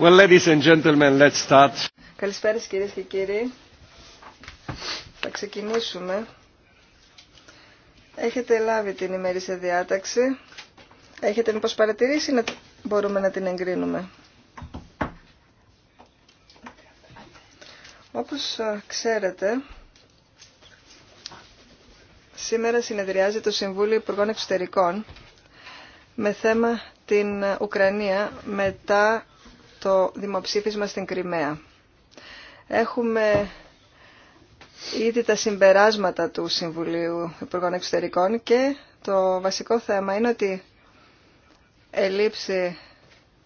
Well, Καλησπέρα κυρίες και κύριοι. Θα ξεκινήσουμε. Έχετε λάβει την ημέρη σε διάταξη. Έχετε μήπως παρατηρήσει να μπορούμε να την εγκρίνουμε. Όπως ξέρετε, σήμερα συνεδριάζει το Συμβούλιο Υπουργών Εξωτερικών με θέμα την Ουκρανία μετά το δημοψήφισμα στην Κρυμαία. Έχουμε ήδη τα συμπεράσματα του Συμβουλίου Υπουργών Εξωτερικών και το βασικό θέμα είναι ότι ελήψη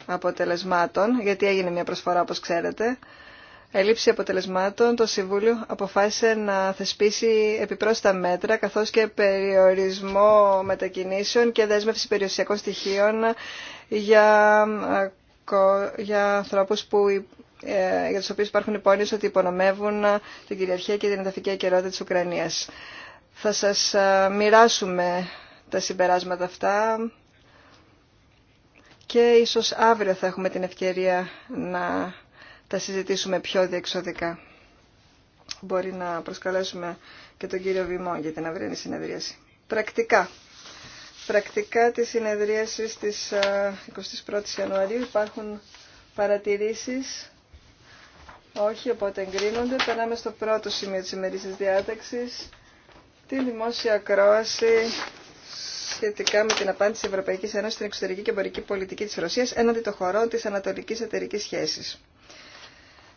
αποτελεσμάτων, γιατί έγινε μια προσφορά όπως ξέρετε, ελήψη αποτελεσμάτων, το Συμβούλιο αποφάσισε να θεσπίσει επιπρόσθετα μέτρα καθώς και περιορισμό μετακινήσεων και δέσμευση περιουσιακών στοιχείων για για ανθρώπους που, ε, για τους οποίους υπάρχουν υπόνοιες ότι υπονομεύουν την κυριαρχία και την ενταφική αικαιρότητα της Ουκρανίας. Θα σας ε, μοιράσουμε τα συμπεράσματα αυτά και ίσως αύριο θα έχουμε την ευκαιρία να τα συζητήσουμε πιο διεξοδικά. Μπορεί να προσκαλέσουμε και τον κύριο Βημό για την αυριανή συνεδρίαση. Πρακτικά πρακτικά της συνεδρίασης της 21ης ε, Ιανουαρίου υπάρχουν παρατηρήσεις. Όχι, οπότε εγκρίνονται. Περνάμε στο πρώτο σημείο της ημερήσης διάταξης, τη δημόσια ακρόαση σχετικά με την απάντηση Ευρωπαϊκής Ένωσης στην εξωτερική και εμπορική πολιτική της Ρωσίας έναντι των χωρών της Ανατολικής Εταιρικής Σχέσης.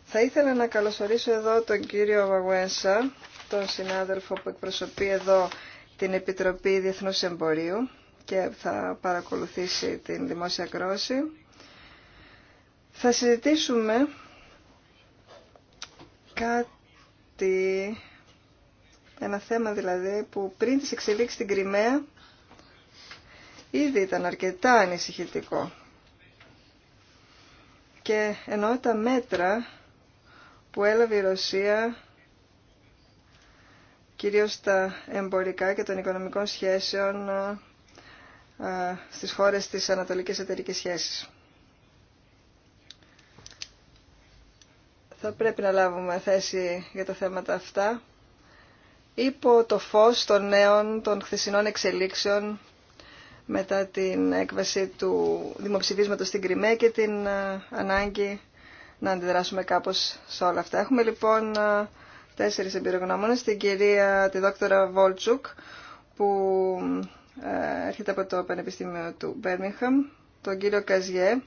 Θα ήθελα να καλωσορίσω εδώ τον κύριο Βαγουένσα, τον συνάδελφο που εκπροσωπεί εδώ την Επιτροπή Διεθνούς Εμπορίου και θα παρακολουθήσει την δημόσια κρόση. Θα συζητήσουμε κάτι, ένα θέμα δηλαδή που πριν τις εξελίξεις στην Κρυμαία ήδη ήταν αρκετά ανησυχητικό. Και εννοώ τα μέτρα που έλαβε η Ρωσία κυρίως τα εμπορικά και των οικονομικών σχέσεων ε, ε, στις χώρες της Ανατολικής Εταιρικής Σχέσης. Θα πρέπει να λάβουμε θέση για τα θέματα αυτά υπό το φως των νέων των χθεσινών εξελίξεων μετά την έκβαση του δημοψηφίσματος στην Κρυμαία και την ε, ανάγκη να αντιδράσουμε κάπως σε όλα αυτά. Έχουμε λοιπόν τέσσερις εμπειρογνώμονες, την κυρία, τη δόκτωρα Βόλτσουκ, που ε, έρχεται από το Πανεπιστήμιο του Μπέρμιγχαμ. τον κύριο Καζιέ,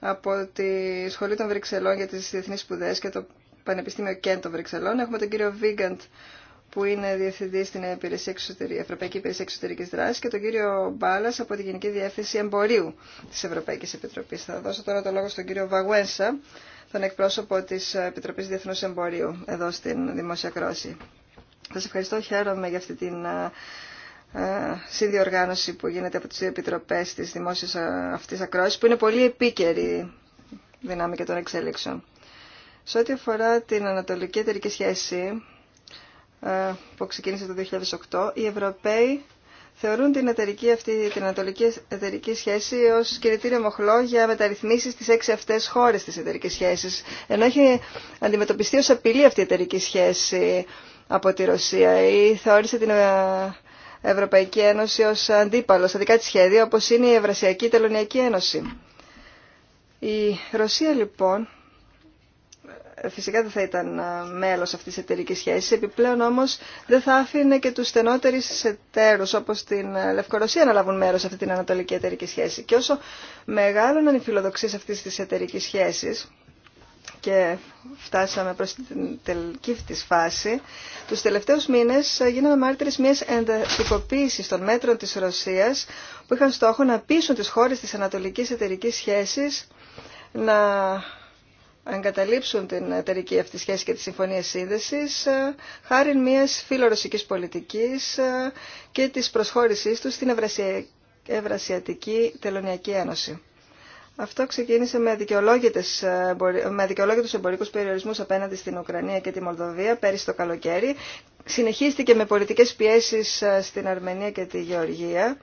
από τη Σχολή των Βρυξελών για τις Διεθνείς Σπουδές και το Πανεπιστήμιο Κέν των Βρυξελών. Έχουμε τον κύριο Βίγκαντ, που είναι διευθυντή στην Υπηρεσία Ευρωπαϊκή Υπηρεσία Εξωτερική Δράση και τον κύριο Μπάλα από τη Γενική Διεύθυνση Εμπορίου τη Ευρωπαϊκή Επιτροπή. Θα δώσω τώρα το λόγο στον κύριο Βαγουένσα τον εκπρόσωπο της Επιτροπής Διεθνούς Εμπορίου εδώ στην Δημόσια Κρόση. Σας ευχαριστώ, χαίρομαι για αυτή την ε, ε, συνδιοργάνωση που γίνεται από τις δύο επιτροπές της δημόσιας ε, αυτής ακρόση, που είναι πολύ επίκαιρη δυνάμει και των εξέλιξεων. Σε ό,τι αφορά την ανατολική εταιρική σχέση που ξεκίνησε το 2008, οι Ευρωπαίοι θεωρούν την, εταιρική αυτή, την ανατολική εταιρική σχέση ως κινητήριο μοχλό για μεταρρυθμίσεις στι έξι αυτές χώρες τη εταιρική σχέσης. Ενώ έχει αντιμετωπιστεί ω απειλή αυτή η εταιρική σχέση από τη Ρωσία ή θεώρησε την ε, Ευρωπαϊκή Ένωση ως αντίπαλο στα δικά της σχέδια όπως είναι η Ευρασιακή Τελωνιακή Ένωση. Η Ρωσία λοιπόν φυσικά δεν θα ήταν ε, μέλος αυτής της εταιρική σχέσης. Επιπλέον όμως δεν θα άφηνε και τους στενότερους εταίρους όπως την ε, Λευκορωσία να λάβουν μέρος σε αυτή την ανατολική εταιρική σχέση. Και όσο μεγάλωναν οι φιλοδοξίες αυτής της εταιρική σχέσης, και φτάσαμε προς την τελική της φάση, τους τελευταίους μήνες ε, γίναμε μάρτυρες μιας εντατικοποίησης των μέτρων της Ρωσίας που είχαν στόχο να πείσουν τις χώρες της Ανατολικής Εταιρικής Σχέσης να εγκαταλείψουν την εταιρική αυτή σχέση και τη συμφωνία σύνδεση, ε, χάρη μια φιλορωσικής πολιτική ε, και τη προσχώρησή του στην Ευρασιατική Τελωνιακή Ένωση. Αυτό ξεκίνησε με, αδικαιολόγητες, ε, με αδικαιολόγητους εμπορικούς περιορισμούς απέναντι στην Ουκρανία και τη Μολδοβία πέρυσι το καλοκαίρι. Συνεχίστηκε με πολιτικές πιέσεις στην Αρμενία και τη Γεωργία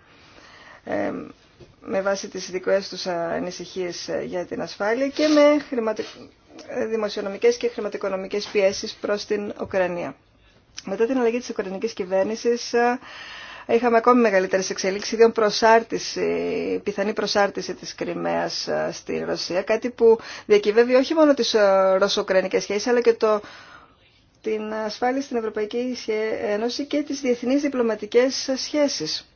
με βάση τις δικές τους ανησυχίες ε, για την ασφάλεια και με χρηματικ... Ε, δημοσιονομικές και χρηματοοικονομικές πιέσεις προς την Ουκρανία. Μετά την αλλαγή της Ουκρανικής κυβέρνησης ε, είχαμε ακόμη μεγαλύτερες εξελίξεις, ιδίως πιθανή προσάρτηση της Κρυμαίας στη Ρωσία, κάτι που διακυβεύει όχι μόνο τις ρωσο-ουκρανικές σχέσεις, αλλά και το την ασφάλεια στην Ευρωπαϊκή Ένωση και τις διεθνείς διπλωματικές σχέσεις.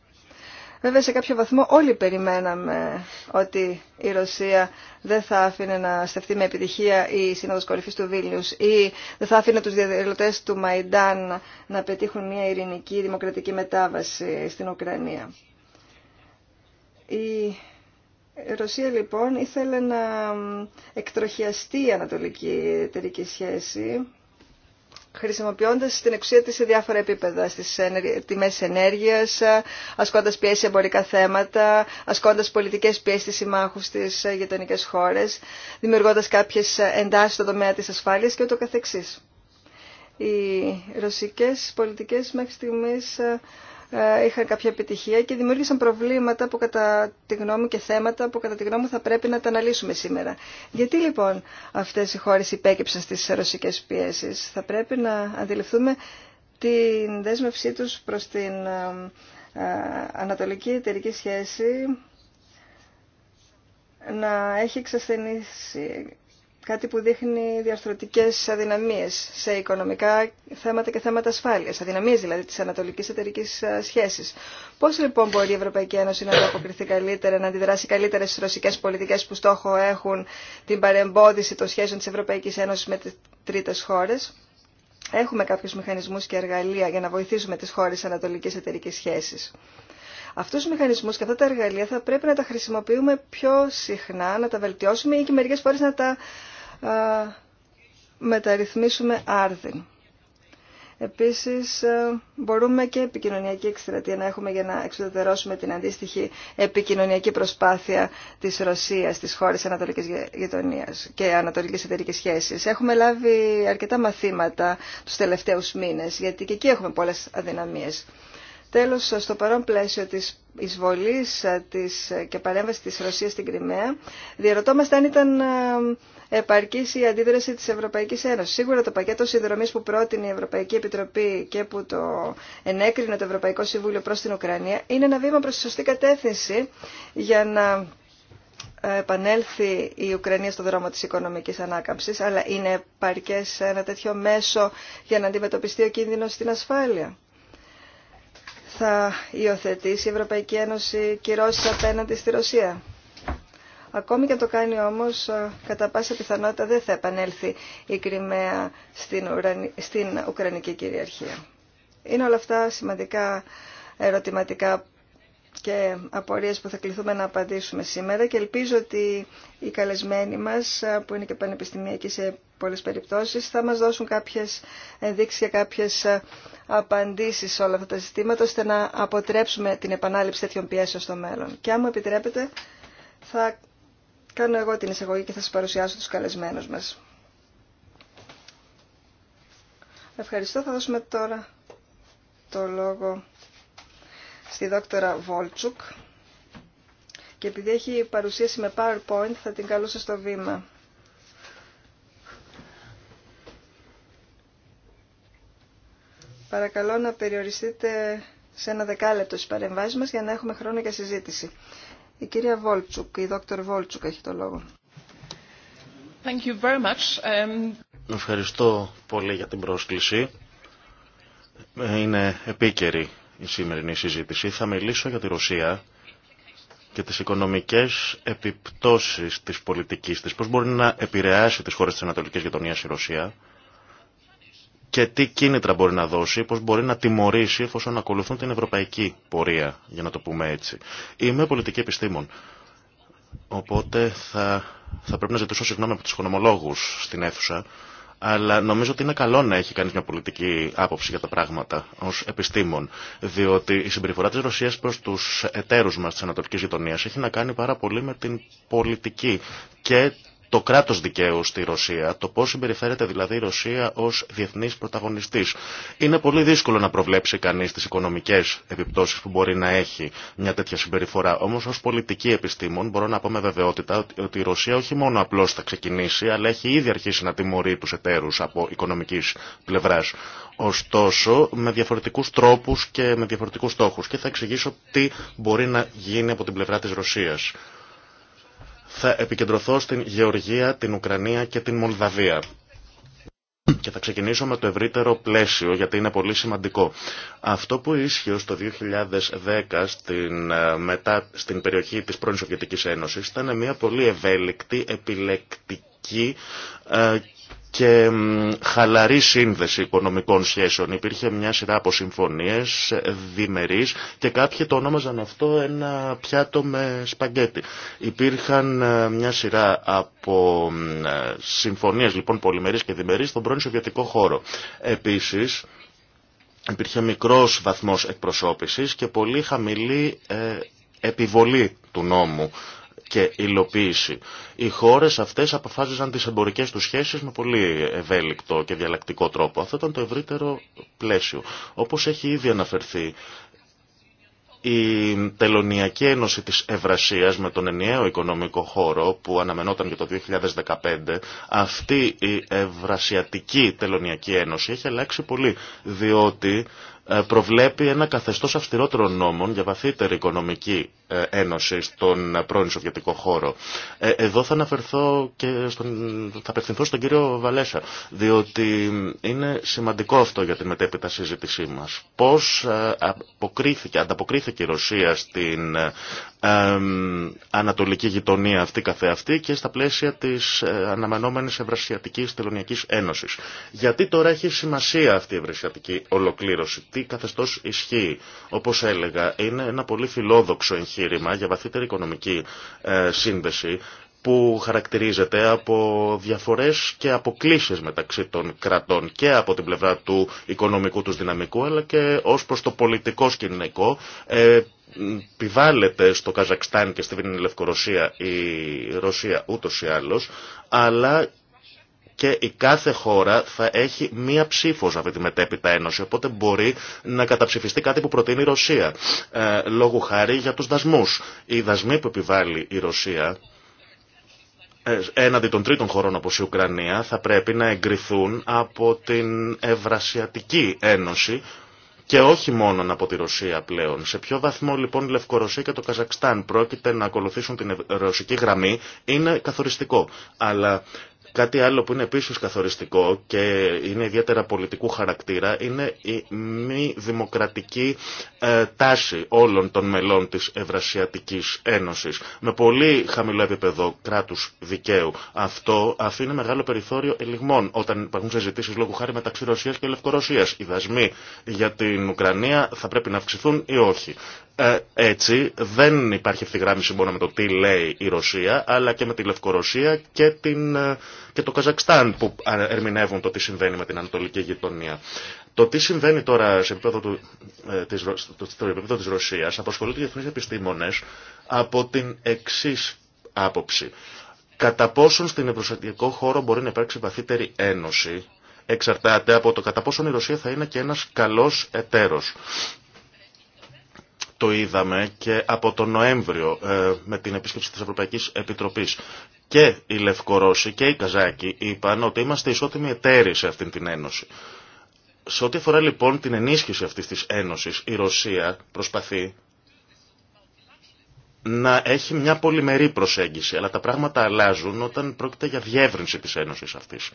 Βέβαια σε κάποιο βαθμό όλοι περιμέναμε ότι η Ρωσία δεν θα άφηνε να στεφτεί με επιτυχία η Σύνοδος Κορυφής του Βίλνιους ή δεν θα άφηνε τους διαδηλωτές του Μαϊντάν να πετύχουν μια ειρηνική δημοκρατική μετάβαση στην Ουκρανία. Η Ρωσία λοιπόν ήθελε να εκτροχιαστεί η ανατολική εταιρική σχέση χρησιμοποιώντας την εξουσία της σε διάφορα επίπεδα, στις τιμές ενέργειας, ασκώντας πιέση εμπορικά θέματα, ασκώντας πολιτικές πιέσεις στις συμμάχους στις ε, γειτονικέ χώρες, δημιουργώντας κάποιες ε, εντάσεις στο τομέα της ασφάλειας και ούτω καθεξής. Οι ρωσικές πολιτικές μέχρι στιγμής ε, ε, είχαν κάποια επιτυχία και δημιούργησαν προβλήματα που κατά τη γνώμη και θέματα που κατά τη γνώμη θα πρέπει να τα αναλύσουμε σήμερα. Γιατί λοιπόν αυτές οι χώρες υπέκυψαν στις ρωσικές πιέσεις. Θα πρέπει να αντιληφθούμε την δέσμευσή τους προς την ε, ε, ανατολική εταιρική σχέση να έχει εξασθενήσει Κάτι που δείχνει διαρθρωτικές αδυναμίες σε οικονομικά θέματα και θέματα ασφάλειας. Αδυναμίες δηλαδή της ανατολικής εταιρικής ε, σχέσης. Πώς λοιπόν μπορεί η Ευρωπαϊκή Ένωση να ανταποκριθεί καλύτερα, να αντιδράσει καλύτερα στις ρωσικές πολιτικές που στόχο έχουν την παρεμπόδιση των σχέσεων της Ευρωπαϊκής Ένωσης με τις τρίτες χώρες. Έχουμε κάποιους μηχανισμούς και εργαλεία για να βοηθήσουμε τις χώρες ανατολικής εταιρικής σχέσης. Αυτού τους μηχανισμούς και αυτά τα εργαλεία θα πρέπει να τα χρησιμοποιούμε πιο συχνά, να τα βελτιώσουμε ή και μερικές φορές να τα μεταρρυθμίσουμε άρδιν. Επίσης μπορούμε και επικοινωνιακή εκστρατεία να έχουμε για να εξοδετερώσουμε την αντίστοιχη επικοινωνιακή προσπάθεια της Ρωσίας στις χώρες Ανατολικής Γειτονίας και Ανατολικής Εταιρικής Σχέσης. Έχουμε λάβει αρκετά μαθήματα τους τελευταίους μήνες γιατί και εκεί έχουμε πολλές αδυναμίες. Τέλος, στο παρόν πλαίσιο της εισβολής της και παρέμβασης της Ρωσίας στην Κρυμαία, διαρωτόμαστε αν ήταν επαρκή η αντίδραση τη Ευρωπαϊκή Ένωση. Σίγουρα το πακέτο συνδρομή που πρότεινε η Ευρωπαϊκή Επιτροπή και που το ενέκρινε το Ευρωπαϊκό Συμβούλιο προ την Ουκρανία είναι ένα βήμα προ τη σωστή κατεύθυνση για να επανέλθει η Ουκρανία στο δρόμο της οικονομικής ανάκαμψης, αλλά είναι επαρκές ένα τέτοιο μέσο για να αντιμετωπιστεί ο κίνδυνος στην ασφάλεια. Θα υιοθετήσει η Ευρωπαϊκή Ένωση κυρώσεις απέναντι στη Ρωσία. Ακόμη και αν το κάνει όμως, ε, κατά πάσα πιθανότητα δεν θα επανέλθει η Κρυμαία στην, Ουρανι... στην Ουκρανική κυριαρχία. Είναι όλα αυτά σημαντικά ερωτηματικά και απορίες που θα κληθούμε να απαντήσουμε σήμερα και ελπίζω ότι οι καλεσμένοι μας, ε, που είναι και πανεπιστημιακοί σε πολλές περιπτώσεις, θα μας δώσουν κάποιες ενδείξεις και κάποιες ε, απαντήσεις σε όλα αυτά τα ζητήματα, ώστε να αποτρέψουμε την επανάληψη τέτοιων πιέσεων στο μέλλον. Και αν μου επιτρέπετε, θα Κάνω εγώ την εισαγωγή και θα σας παρουσιάσω τους καλεσμένους μας. Ευχαριστώ. Θα δώσουμε τώρα το λόγο στη δόκτωρα Βόλτσουκ και επειδή έχει παρουσίαση με PowerPoint θα την καλούσα στο βήμα. Παρακαλώ να περιοριστείτε σε ένα δεκάλεπτο στις παρεμβάσεις μας για να έχουμε χρόνο για συζήτηση. Η κυρία Βόλτσουκ, η δόκτωρ Βόλτσουκ έχει το λόγο. Um, Ευχαριστώ πολύ για την πρόσκληση. Ε, είναι επίκαιρη η σημερινή συζήτηση. Θα μιλήσω για τη Ρωσία και τις οικονομικές επιπτώσεις της πολιτικής της, πώς μπορεί να επηρεάσει τις χώρες της Ανατολικής Γειτονίας η Ρωσία και τι κίνητρα μπορεί να δώσει, πώς μπορεί να τιμωρήσει εφόσον ακολουθούν την ευρωπαϊκή πορεία, για να το πούμε έτσι. Είμαι πολιτική επιστήμων, οπότε θα, θα πρέπει να ζητήσω συγγνώμη από τους οικονομολόγους στην αίθουσα, αλλά νομίζω ότι είναι καλό να έχει κανείς μια πολιτική άποψη για τα πράγματα ως επιστήμων, διότι η συμπεριφορά της Ρωσίας προς τους εταίρους μας της Ανατολικής Γειτονίας έχει να κάνει πάρα πολύ με την πολιτική και το κράτος δικαίου στη Ρωσία, το πώς συμπεριφέρεται δηλαδή η Ρωσία ως διεθνής πρωταγωνιστής. Είναι πολύ δύσκολο να προβλέψει κανείς τις οικονομικές επιπτώσεις που μπορεί να έχει μια τέτοια συμπεριφορά. Όμως ως πολιτική επιστήμον μπορώ να πω με βεβαιότητα ότι η Ρωσία όχι μόνο απλώς θα ξεκινήσει, αλλά έχει ήδη αρχίσει να τιμωρεί τους εταίρους από οικονομικής πλευράς. Ωστόσο, με διαφορετικούς τρόπους και με διαφορετικούς στόχους. Και θα εξηγήσω τι μπορεί να γίνει από την πλευρά της Ρωσίας θα επικεντρωθώ στην Γεωργία, την Ουκρανία και την Μολδαβία. Και θα ξεκινήσω με το ευρύτερο πλαίσιο γιατί είναι πολύ σημαντικό. Αυτό που ίσχυε στο 2010 στην, ε, μετά, στην περιοχή της πρώην Σοβιετικής Ένωσης ήταν μια πολύ ευέλικτη, επιλεκτική ε, και χαλαρή σύνδεση οικονομικών σχέσεων. Υπήρχε μια σειρά από συμφωνίε διμερεί και κάποιοι το ονόμαζαν αυτό ένα πιάτο με σπαγκέτι. Υπήρχαν ε, μια σειρά από ε, συμφωνίε λοιπόν πολυμερεί και διμερεί στον πρώην Σοβιετικό χώρο. Επίση, υπήρχε μικρό βαθμός εκπροσώπηση και πολύ χαμηλή ε, επιβολή του νόμου και υλοποίηση. Οι χώρες αυτές αποφάσιζαν τις εμπορικές τους σχέσεις με πολύ ευέλικτο και διαλλακτικό τρόπο. Αυτό ήταν το ευρύτερο πλαίσιο. Όπως έχει ήδη αναφερθεί, η Τελωνιακή Ένωση της Ευρασίας με τον ενιαίο οικονομικό χώρο που αναμενόταν για το 2015, αυτή η Ευρασιατική Τελωνιακή Ένωση έχει αλλάξει πολύ, διότι ε, προβλέπει ένα καθεστώς αυστηρότερων νόμων για βαθύτερη οικονομική ε, ένωση στον πρώην Σοβιετικό χώρο. Ε, εδώ θα αναφερθώ και στον, θα απευθυνθώ στον κύριο Βαλέσα, διότι είναι σημαντικό αυτό για την μετέπειτα συζήτησή μας. Πώς ε, αποκρίθηκε, ανταποκρίθηκε η Ρωσία στην ανατολική γειτονία αυτή καθεαυτή και στα πλαίσια της αναμενόμενης Ευρασιατικής Τελωνιακής Ένωσης. Γιατί τώρα έχει σημασία αυτή η Ευρασιατική ολοκλήρωση, τι καθεστώς ισχύει. Όπως έλεγα, είναι ένα πολύ φιλόδοξο εγχείρημα επιχείρημα για βαθύτερη οικονομική ε, σύνδεση που χαρακτηρίζεται από διαφορές και αποκλίσεις μεταξύ των κρατών και από την πλευρά του οικονομικού τους δυναμικού αλλά και ως προς το πολιτικό σκηνικό ε, επιβάλλεται στο Καζακστάν και στη Βινή Λευκορωσία η Ρωσία ούτως ή αλλά και η κάθε χώρα θα έχει μία ψήφο σε αυτή τη μετέπειτα ένωση. Οπότε μπορεί να καταψηφιστεί κάτι που προτείνει η Ρωσία. Ε, λόγου χάρη για του δασμού. Οι δασμοί που επιβάλλει η Ρωσία ε, έναντι των τρίτων χωρών όπως η Ουκρανία θα πρέπει να εγκριθούν από την Ευρασιατική Ένωση και όχι μόνο από τη Ρωσία πλέον. Σε ποιο βαθμό λοιπόν η Λευκορωσία και το Καζακστάν πρόκειται να ακολουθήσουν την ρωσική γραμμή είναι καθοριστικό. Κάτι άλλο που είναι επίσης καθοριστικό και είναι ιδιαίτερα πολιτικού χαρακτήρα είναι η μη δημοκρατική ε, τάση όλων των μελών της Ευρασιατικής Ένωσης με πολύ χαμηλό επίπεδο κράτους δικαίου. Αυτό αφήνει μεγάλο περιθώριο ελιγμών όταν υπάρχουν συζητήσεις λόγω χάρη μεταξύ Ρωσίας και Λευκορωσίας. Οι δασμοί για την Ουκρανία θα πρέπει να αυξηθούν ή όχι. Ε, έτσι δεν υπάρχει ευθυγράμμιση μόνο με το τι λέει η Ρωσία, αλλά και με τη Λευκορωσία και, την, ε, και το Καζακστάν που ερμηνεύουν το τι συμβαίνει με την Ανατολική γειτονία. Το τι συμβαίνει τώρα σε επίπεδο του, ε, της, στο επίπεδο της Ρωσίας οι διεθνείς επιστήμονες από την εξή άποψη. Κατά πόσον στην ευρωσιακό χώρο μπορεί να υπάρξει βαθύτερη ένωση εξαρτάται από το κατά πόσον η Ρωσία θα είναι και ένας καλός εταίρος. Το είδαμε και από τον Νοέμβριο ε, με την επίσκεψη της Ευρωπαϊκής Επιτροπής. Και οι Λευκορώσοι και οι Καζάκοι είπαν ότι είμαστε ισότιμοι εταίροι σε αυτήν την ένωση. Σε ό,τι αφορά λοιπόν την ενίσχυση αυτής της ένωσης, η Ρωσία προσπαθεί να έχει μια πολυμερή προσέγγιση, αλλά τα πράγματα αλλάζουν όταν πρόκειται για διεύρυνση της ένωσης αυτής.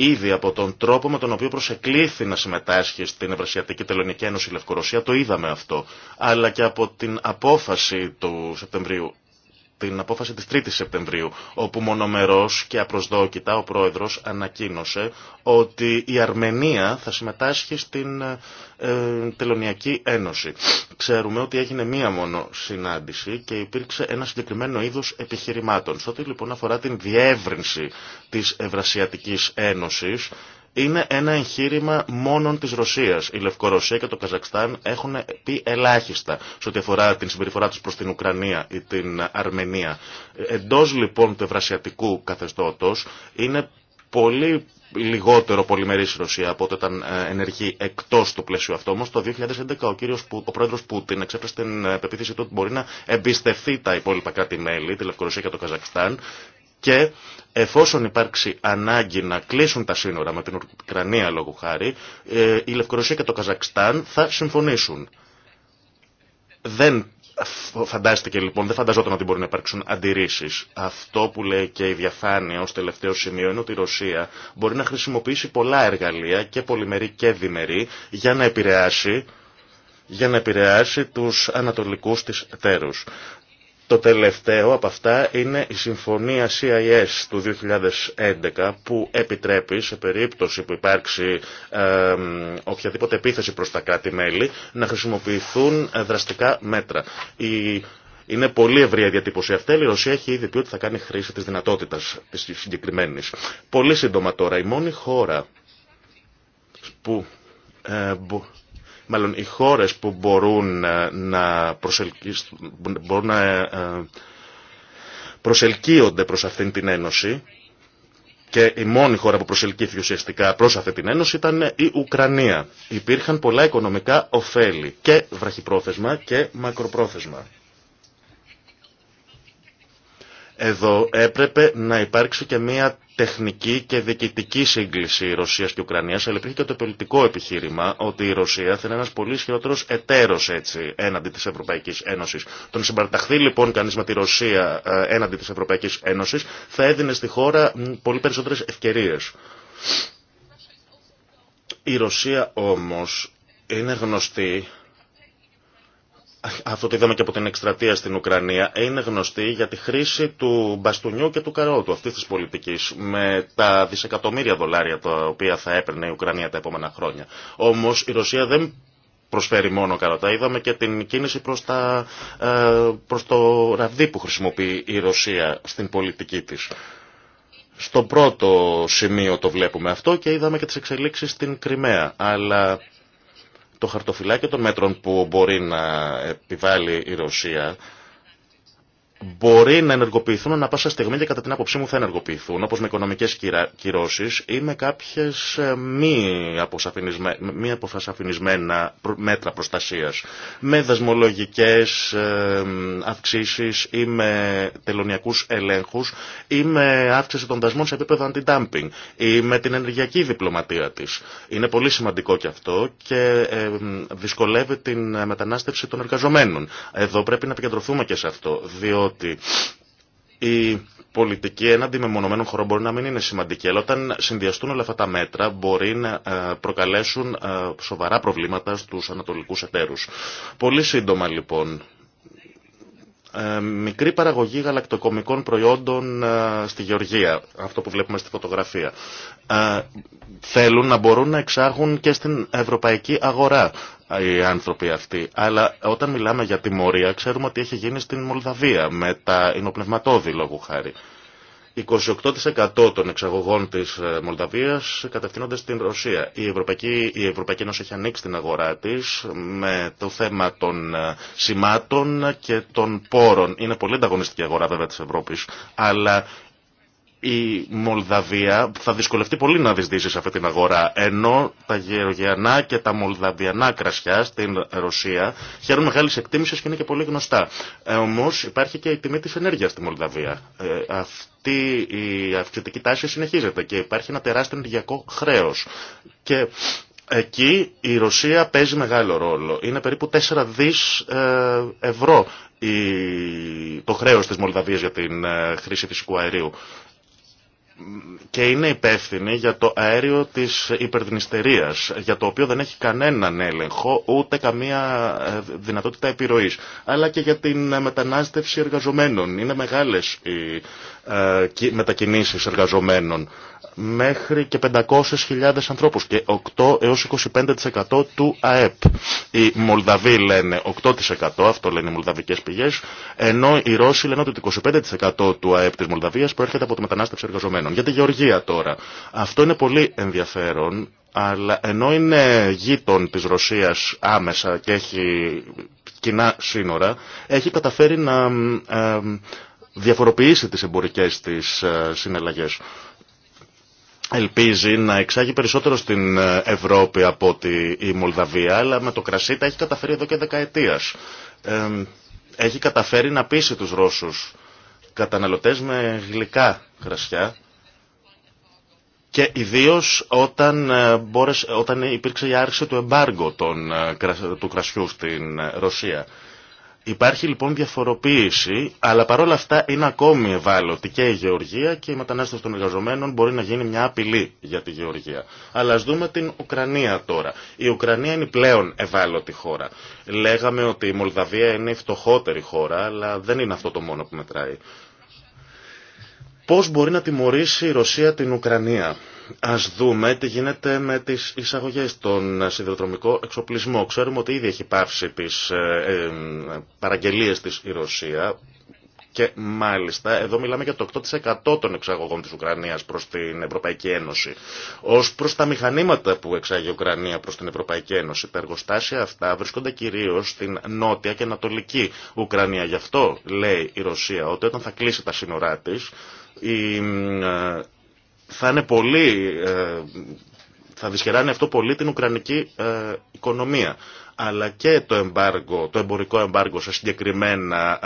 Ήδη από τον τρόπο με τον οποίο προσεκλήθη να συμμετάσχει στην Ευρασιατική Τελωνική Ένωση Λευκορωσία, το είδαμε αυτό. Αλλά και από την απόφαση του Σεπτεμβρίου την απόφαση της 3ης Σεπτεμβρίου, όπου μονομερός και απροσδόκητα ο πρόεδρος ανακοίνωσε ότι η Αρμενία θα συμμετάσχει στην ε, ε, Τελωνιακή Ένωση. Ξέρουμε ότι έγινε μία μόνο συνάντηση και υπήρξε ένα συγκεκριμένο είδος επιχειρημάτων. στο ό,τι λοιπόν αφορά την διεύρυνση της Ευρασιατικής Ένωσης, είναι ένα εγχείρημα μόνον της Ρωσίας. Η Λευκορωσία και το Καζακστάν έχουν πει ελάχιστα σε ό,τι αφορά την συμπεριφορά του προ την Ουκρανία ή την Αρμενία. Εντό λοιπόν του ευρασιατικού καθεστώτο είναι πολύ λιγότερο πολυμερή η Ρωσία από ό,τι ήταν ε, ενεργή εκτό του ευρασιατικου καθεστωτος ειναι πολυ λιγοτερο πολυμερης αυτό. εκτο του πλαισιου αυτο ομως το 2011 ο, κύριος, ο πρόεδρο Πούτιν εξέφρασε την ε, πεποίθηση του ότι μπορεί να εμπιστευτεί τα υπόλοιπα κράτη-μέλη, τη Λευκορωσία και το Καζακστάν και εφόσον υπάρξει ανάγκη να κλείσουν τα σύνορα με την Ουκρανία λόγου χάρη, ε, η Λευκορωσία και το Καζακστάν θα συμφωνήσουν. Δεν φαντάστηκε λοιπόν, δεν φανταζόταν ότι μπορεί να υπάρξουν αντιρρήσει. Αυτό που λέει και η διαφάνεια ω τελευταίο σημείο είναι ότι η Ρωσία μπορεί να χρησιμοποιήσει πολλά εργαλεία και πολυμερή και διμερή για να επηρεάσει για να επηρεάσει τους ανατολικούς της το τελευταίο από αυτά είναι η συμφωνία CIS του 2011 που επιτρέπει σε περίπτωση που υπάρξει οποιαδήποτε επίθεση προς τα κράτη-μέλη να χρησιμοποιηθούν ε, δραστικά μέτρα. είναι πολύ ευρία διατύπωση αυτή. Η Ρωσία έχει ήδη πει ότι θα κάνει χρήση της δυνατότητας της συγκεκριμένης. Πολύ σύντομα τώρα, η μόνη χώρα που... Ε, μάλλον οι χώρες που μπορούν ε, να, προσελκύσουν, μπορούν να ε, ε, προσελκύονται προς αυτήν την Ένωση και η μόνη χώρα που προσελκύθηκε ουσιαστικά προς αυτή την Ένωση ήταν η Ουκρανία. Υπήρχαν πολλά οικονομικά ωφέλη και βραχυπρόθεσμα και μακροπρόθεσμα. Εδώ έπρεπε να υπάρξει και μία τεχνική και διοικητική σύγκληση Ρωσίας και Ουκρανίας, αλλά υπήρχε και το πολιτικό επιχείρημα ότι η Ρωσία θα είναι ένας πολύ ισχυρότερο εταίρος έτσι, έναντι της Ευρωπαϊκής Ένωσης. Τον συμπαρταχθεί λοιπόν κανείς με τη Ρωσία ε, έναντι της Ευρωπαϊκής Ένωσης θα έδινε στη χώρα πολύ περισσότερες ευκαιρίες. Η Ρωσία όμως είναι γνωστή αυτό το είδαμε και από την εκστρατεία στην Ουκρανία, είναι γνωστή για τη χρήση του μπαστούνιου και του καρότου αυτή τη πολιτική, με τα δισεκατομμύρια δολάρια τα οποία θα έπαιρνε η Ουκρανία τα επόμενα χρόνια. Όμως η Ρωσία δεν προσφέρει μόνο καρότα. Είδαμε και την κίνηση προς, ε, προς το ραβδί που χρησιμοποιεί η Ρωσία στην πολιτική της. Στο πρώτο σημείο το βλέπουμε αυτό και είδαμε και τις εξελίξεις στην Κρυμαία. Αλλά το χαρτοφυλάκιο των μέτρων που μπορεί να επιβάλλει η Ρωσία μπορεί να ενεργοποιηθούν ανά πάσα στιγμή και κατά την άποψή μου θα ενεργοποιηθούν, όπως με οικονομικές κυρώσεις ή με κάποιες ε, μη, μη μέτρα προστασίας, με δασμολογικές ε, αυξήσεις ή με τελωνιακούς ελέγχους ή με αύξηση των δασμών σε επίπεδο αντι-dumping ή με την ενεργειακή διπλωματία της. Είναι πολύ σημαντικό και αυτό και ε, δυσκολεύει την μετανάστευση των εργαζομένων. Εδώ πρέπει να επικεντρωθούμε και σε αυτό, διότι ότι η πολιτική έναντι μεμονωμένων χωρών μπορεί να μην είναι σημαντική, αλλά όταν συνδυαστούν όλα αυτά τα μέτρα μπορεί να ε, προκαλέσουν ε, σοβαρά προβλήματα στους ανατολικούς εταίρους. Πολύ σύντομα λοιπόν, ε, μικρή παραγωγή γαλακτοκομικών προϊόντων στη Γεωργία, αυτό που βλέπουμε στη φωτογραφία. Θέλουν να μπορούν να εξάγουν και στην ευρωπαϊκή αγορά οι άνθρωποι αυτοί. Αλλά όταν μιλάμε για τιμωρία, ξέρουμε ότι έχει γίνει στην Μολδαβία με τα εινοπνευματόδη λόγου χάρη. 28% των εξαγωγών της ε, Μολδαβίας κατευθύνονται στην Ρωσία. Η Ευρωπαϊκή, η Ευρωπαϊκή Ένωση έχει ανοίξει την αγορά της με το θέμα των ε, σημάτων και των πόρων. Είναι πολύ ανταγωνιστική αγορά βέβαια της Ευρώπης, αλλά η Μολδαβία θα δυσκολευτεί πολύ να δυσδύσει σε αυτή την αγορά. Ενώ τα γεωργιανά και τα μολδαβιανά κρασιά στην Ρωσία χαίρουν μεγάλη εκτίμηση και είναι και πολύ γνωστά. Ε, Όμω υπάρχει και η τιμή τη ενέργεια στη Μολδαβία. Ε, αυτή η αυξητική τάση συνεχίζεται και υπάρχει ένα τεράστιο ενεργειακό χρέο. Και εκεί η Ρωσία παίζει μεγάλο ρόλο. Είναι περίπου 4 δις ε, ευρώ το χρέος της Μολδαβίας για την ε, χρήση φυσικού αερίου και είναι υπεύθυνη για το αέριο της υπερδνηστερίας, για το οποίο δεν έχει κανέναν έλεγχο, ούτε καμία ε, δυνατότητα επιρροής, αλλά και για την μετανάστευση εργαζομένων. Είναι μεγάλες οι ε, μετακινήσεις εργαζομένων μέχρι και 500.000 ανθρώπους και 8 έως 25% του ΑΕΠ. Οι Μολδαβοί λένε 8%, αυτό λένε οι μολδαβικές πηγές, ενώ οι Ρώσοι λένε ότι το 25% του ΑΕΠ της Μολδαβίας προέρχεται από τη μετανάστευση εργαζομένων. Για τη Γεωργία τώρα. Αυτό είναι πολύ ενδιαφέρον, αλλά ενώ είναι γείτον της Ρωσίας άμεσα και έχει κοινά σύνορα, έχει καταφέρει να ε, διαφοροποιήσει τις εμπορικές της ε, συνελλαγές ελπίζει να εξάγει περισσότερο στην ε, Ευρώπη από ότι η Μολδαβία, αλλά με το κρασί τα έχει καταφέρει εδώ και δεκαετίας. έχει καταφέρει να πείσει τους Ρώσους καταναλωτές με γλυκά κρασιά και ιδίως όταν, ε, μπόρεσε, όταν υπήρξε η άρξη του εμπάργου ε, του κρασιού στην Ρωσία. Υπάρχει λοιπόν διαφοροποίηση, αλλά παρόλα αυτά είναι ακόμη ευάλωτη και η γεωργία και η μετανάστευση των εργαζομένων μπορεί να γίνει μια απειλή για τη γεωργία. Αλλά ας δούμε την Ουκρανία τώρα. Η Ουκρανία είναι πλέον ευάλωτη χώρα. Λέγαμε ότι η Μολδαβία είναι η φτωχότερη χώρα, αλλά δεν είναι αυτό το μόνο που μετράει. Πώς μπορεί να τιμωρήσει η Ρωσία την Ουκρανία. Ας δούμε τι γίνεται με τις εισαγωγές των σιδηροδρομικών εξοπλισμών. Ξέρουμε ότι ήδη έχει πάυσει τις ε, ε, παραγγελίες της η Ρωσία και μάλιστα εδώ μιλάμε για το 8% των εξαγωγών της Ουκρανίας προς την Ευρωπαϊκή Ένωση. Ως προς τα μηχανήματα που εξάγει η Ουκρανία προς την Ευρωπαϊκή Ένωση, τα εργοστάσια αυτά βρίσκονται κυρίως στην νότια και ανατολική Ουκρανία. Γι' αυτό λέει η Ρωσία ότι όταν θα κλείσει τα σύνορά της ε, θα είναι πολύ ε, θα δυσχεράνει αυτό πολύ την Ουκρανική ε, οικονομία αλλά και το, εμπάργο, το εμπορικό εμπάργκο σε συγκεκριμένα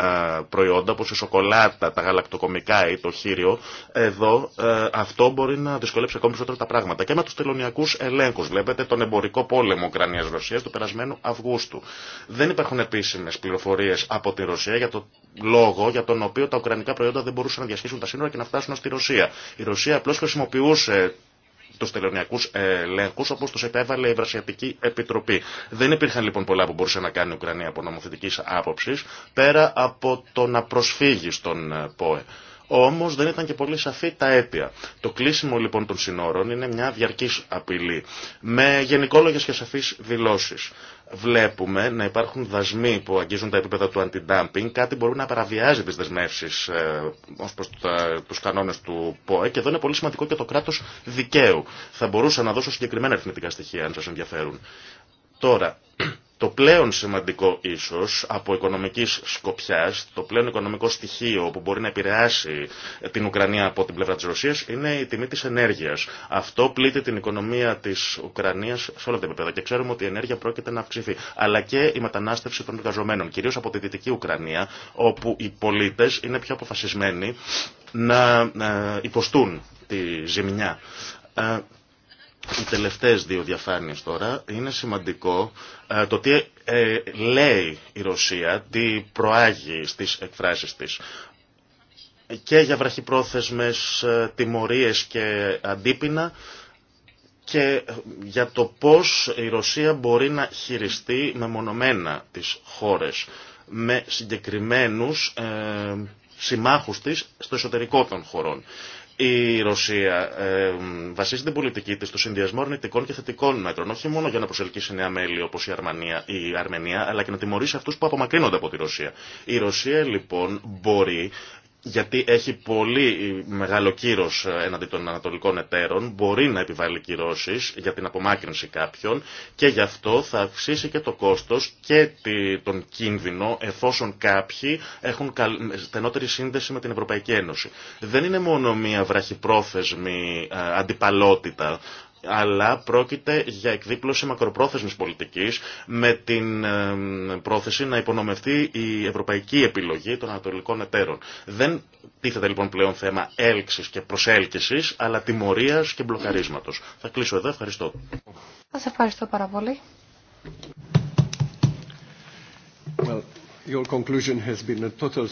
προϊόντα όπως η σοκολάτα, τα γαλακτοκομικά ή το χείριο, εδώ αυτό μπορεί να δυσκολέψει ακόμη περισσότερο τα πράγματα. Και με τους τελωνιακούς ελέγχους, βλέπετε τον εμπορικό πόλεμο Ουκρανίας-Ρωσίας του περασμένου Αυγούστου. Δεν υπάρχουν επίσημες πληροφορίες από τη Ρωσία για το λόγο για τον οποίο τα ουκρανικά προϊόντα δεν μπορούσαν να διασχίσουν τα σύνορα και να φτάσουν στη Ρωσία. Η Ρωσία απλώς χρησιμοποιούσε του τελωνιακού ελέγχου όπω του επέβαλε η Βρασιατική Επιτροπή. Δεν υπήρχαν λοιπόν πολλά που μπορούσε να κάνει η Ουκρανία από νομοθετική άποψη πέρα από το να προσφύγει στον ε, ΠΟΕ. Όμω δεν ήταν και πολύ σαφή τα αίτια. Το κλείσιμο λοιπόν των συνόρων είναι μια διαρκή απειλή με γενικόλογε και σαφεί δηλώσει βλέπουμε να υπάρχουν δασμοί που αγγίζουν τα επίπεδα του αντι-dumping, κάτι μπορεί να παραβιάζει τι δεσμεύσει ε, ως προς τους κανόνες του ΠΟΕ και εδώ είναι πολύ σημαντικό και το κράτος δικαίου. Θα μπορούσα να δώσω συγκεκριμένα αριθμητικά στοιχεία αν σα ενδιαφέρουν. Τώρα, το πλέον σημαντικό ίσως από οικονομικής σκοπιάς, το πλέον οικονομικό στοιχείο που μπορεί να επηρεάσει την Ουκρανία από την πλευρά της Ρωσίας είναι η τιμή της ενέργειας. Αυτό πλήττει την οικονομία της Ουκρανίας σε όλα τα επίπεδα και ξέρουμε ότι η ενέργεια πρόκειται να αυξηθεί. Αλλά και η μετανάστευση των εργαζομένων, κυρίως από τη Δυτική Ουκρανία, όπου οι πολίτες είναι πιο αποφασισμένοι να ε, υποστούν τη ζημιά ε, οι τελευταίες δύο διαφάνειες τώρα είναι σημαντικό ε, το τι ε, λέει η Ρωσία, τι προάγει στις εκφράσεις της και για βραχυπρόθεσμες ε, τιμωρίες και αντίπεινα και για το πώς η Ρωσία μπορεί να χειριστεί μεμονωμένα τις χώρες με συγκεκριμένους συμμάχους της στο εσωτερικό των χωρών η Ρωσία ε, βασίζει την πολιτική της στο συνδυασμό αρνητικών και θετικών μέτρων, όχι μόνο για να προσελκύσει νέα μέλη όπως η, Αρμανία, η Αρμενία, αλλά και να τιμωρήσει αυτούς που απομακρύνονται από τη Ρωσία. Η Ρωσία λοιπόν μπορεί γιατί έχει πολύ μεγάλο κύρο ε, έναντι των ανατολικών εταίρων, μπορεί να επιβάλλει κυρώσει για την απομάκρυνση κάποιων και γι' αυτό θα αυξήσει και το κόστος και τον κίνδυνο εφόσον κάποιοι έχουν στενότερη σύνδεση με την Ευρωπαϊκή Ένωση. Δεν είναι μόνο μια βραχυπρόθεσμη ε, αντιπαλότητα αλλά πρόκειται για εκδίπλωση μακροπρόθεσμης πολιτικής με την πρόθεση να υπονομευτεί η ευρωπαϊκή επιλογή των ανατολικών εταίρων. Δεν τίθεται λοιπόν πλέον θέμα έλξης και προσέλκυσης, αλλά τιμωρίας και μπλοκαρίσματος. Θα κλείσω εδώ. Ευχαριστώ. Σας ευχαριστώ πάρα πολύ. Your conclusion has been a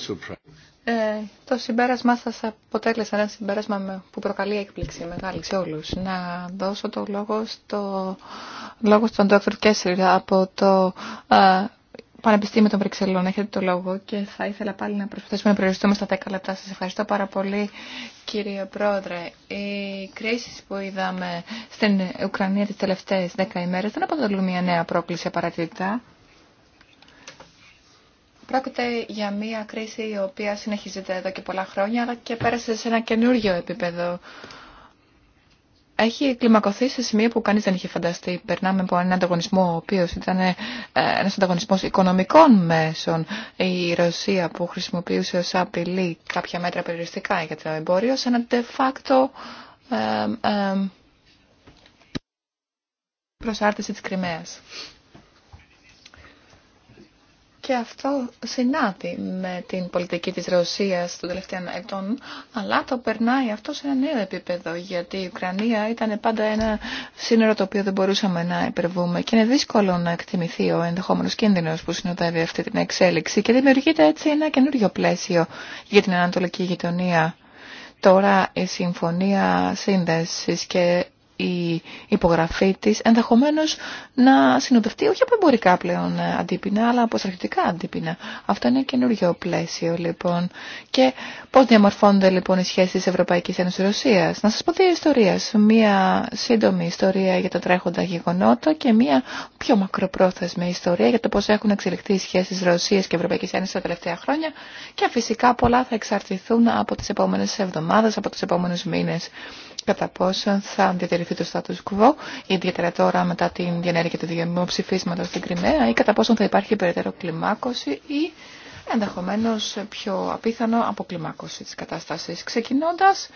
ε, το συμπέρασμά σας αποτέλεσε ένα συμπέρασμα που προκαλεί έκπληξη μεγάλη σε όλους. Να δώσω το λόγο, στο, λόγο στον Dr. Κέσσερ από το ε, Πανεπιστήμιο των Βρυξελών. Έχετε το λόγο και θα ήθελα πάλι να προσπαθήσουμε να περιοριστούμε στα 10 λεπτά. Σας ευχαριστώ πάρα πολύ κύριε Πρόεδρε. Οι κρίσεις που είδαμε στην Ουκρανία τις τελευταίες 10 ημέρες δεν αποτελούν μια νέα πρόκληση απαραίτητα. Πρόκειται για μια κρίση η οποία συνεχίζεται εδώ και πολλά χρόνια, αλλά και πέρασε σε ένα καινούριο επίπεδο. Έχει κλιμακωθεί σε σημείο που κανείς δεν είχε φανταστεί. Περνάμε από έναν ανταγωνισμό, ο οποίος ήταν ε, ένας ανταγωνισμός οικονομικών μέσων. Η Ρωσία που χρησιμοποιούσε ως απειλή κάποια μέτρα περιοριστικά για το εμπόριο, σε ένα de facto ε, ε, προσάρτηση της Κρυμαίας. Και αυτό συνάδει με την πολιτική της Ρωσίας των τελευταίων ετών, αλλά το περνάει αυτό σε ένα νέο επίπεδο, γιατί η Ουκρανία ήταν πάντα ένα σύνορο το οποίο δεν μπορούσαμε να υπερβούμε και είναι δύσκολο να εκτιμηθεί ο ενδεχόμενος κίνδυνος που συνοδεύει αυτή την εξέλιξη και δημιουργείται έτσι ένα καινούριο πλαίσιο για την ανατολική γειτονία. Τώρα η συμφωνία σύνδεσης και η υπογραφή της ενδεχομένως να συνοδευτεί όχι από εμπορικά πλέον αντίπεινα, αλλά από στρατιωτικά αντίπεινα. Αυτό είναι καινούριο πλαίσιο λοιπόν. Και πώς διαμορφώνονται λοιπόν οι σχέσεις της Ευρωπαϊκής Ένωσης Ρωσίας. Να σας πω δύο ιστορίες. Μία σύντομη ιστορία για τα τρέχοντα γεγονότα και μία πιο μακροπρόθεσμη ιστορία για το πώς έχουν εξελιχθεί οι σχέσεις Ρωσίας και Ευρωπαϊκής Ένωσης τα τελευταία χρόνια και φυσικά πολλά θα εξαρτηθούν από τις επόμενες εβδομάδες, από τους επόμενους μήνες κατά πόσο θα διατηρηθεί το status quo, ιδιαίτερα τώρα μετά την διενέργεια του δημοψηφίσματος στην Κρυμαία ή κατά πόσο θα υπάρχει περαιτέρω κλιμάκωση ή ενδεχομένως πιο απίθανο αποκλιμάκωση της κατάστασης. Ξεκινώντας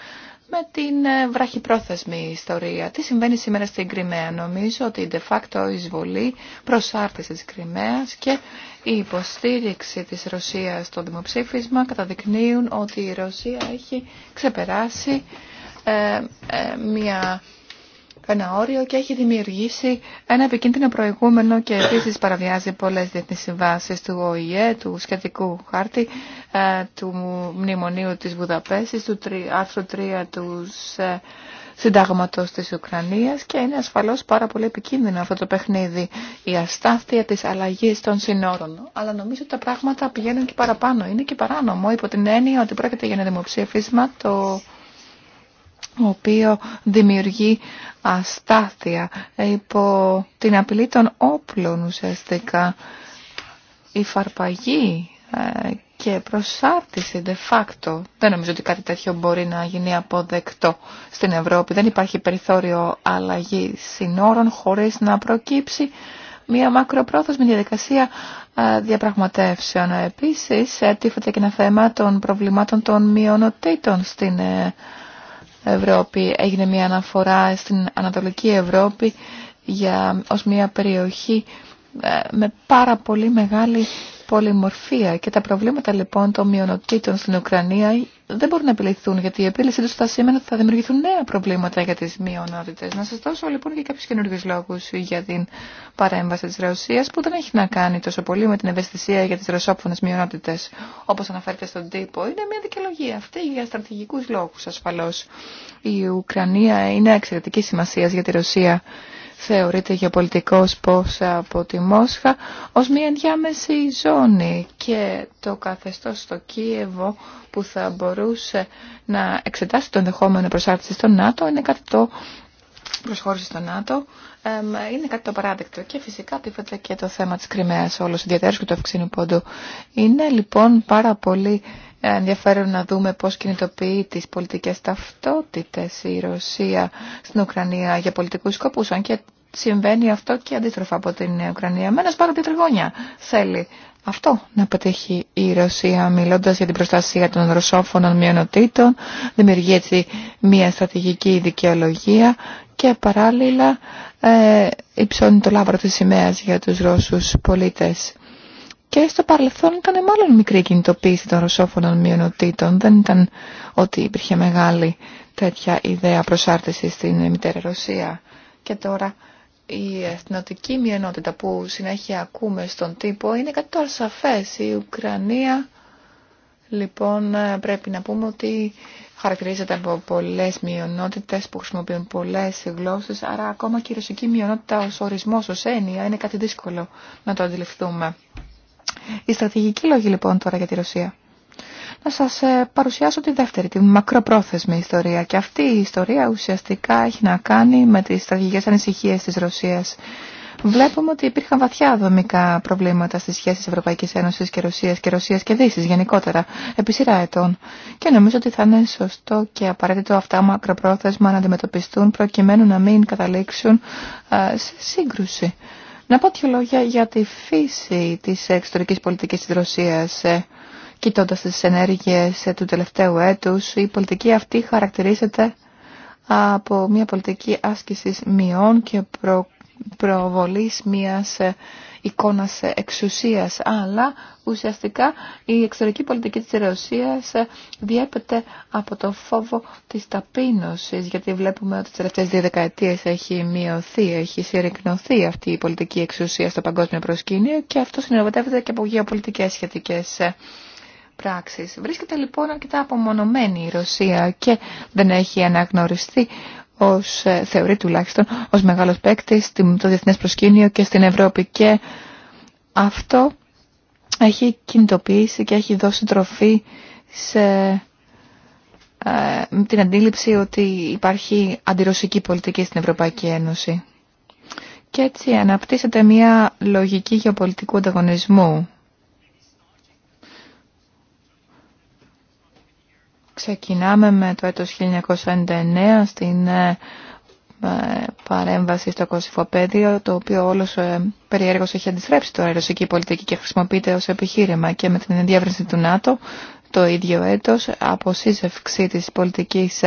με την ε, βραχυπρόθεσμη ιστορία. Τι συμβαίνει σήμερα στην Κρυμαία. Νομίζω ότι de facto εισβολή, προσάρτηση της Κρυμαίας και η υποστήριξη της Ρωσίας στο δημοψήφισμα καταδεικνύουν ότι η Ρωσία έχει ξεπεράσει ε, ε, μια, ένα όριο και έχει δημιουργήσει ένα επικίνδυνο προηγούμενο και επίσης παραβιάζει πολλές διεθνείς συμβάσεις του ΟΗΕ, του σχετικού χάρτη, ε, του μνημονίου της Βουδαπέσης, του άρθρου 3 του συντάγματος της Ουκρανίας και είναι ασφαλώς πάρα πολύ επικίνδυνο αυτό το παιχνίδι, η αστάθεια της αλλαγής των συνόρων. Αλλά νομίζω ότι τα πράγματα πηγαίνουν και παραπάνω, είναι και παράνομο υπό την έννοια ότι πρόκειται για ένα δημοψήφισμα το ο οποίο δημιουργεί αστάθεια υπό την απειλή των όπλων ουσιαστικά. Η φαρπαγή ε, και προσάρτηση de facto. Δεν νομίζω ότι κάτι τέτοιο μπορεί να γίνει αποδεκτό στην Ευρώπη. Δεν υπάρχει περιθώριο αλλαγή συνόρων χωρίς να προκύψει μια μακροπρόθεσμη διαδικασία ε, διαπραγματεύσεων. Επίσης, ε, τίθεται και ένα θέμα των προβλημάτων των μειονοτήτων στην Ευρώπη. Έγινε μια αναφορά στην Ανατολική Ευρώπη για, ως μια περιοχή ε, με πάρα πολύ μεγάλη πολυμορφία και τα προβλήματα λοιπόν των μειονοτήτων στην Ουκρανία δεν μπορούν να επιληθούν γιατί η επίλυση του θα σήμαινε ότι θα δημιουργηθούν νέα προβλήματα για τι μειονότητε. Να σα δώσω λοιπόν και κάποιου καινούριου λόγου για την παρέμβαση τη Ρωσία που δεν έχει να κάνει τόσο πολύ με την ευαισθησία για τι ρωσόφωνε μειονότητε, όπω αναφέρεται στον τύπο. Είναι μια δικαιολογία αυτή για στρατηγικού λόγου, ασφαλώ. Η Ουκρανία είναι εξαιρετική σημασία για τη Ρωσία θεωρείται γεωπολιτικός πως από τη Μόσχα ως μια ενδιάμεση ζώνη και το καθεστώς στο Κίεβο που θα μπορούσε να εξετάσει το ενδεχόμενο προσάρτηση στο ΝΑΤΟ είναι κάτι το προσχώρηση στο ΝΑΤΟ είναι κάτι το παράδεκτο και φυσικά τίθεται και το θέμα της Κρυμαίας όλος ιδιαίτερος και του αυξήνου πόντου. Είναι λοιπόν πάρα πολύ ενδιαφέρον να δούμε πώς κινητοποιεί τις πολιτικές ταυτότητες η Ρωσία στην Ουκρανία για πολιτικούς σκοπούς, αν και συμβαίνει αυτό και αντίστροφα από την Ουκρανία. Με ένα σπάρο τριγώνια θέλει αυτό να πετύχει η Ρωσία μιλώντας για την προστασία των ρωσόφωνων μειονοτήτων, δημιουργεί έτσι μια στρατηγική δικαιολογία και παράλληλα ε, υψώνει το λάβρο της σημαίας για τους Ρώσους πολίτες. Και στο παρελθόν ήταν μάλλον μικρή κινητοποίηση των ρωσόφωνων μειονοτήτων. Δεν ήταν ότι υπήρχε μεγάλη τέτοια ιδέα προσάρτηση στην μητέρα Ρωσία. Και τώρα η εθνοτική μειονότητα που συνέχεια ακούμε στον τύπο είναι κάτι τώρα σαφές. Η Ουκρανία λοιπόν πρέπει να πούμε ότι χαρακτηρίζεται από πολλές μειονότητες που χρησιμοποιούν πολλές γλώσσες, άρα ακόμα και η ρωσική μειονότητα ως ορισμός, ως έννοια είναι κάτι δύσκολο να το αντιληφθούμε. Η στρατηγική λόγη λοιπόν τώρα για τη Ρωσία. Να σας ε, παρουσιάσω τη δεύτερη, τη μακροπρόθεσμη ιστορία. Και αυτή η ιστορία ουσιαστικά έχει να κάνει με τις στρατηγικές ανησυχίες της Ρωσίας. Βλέπουμε ότι υπήρχαν βαθιά δομικά προβλήματα στις σχέσεις Ευρωπαϊκής Ένωσης και Ρωσίας και Ρωσίας και Δύσης γενικότερα επί σειρά ετών. Και νομίζω ότι θα είναι σωστό και απαραίτητο αυτά μακροπρόθεσμα να αντιμετωπιστούν προκειμένου να μην καταλήξουν ε, σε σύγκρουση. Να πω δύο λόγια για τη φύση της εξωτερικής πολιτικής της Ρωσίας. Ε, κοιτώντας τις ενέργειες ε, του τελευταίου έτους, η πολιτική αυτή χαρακτηρίζεται από μια πολιτική άσκησης μειών και προ προβολής μιας ε, εικόνας ε, εξουσίας, αλλά ουσιαστικά η εξωτερική πολιτική της Ρωσίας ε, διέπεται από το φόβο της ταπείνωσης, γιατί βλέπουμε ότι τις τελευταίες δύο δεκαετίες έχει μειωθεί, έχει συρρυκνωθεί αυτή η πολιτική εξουσία στο παγκόσμιο προσκήνιο και αυτό συνεργατεύεται και από γεωπολιτικές σχετικές πράξεις. Βρίσκεται λοιπόν αρκετά απομονωμένη η Ρωσία και δεν έχει αναγνωριστεί ως, ε, θεωρεί τουλάχιστον, ως μεγάλος παίκτη στο διεθνές προσκήνιο και στην Ευρώπη. Και αυτό έχει κινητοποιήσει και έχει δώσει τροφή σε ε, την αντίληψη ότι υπάρχει αντιρωσική πολιτική στην Ευρωπαϊκή Ένωση. Και έτσι αναπτύσσεται μια λογική γεωπολιτικού ανταγωνισμού Ξεκινάμε με το έτος 1999 στην ε, ε, παρέμβαση στο Κωσυφοπέδιο, το οποίο όλος ε, περιέργως έχει αντιστρέψει τώρα η ρωσική πολιτική και χρησιμοποιείται ως επιχείρημα και με την διεύρυνση του ΝΑΤΟ το ίδιο έτος σύζευξη της πολιτικής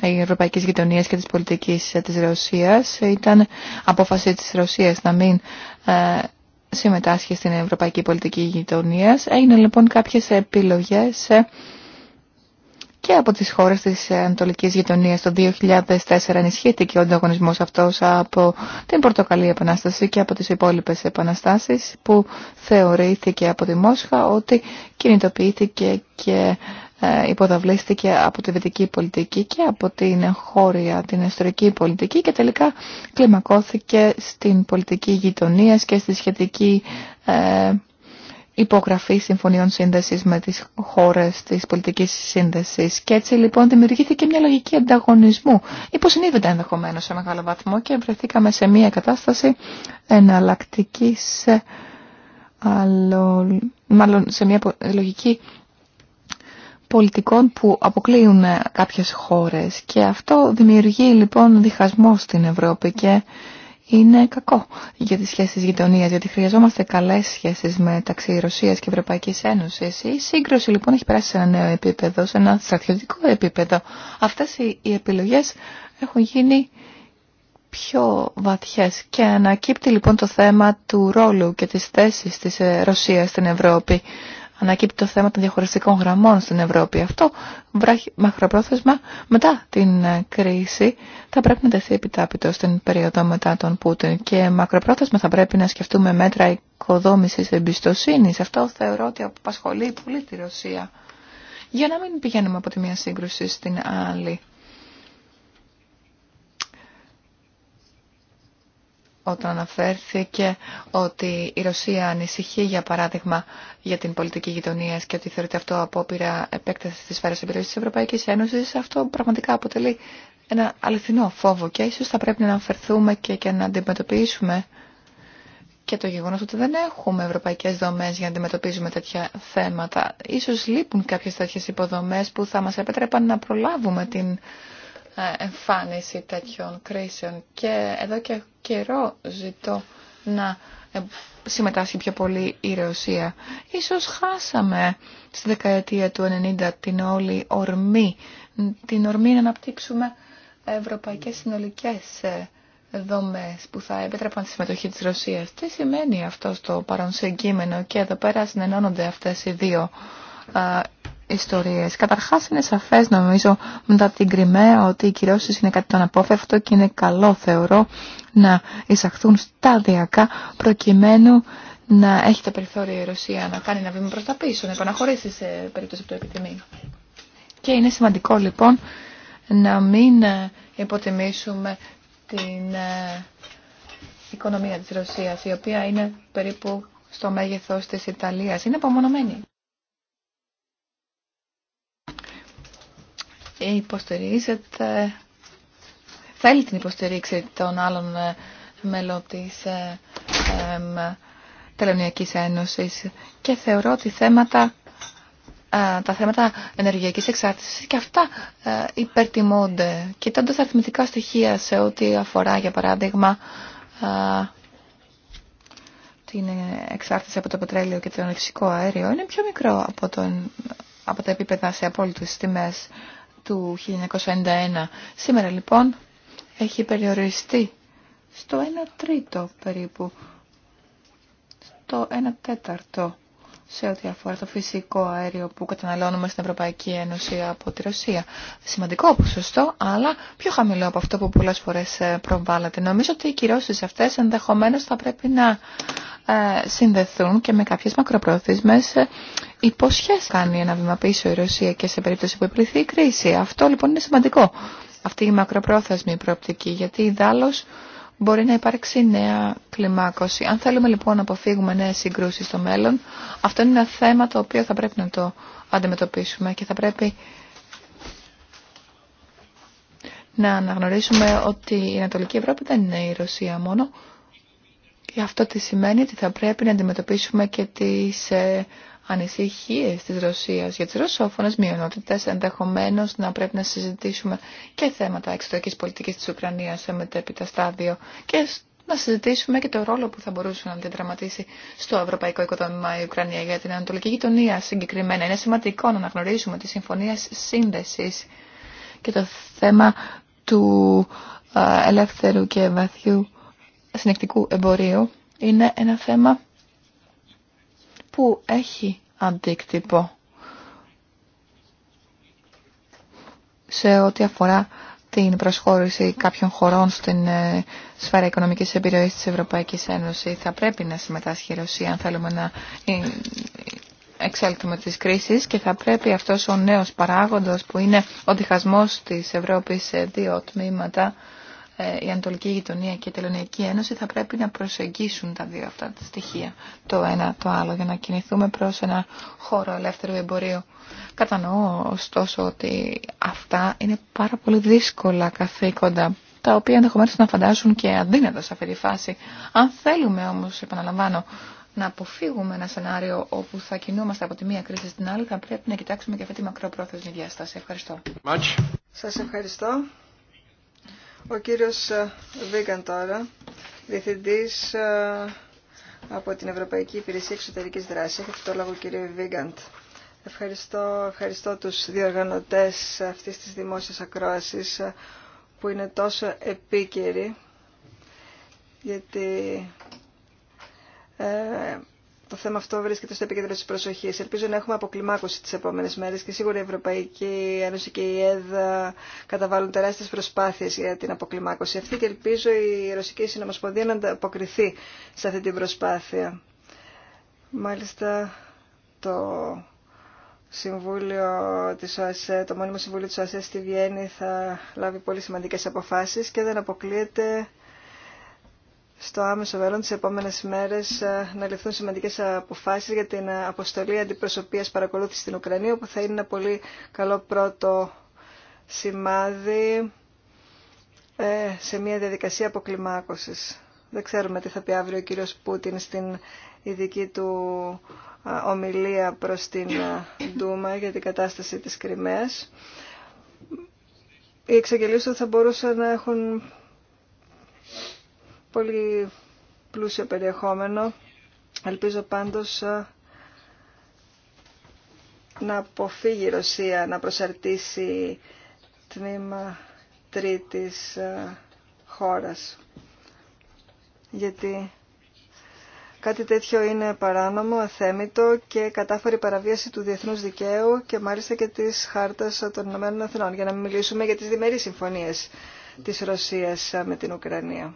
ευρωπαϊκής γειτονίας και της πολιτικής της Ρωσίας ήταν απόφαση της Ρωσίας να μην συμμετάσχει στην ευρωπαϊκή πολιτική γειτονίας. Έγιναν λοιπόν κάποιες επιλογές και από τις χώρες της Ανατολικής Γειτονίας. Το 2004 ενισχύθηκε ο ανταγωνισμός αυτός από την Πορτοκαλή Επανάσταση και από τις υπόλοιπες επαναστάσεις που θεωρήθηκε από τη Μόσχα ότι κινητοποιήθηκε και ε, υποδαβλίστηκε από τη βετική πολιτική και από την χώρια, την ιστορική πολιτική και τελικά κλιμακώθηκε στην πολιτική γειτονίας και στη σχετική ε, υπογραφή συμφωνιών σύνδεσης με τις χώρες της πολιτικής σύνδεσης. Και έτσι λοιπόν δημιουργήθηκε μια λογική ανταγωνισμού. Υποσυνείδητα ενδεχομένως σε μεγάλο βαθμό και βρεθήκαμε σε μια κατάσταση εναλλακτική ε, μάλλον σε μια λογική πολιτικών που αποκλείουν ε, κάποιες χώρες και αυτό δημιουργεί λοιπόν διχασμό στην Ευρώπη και είναι κακό για τις σχέσεις γειτονίας, γιατί χρειαζόμαστε καλές σχέσεις μεταξύ Ρωσίας και Ευρωπαϊκής Ένωσης. Η σύγκρουση λοιπόν έχει περάσει σε ένα νέο επίπεδο, σε ένα στρατιωτικό επίπεδο. Αυτές οι επιλογές έχουν γίνει πιο βαθιές και ανακύπτει λοιπόν το θέμα του ρόλου και της θέσης της ε, Ρωσίας στην Ευρώπη ανακύπτει το θέμα των διαχωριστικών γραμμών στην Ευρώπη. Αυτό βράχει μακροπρόθεσμα μετά την ε, κρίση θα πρέπει να τεθεί επιτάπητο στην περίοδο μετά τον Πούτιν και μακροπρόθεσμα θα πρέπει να σκεφτούμε μέτρα οικοδόμηση εμπιστοσύνης. Αυτό θεωρώ ότι απασχολεί πολύ τη Ρωσία για να μην πηγαίνουμε από τη μία σύγκρουση στην άλλη. όταν αναφέρθηκε ότι η Ρωσία ανησυχεί, για παράδειγμα, για την πολιτική γειτονία και ότι θεωρείται αυτό απόπειρα επέκταση τη σφαίρα επιρροή τη Ευρωπαϊκή Ένωση, αυτό πραγματικά αποτελεί ένα αληθινό φόβο και ίσω θα πρέπει να αναφερθούμε και, να αντιμετωπίσουμε και το γεγονό ότι δεν έχουμε ευρωπαϊκέ δομέ για να αντιμετωπίζουμε τέτοια θέματα. Ίσως λείπουν κάποιε τέτοιε υποδομέ που θα μα επέτρεπαν να προλάβουμε την ε, εμφάνιση τέτοιων κρίσεων και εδώ και καιρό ζητώ να ε, συμμετάσχει πιο πολύ η Ρωσία. Ίσως χάσαμε στη δεκαετία του 90 την όλη ορμή, την ορμή να αναπτύξουμε ευρωπαϊκές συνολικές ε, δομές που θα επέτρεπαν τη συμμετοχή της Ρωσίας. Τι σημαίνει αυτό στο παρόν συγκείμενο και εδώ πέρα συνενώνονται αυτές οι δύο ιστορίες. Καταρχάς είναι σαφές νομίζω μετά την Κρυμαία ότι οι κυρώσεις είναι κάτι τον αναπόφευκτο και είναι καλό θεωρώ να εισαχθούν σταδιακά προκειμένου να έχει τα περιθώρια η Ρωσία να κάνει ένα βήμα προς τα πίσω, να επαναχωρήσει σε περίπτωση που το επιθυμεί. Και είναι σημαντικό λοιπόν να μην ε, υποτιμήσουμε την ε, οικονομία της Ρωσίας, η οποία είναι περίπου στο μέγεθος της Ιταλίας. Είναι απομονωμένη. υποστηρίζετε, θέλει την υποστηρίξη των άλλων ε, μέλων της ε, ε, Τελωνιακής Ένωσης και θεωρώ ότι θέματα, ε, τα θέματα ενεργειακής εξάρτησης και αυτά ε, υπερτιμούνται. Κοιτώντα αριθμητικά στοιχεία σε ό,τι αφορά για παράδειγμα την εξάρτηση από το πετρέλαιο και το φυσικό αέριο είναι πιο μικρό από, τον, από τα επίπεδα σε απόλυτες τιμές του 1991. Σήμερα λοιπόν έχει περιοριστεί στο 1 τρίτο περίπου, στο 1 τέταρτο σε ό,τι αφορά το φυσικό αέριο που καταναλώνουμε στην Ευρωπαϊκή Ένωση από τη Ρωσία. Σημαντικό ποσοστό, αλλά πιο χαμηλό από αυτό που πολλές φορές ε, προβάλλεται. Νομίζω ότι οι κυρώσεις αυτές ενδεχομένως θα πρέπει να ε, συνδεθούν και με κάποιες μακροπρόθεσμες ε, υποσχέσεις. Κάνει ένα βήμα πίσω η Ρωσία και σε περίπτωση που υπηρεθεί η κρίση. Αυτό λοιπόν είναι σημαντικό. Αυτή η μακροπρόθεσμη προοπτική, γιατί η μπορεί να υπάρξει νέα κλιμάκωση. Αν θέλουμε λοιπόν να αποφύγουμε νέες συγκρούσεις στο μέλλον, αυτό είναι ένα θέμα το οποίο θα πρέπει να το αντιμετωπίσουμε και θα πρέπει να αναγνωρίσουμε ότι η Ανατολική Ευρώπη δεν είναι η Ρωσία μόνο. Και αυτό τι σημαίνει ότι θα πρέπει να αντιμετωπίσουμε και τις ε, Ανησυχίε τη Ρωσία για τι ρωσόφωνε μειονότητες, ενδεχομένω, να πρέπει να συζητήσουμε και θέματα εξωτερική πολιτική τη Ουκρανία σε μετέπειτα στάδιο και να συζητήσουμε και το ρόλο που θα μπορούσε να διαδραματίσει στο ευρωπαϊκό οικοδόμημα η Ουκρανία για την Ανατολική Γειτονία συγκεκριμένα. Είναι σημαντικό να αναγνωρίσουμε τη Συμφωνία σύνδεση και το θέμα του ε, ελεύθερου και βαθιού συνεκτικού εμπορίου είναι ένα θέμα που έχει αντίκτυπο σε ό,τι αφορά την προσχώρηση κάποιων χωρών στην ε, σφαίρα οικονομικής επιρροής της Ευρωπαϊκής Ένωσης. Θα πρέπει να συμμετάσχει η Ρωσία αν θέλουμε να ε, εξέλθουμε της κρίσεις, και θα πρέπει αυτός ο νέος παράγοντας που είναι ο διχασμός της Ευρώπης σε δύο τμήματα ε, η Ανατολική Γειτονία και η Τελωνιακή Ένωση θα πρέπει να προσεγγίσουν τα δύο αυτά τα στοιχεία το ένα το άλλο για να κινηθούμε προς ένα χώρο ελεύθερου εμπορίου. Κατανοώ ωστόσο ότι αυτά είναι πάρα πολύ δύσκολα καθήκοντα τα οποία ενδεχομένω να φαντάσουν και αδύνατα σε αυτή τη φάση. Αν θέλουμε όμως, επαναλαμβάνω, να αποφύγουμε ένα σενάριο όπου θα κινούμαστε από τη μία κρίση στην άλλη, θα πρέπει να κοιτάξουμε και αυτή τη μακροπρόθεσμη διάσταση. Ευχαριστώ. ευχαριστώ. Ο κύριος ε, Βίγκαν τώρα, διευθυντής ε, από την Ευρωπαϊκή Υπηρεσία Εξωτερικής Δράσης. Έχετε το λόγο κύριε Βίγκαντ. Ευχαριστώ, ευχαριστώ τους διοργανωτές αυτής της δημόσιας ακρόασης ε, που είναι τόσο επίκαιρη γιατί το θέμα αυτό βρίσκεται στο επίκεντρο της προσοχής. Ελπίζω να έχουμε αποκλιμάκωση τις επόμενες μέρες και σίγουρα η Ευρωπαϊκή Ένωση και η ΕΔΑ καταβάλουν τεράστιες προσπάθειες για την αποκλιμάκωση αυτή και ελπίζω η Ρωσική Συνομοσπονδία να ανταποκριθεί σε αυτή την προσπάθεια. Μάλιστα το Συμβούλιο της το μόνιμο Συμβούλιο της ΟΑΣΕ στη Βιέννη θα λάβει πολύ σημαντικές αποφάσεις και δεν αποκλείεται στο άμεσο μέλλον τις επόμενες μέρες ε, να ληφθούν σημαντικές αποφάσεις για την ε, αποστολή αντιπροσωπείας παρακολούθησης στην Ουκρανία που θα είναι ένα πολύ καλό πρώτο σημάδι ε, σε μια διαδικασία αποκλιμάκωσης. Δεν ξέρουμε τι θα πει αύριο ο κύριος Πούτιν στην ειδική του ομιλία προς την Ντούμα για την κατάσταση της Κρυμαίας. Οι εξαγγελίες του θα μπορούσαν να έχουν Πολύ πλούσιο περιεχόμενο. Ελπίζω πάντως ε, να αποφύγει η Ρωσία να προσαρτήσει τμήμα τρίτης ε, χώρας. Γιατί κάτι τέτοιο είναι παράνομο, αθέμητο και κατάφορη παραβίαση του διεθνούς δικαίου και μάλιστα και της χάρτας των Ηνωμένων για να μιλήσουμε για τις διμερείς συμφωνίες της Ρωσίας ε, με την Ουκρανία.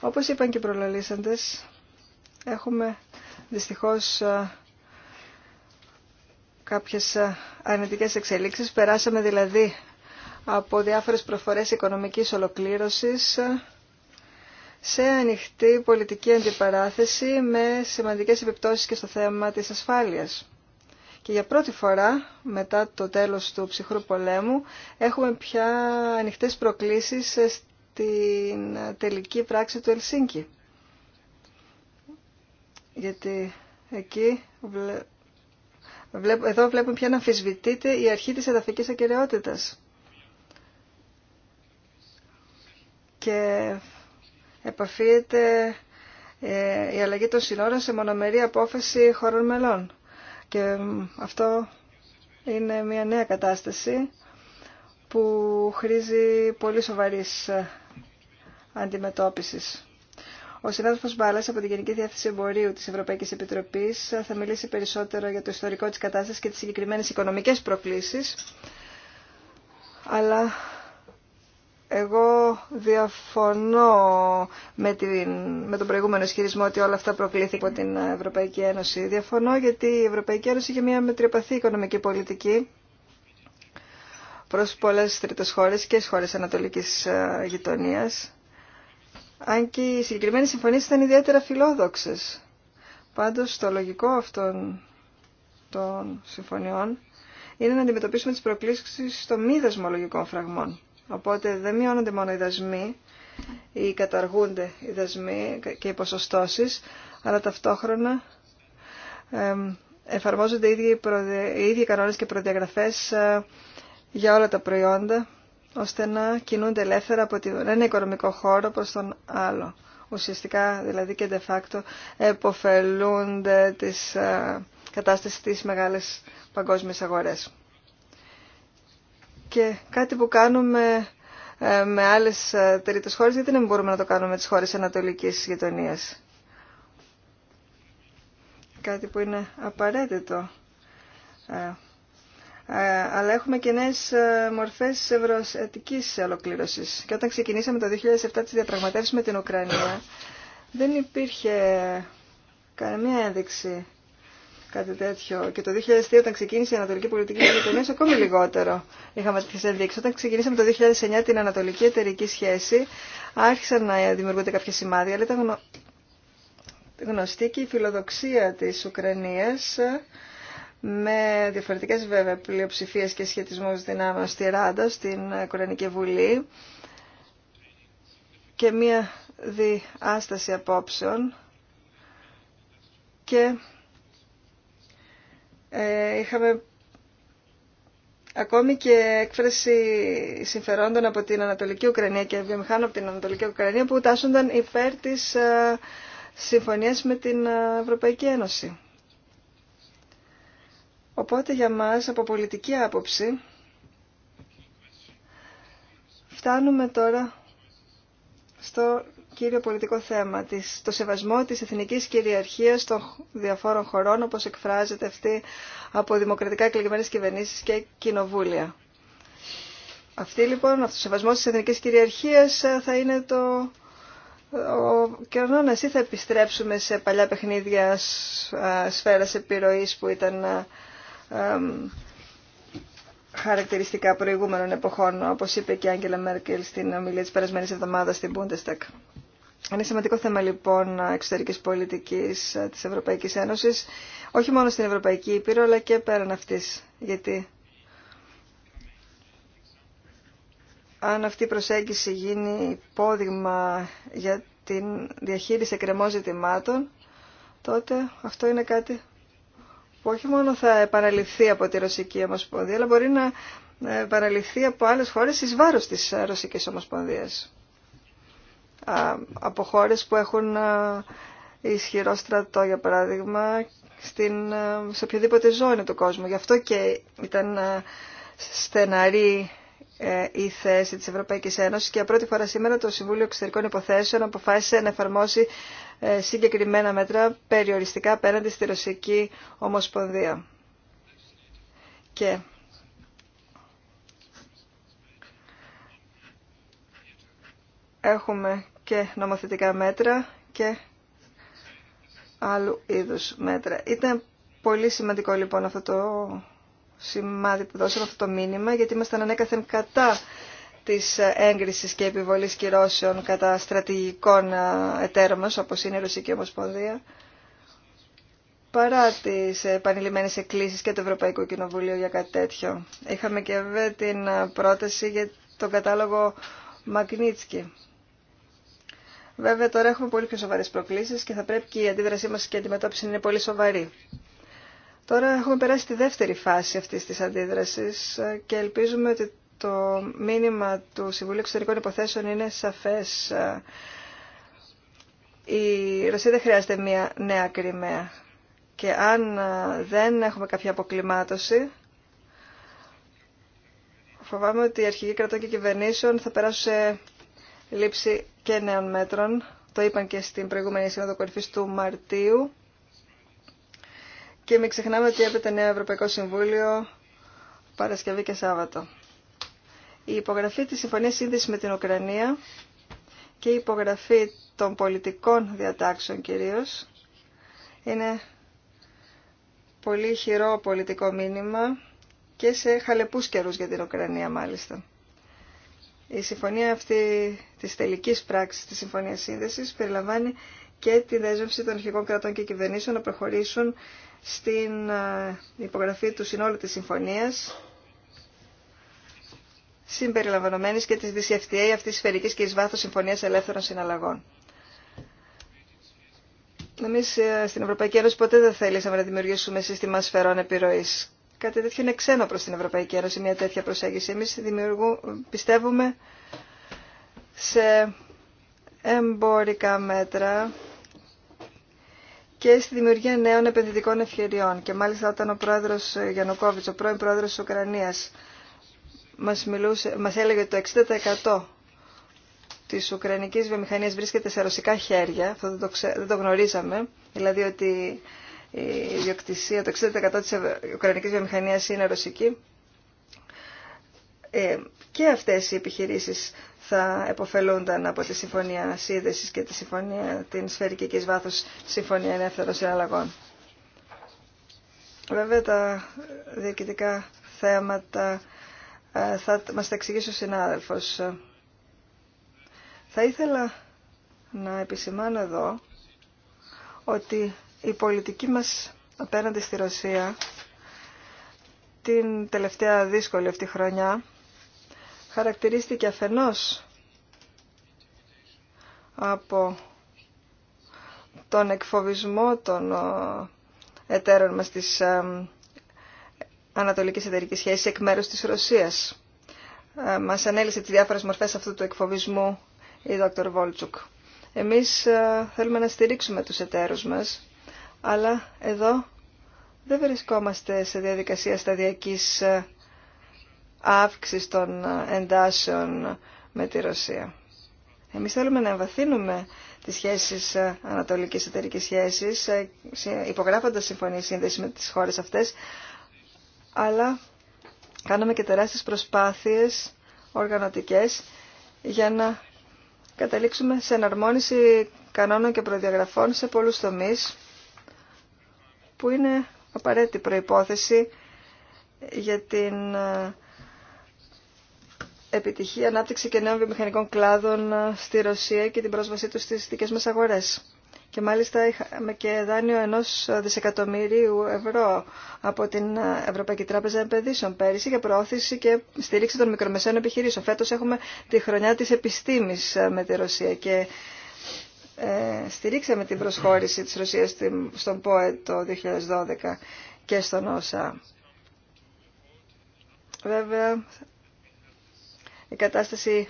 Όπως είπαν και οι προλαλήσαντες, έχουμε δυστυχώς ε, κάποιες ε, αρνητικές εξελίξεις. Περάσαμε δηλαδή από διάφορες προφορές οικονομικής ολοκλήρωσης ε, σε ανοιχτή πολιτική αντιπαράθεση με σημαντικές επιπτώσεις και στο θέμα της ασφάλειας. Και για πρώτη φορά, μετά το τέλος του ψυχρού πολέμου, έχουμε πια ανοιχτές προκλήσεις την τελική πράξη του Ελσίνκη. Γιατί εκεί εδώ βλέπουμε πια να αμφισβητείται η αρχή της εδαφικής ακεραιότητας. Και επαφείεται ε, η αλλαγή των συνόρων σε μονομερή απόφαση χωρών μελών. Και αυτό είναι μια νέα κατάσταση που χρήζει πολύ σοβαρής ε, αντιμετώπισης. Ο συνάδελφο Μπάλα από την Γενική Διεύθυνση Εμπορίου τη Ευρωπαϊκή Επιτροπή θα μιλήσει περισσότερο για το ιστορικό τη κατάσταση και τι συγκεκριμένε οικονομικέ προκλήσει. Αλλά εγώ διαφωνώ με, την, με τον προηγούμενο ισχυρισμό ότι όλα αυτά προκλήθηκαν από την Ευρωπαϊκή Ένωση. Διαφωνώ γιατί η Ευρωπαϊκή Ένωση είχε μια μετριοπαθή οικονομική πολιτική προς πολλές τρίτε χώρε και στις χώρες ανατολικής ε, Γειτονία αν και οι συγκεκριμένες συμφωνίες ήταν ιδιαίτερα φιλόδοξες. Πάντως το λογικό αυτών των συμφωνιών είναι να αντιμετωπίσουμε τις προκλήσεις των μη δασμολογικών φραγμών. Οπότε δεν μειώνονται μόνο οι δασμοί ή καταργούνται οι δασμοί και οι ποσοστώσεις, αλλά ταυτόχρονα εφαρμόζονται οι ίδιοι, οι κανόνες και προδιαγραφές ε, για όλα τα προϊόντα ώστε να κινούνται ελεύθερα από ένα οικονομικό χώρο προς τον άλλο. Ουσιαστικά δηλαδή και de facto εποφελούνται της ε, κατάστασης της μεγάλες παγκόσμιες αγορές. Και κάτι που κάνουμε ε, με άλλες ε, τρίτες χώρες, γιατί δεν μπορούμε να το κάνουμε με τις χώρες ανατολικής γειτονίας. Κάτι που είναι απαραίτητο ε, αλλά έχουμε και νέε μορφέ ευρωετική ολοκλήρωση. Και όταν ξεκινήσαμε το 2007 τι διαπραγματεύσει με την Ουκρανία, δεν υπήρχε καμία ένδειξη κάτι τέτοιο. Και το 2003 όταν ξεκίνησε η Ανατολική Πολιτική Γειτονία, ακόμη λιγότερο είχαμε τέτοιε ενδείξει. Όταν ξεκινήσαμε το 2009 την Ανατολική Εταιρική Σχέση, άρχισαν να δημιουργούνται κάποια σημάδια, αλλά ήταν γνω... γνωστή και η φιλοδοξία τη Ουκρανία με διαφορετικές βέβαια πλειοψηφίες και σχετισμούς δυνάμεων στη Ράντα, στην κουρανική Βουλή και μία διάσταση απόψεων και ε, είχαμε ακόμη και έκφραση συμφερόντων από την Ανατολική Ουκρανία και βιομηχάνων από την Ανατολική Ουκρανία που τάσσονταν υπέρ της ε, συμφωνίας με την ε, Ευρωπαϊκή Ένωση. Οπότε για μας από πολιτική άποψη φτάνουμε τώρα στο κύριο πολιτικό θέμα, το σεβασμό της εθνικής κυριαρχίας των διαφόρων χωρών, όπως εκφράζεται αυτή από δημοκρατικά εκλεγμένες κυβερνήσεις και κοινοβούλια. Αυτή λοιπόν, αυτο ο σεβασμός της εθνικής κυριαρχίας ε, θα είναι το... Ο κανόνας ή θα επιστρέψουμε σε παλιά παιχνίδια ε, σφαίρας επιρροής που ήταν ε, χαρακτηριστικά προηγούμενων εποχών, όπως είπε και η Άγγελα Μέρκελ στην ομιλία της περασμένης εβδομάδας στην Bundestag. Είναι σημαντικό θέμα λοιπόν εξωτερικής πολιτικής ε, της Ευρωπαϊκής Ένωσης, όχι μόνο στην Ευρωπαϊκή Ήπειρο, αλλά και πέραν αυτής. Γιατί αν αυτή η προσέγγιση γίνει υπόδειγμα για την διαχείριση εκκρεμών ζητημάτων, τότε αυτό είναι κάτι που όχι μόνο θα επαναληφθεί από τη Ρωσική Ομοσπονδία, αλλά μπορεί να ε, επαναληφθεί από άλλες χώρες εις βάρος της ε, Ρωσικής Ομοσπονδίας. Από χώρες που έχουν ε, ισχυρό στρατό, για παράδειγμα, στην, σε οποιαδήποτε ζώνη του κόσμου. Γι' αυτό και ήταν στεναρή η θέση της Ευρωπαϊκής Ένωσης και για πρώτη φορά σήμερα το Συμβούλιο Εξωτερικών Υποθέσεων αποφάσισε να εφαρμόσει ε, συγκεκριμένα μέτρα περιοριστικά απέναντι στη Ρωσική Ομοσπονδία. Και έχουμε και νομοθετικά μέτρα και άλλου είδους μέτρα. Ήταν πολύ σημαντικό λοιπόν αυτό το σημάδι που δώσαμε, αυτό το μήνυμα, γιατί ήμασταν ανέκαθεν κατά της έγκρισης και επιβολής κυρώσεων κατά στρατηγικών ε, εταίρων μας, όπως είναι η Ρωσική Ομοσπονδία, παρά τις επανειλημμένες εκκλήσεις και το Ευρωπαϊκό Κοινοβούλιο για κάτι τέτοιο. Είχαμε και βέβαια την ε, πρόταση για τον κατάλογο Μαγνίτσκι. Βέβαια τώρα έχουμε πολύ πιο σοβαρές προκλήσεις και θα πρέπει και η αντίδρασή μας και η αντιμετώπιση είναι πολύ σοβαρή. Τώρα έχουμε περάσει τη δεύτερη φάση αυτής της αντίδρασης ε, και ελπίζουμε ότι το μήνυμα του Συμβουλίου Εξωτερικών Υποθέσεων είναι σαφές. Η Ρωσία δεν χρειάζεται μια νέα Κρυμαία. Και αν δεν έχουμε κάποια αποκλιμάτωση, φοβάμαι ότι η αρχηγοί κρατών και κυβερνήσεων θα περάσουν σε λήψη και νέων μέτρων. Το είπαν και στην προηγούμενη Σύνοδο Κορυφής του Μαρτίου. Και μην ξεχνάμε ότι έπεται νέο Ευρωπαϊκό Συμβούλιο Παρασκευή και Σάββατο. Η υπογραφή της Συμφωνίας Σύνδεσης με την Ουκρανία και η υπογραφή των πολιτικών διατάξεων κυρίως είναι πολύ χειρό πολιτικό μήνυμα και σε χαλεπούς καιρούς για την Ουκρανία μάλιστα. Η συμφωνία αυτή της τελικής πράξης της Συμφωνίας Σύνδεσης περιλαμβάνει και τη δέσμευση των αρχικών κρατών και κυβερνήσεων να προχωρήσουν στην ε, υπογραφή του συνόλου της συμφωνίας συμπεριλαμβανομένης και της DCFTA αυτής της σφαιρικής και εις βάθος συμφωνίας ελεύθερων συναλλαγών. Εμεί ε, στην Ευρωπαϊκή Ένωση ποτέ δεν θέλησαμε να δημιουργήσουμε σύστημα σφαιρών επιρροή. Κάτι τέτοιο είναι ξένο προ την Ευρωπαϊκή Ένωση, μια τέτοια προσέγγιση. Εμεί πιστεύουμε σε εμπορικά μέτρα και στη δημιουργία νέων επενδυτικών ευκαιριών. Και μάλιστα όταν ο πρόεδρος Γιαννουκόβιτς, ο πρώην πρόεδρο τη Ουκρανίας, μας, έλεγε ότι το 60% της Ουκρανικής βιομηχανίας βρίσκεται σε ρωσικά χέρια, αυτό δεν το, ξε, δεν γνωρίζαμε, δηλαδή ότι η ιδιοκτησία, το 60% της Ουκρανικής βιομηχανίας είναι ρωσική, ε, και αυτές οι επιχειρήσεις θα επωφελούνταν από τη Συμφωνία Σύνδεσης και τη συμφωνία, την Σφαιρική και Βάθος Συμφωνία Ελεύθερων Συναλλαγών. Βέβαια τα διοικητικά θέματα ε, θα μας τα εξηγήσει ο συνάδελφος. Θα ήθελα να επισημάνω εδώ ότι η πολιτική μας απέναντι στη Ρωσία την τελευταία δύσκολη αυτή χρονιά χαρακτηρίστηκε αφενός από τον εκφοβισμό των ε, εταίρων μας της ε, Ανατολική εταιρική σχέση εκ μέρους της Ρωσίας. Ε, μας ανέλησε τι διάφορε μορφέ αυτού του εκφοβισμού η Δ. Βόλτσουκ. Εμείς ε, θέλουμε να στηρίξουμε τους εταίρους μας, αλλά εδώ δεν βρισκόμαστε σε διαδικασία σταδιακής ε, αύξηση των εντάσεων με τη Ρωσία. Εμείς θέλουμε να εμβαθύνουμε τις σχέσεις ανατολικής εταιρικής σχέσης, υπογράφοντας συμφωνίες σύνδεση με τις χώρες αυτές, αλλά κάναμε και τεράστιες προσπάθειες οργανωτικές για να καταλήξουμε σε εναρμόνιση κανόνων και προδιαγραφών σε πολλούς τομείς που είναι απαραίτητη προϋπόθεση για την ε, επιτυχή ανάπτυξη και νέων βιομηχανικών κλάδων ε, στη Ρωσία και την πρόσβασή τους στις δικές μας αγορές και μάλιστα είχαμε και δάνειο ενός δισεκατομμυρίου ευρώ από την Ευρωπαϊκή Τράπεζα Επενδύσεων πέρυσι για προώθηση και στήριξη των μικρομεσαίων επιχειρήσεων. Φέτος έχουμε τη χρονιά της επιστήμης με τη Ρωσία και ε, στηρίξαμε την προσχώρηση της Ρωσίας στον ΠΟΕ το 2012 και στον ΩΣΑ. Βέβαια, η κατάσταση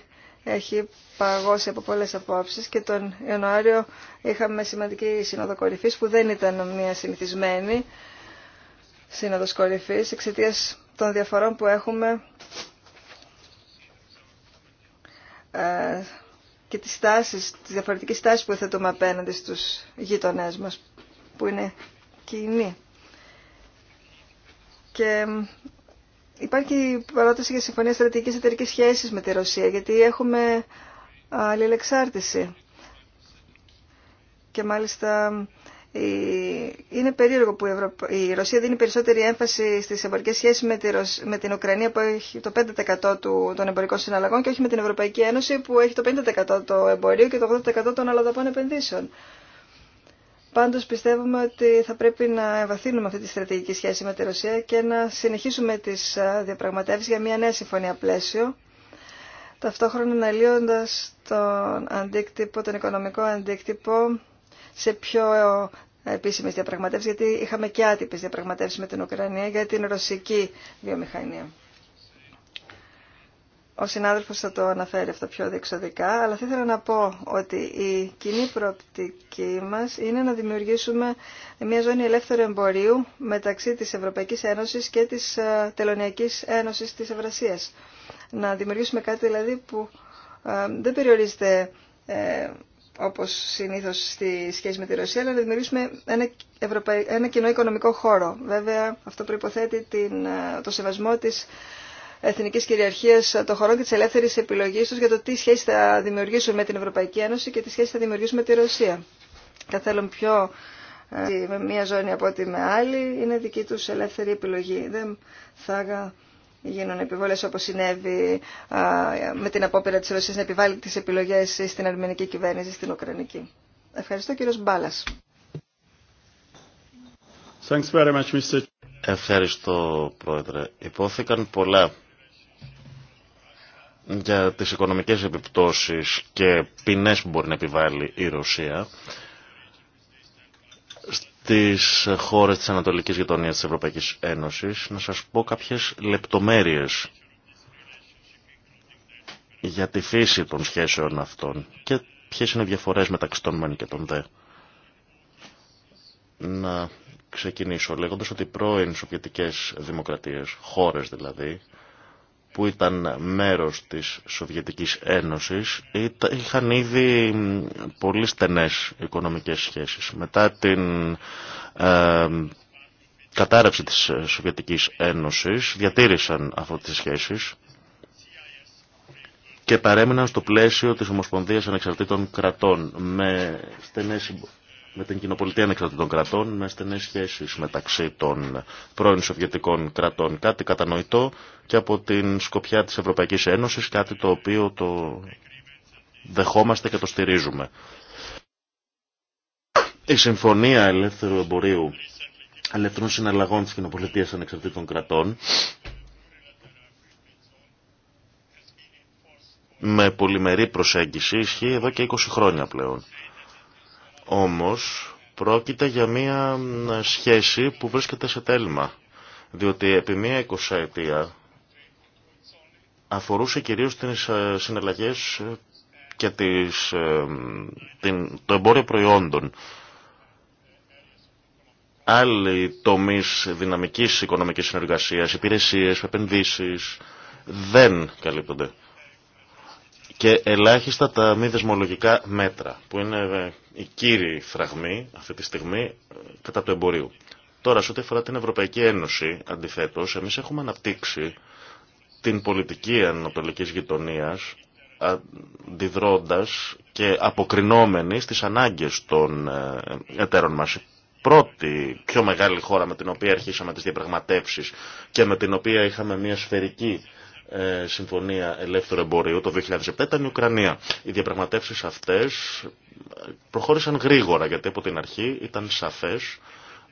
έχει παγώσει από πολλές απόψεις και τον Ιανουάριο είχαμε σημαντική σύνοδο κορυφής που δεν ήταν μια συνηθισμένη σύνοδος κορυφής εξαιτία των διαφορών που έχουμε ε, και τις, στάσεις, τις διαφορετικές που θέτουμε απέναντι στους γείτονές μας που είναι κοινοί. Και Υπάρχει παράταση για συμφωνία στρατηγική εταιρική σχέση με τη Ρωσία, γιατί έχουμε αλληλεξάρτηση. Και μάλιστα ε, είναι περίεργο που η Ρωσία δίνει περισσότερη έμφαση στις εμπορικές σχέσεις με την Ουκρανία που έχει το 5% των εμπορικών συναλλαγών και όχι με την Ευρωπαϊκή Ένωση που έχει το 50% το εμπορίο και το 80% των αλλαδοπών επενδύσεων. Πάντως πιστεύουμε ότι θα πρέπει να ευαθύνουμε αυτή τη στρατηγική σχέση με τη Ρωσία και να συνεχίσουμε τις διαπραγματεύσεις για μια νέα συμφωνία πλαίσιο, ταυτόχρονα αναλύοντα τον αντίκτυπο, τον οικονομικό αντίκτυπο σε πιο επίσημε διαπραγματεύσεις, γιατί είχαμε και άτυπε διαπραγματεύσει με την Ουκρανία για την ρωσική βιομηχανία. Ο συνάδελφος θα το αναφέρει αυτό πιο διεξοδικά, αλλά θα ήθελα να πω ότι η κοινή προοπτική μας είναι να δημιουργήσουμε μια ζώνη ελεύθερου εμπορίου μεταξύ της Ευρωπαϊκής Ένωσης και της ε, Τελωνιακής Ένωσης της Ευρασίας. Να δημιουργήσουμε κάτι δηλαδή που ε, δεν περιορίζεται ε, όπως συνήθως στη σχέση με τη Ρωσία, αλλά να δημιουργήσουμε ένα, ένα κοινό οικονομικό χώρο. Βέβαια, αυτό προϋποθέτει το σεβασμό της Εθνική κυριαρχία των χωρών και τη ελεύθερη επιλογή του για το τι σχέση θα δημιουργήσουν με την Ευρωπαϊκή Ένωση και τι σχέση θα δημιουργήσουν με τη Ρωσία. Θα θέλουν πιο ε, με μία ζώνη από ό,τι με άλλη, είναι δική του ελεύθερη επιλογή. Δεν θα γίνουν επιβολές όπως συνέβη με την απόπειρα της Ρωσίας να επιβάλλει τις επιλογές στην αρμενική κυβέρνηση, στην Ουκρανική. Ευχαριστώ κύριος Μπάλας. Ευχαριστώ πρόεδρε. Υπόθηκαν πολλά για τις οικονομικές επιπτώσεις και ποινές που μπορεί να επιβάλλει η Ρωσία στις χώρες της Ανατολικής Γειτονίας της Ευρωπαϊκής Ένωσης να σας πω κάποιες λεπτομέρειες για τη φύση των σχέσεων αυτών και ποιες είναι οι διαφορές μεταξύ των μεν και των δε. Να ξεκινήσω λέγοντας ότι πρώην σοβιετικές δημοκρατίες, χώρες δηλαδή, που ήταν μέρος της Σοβιετικής Ένωσης είχαν ήδη πολύ στενές οικονομικές σχέσεις. Μετά την ε, κατάρρευση της Σοβιετικής Ένωσης διατήρησαν αυτές τις σχέσεις και παρέμειναν στο πλαίσιο της Ομοσπονδίας Ανεξαρτήτων Κρατών με στενές με την κοινοπολιτεία ανεξαρτητών κρατών, με στενές σχέσεις μεταξύ των πρώην Σοβιετικών κρατών. Κάτι κατανοητό και από την σκοπιά της Ευρωπαϊκής Ένωσης, κάτι το οποίο το δεχόμαστε και το στηρίζουμε. Η Συμφωνία Ελεύθερου Εμπορίου Ελεύθερων Συναλλαγών της Κοινοπολιτείας Ανεξαρτήτων Κρατών με πολυμερή προσέγγιση ισχύει εδώ και 20 χρόνια πλέον. Όμως πρόκειται για μια σχέση που βρίσκεται σε τέλμα. Διότι επί μια εικοσαετία αφορούσε κυρίως τις ε, συναλλαγές και τις, ε, την, το εμπόριο προϊόντων. Άλλοι τομείς δυναμικής οικονομικής συνεργασίας, υπηρεσίες, επενδύσεις δεν καλύπτονται και ελάχιστα τα μη δεσμολογικά μέτρα, που είναι η ε, κύριοι φραγμή αυτή τη στιγμή ε, κατά του εμπορίου. Τώρα, σε ό,τι αφορά την Ευρωπαϊκή Ένωση, αντιθέτω, εμεί έχουμε αναπτύξει την πολιτική ανατολική γειτονία, αντιδρώντα και αποκρινόμενοι στι ανάγκε των ε, εταίρων μα. Πρώτη πιο μεγάλη χώρα με την οποία αρχίσαμε τις διαπραγματεύσεις και με την οποία είχαμε μια σφαιρική ε, Συμφωνία Ελεύθερου Εμπορίου το 2007 ήταν η Ουκρανία. Οι διαπραγματεύσεις αυτές προχώρησαν γρήγορα γιατί από την αρχή ήταν σαφές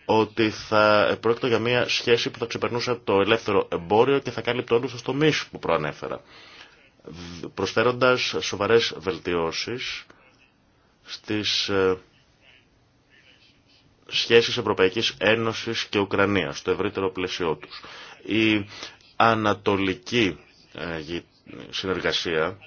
ότι θα πρόκειται για μια σχέση που θα ξεπερνούσε το ελεύθερο εμπόριο και θα κάλυπτε όλους τους τομείς που προανέφερα προσφέροντας σοβαρές βελτιώσεις στις ε, σχέσεις Ευρωπαϊκής Ένωσης και Ουκρανίας, στο ευρύτερο πλαίσιό τους. Η ανατολική ε, συνεργασία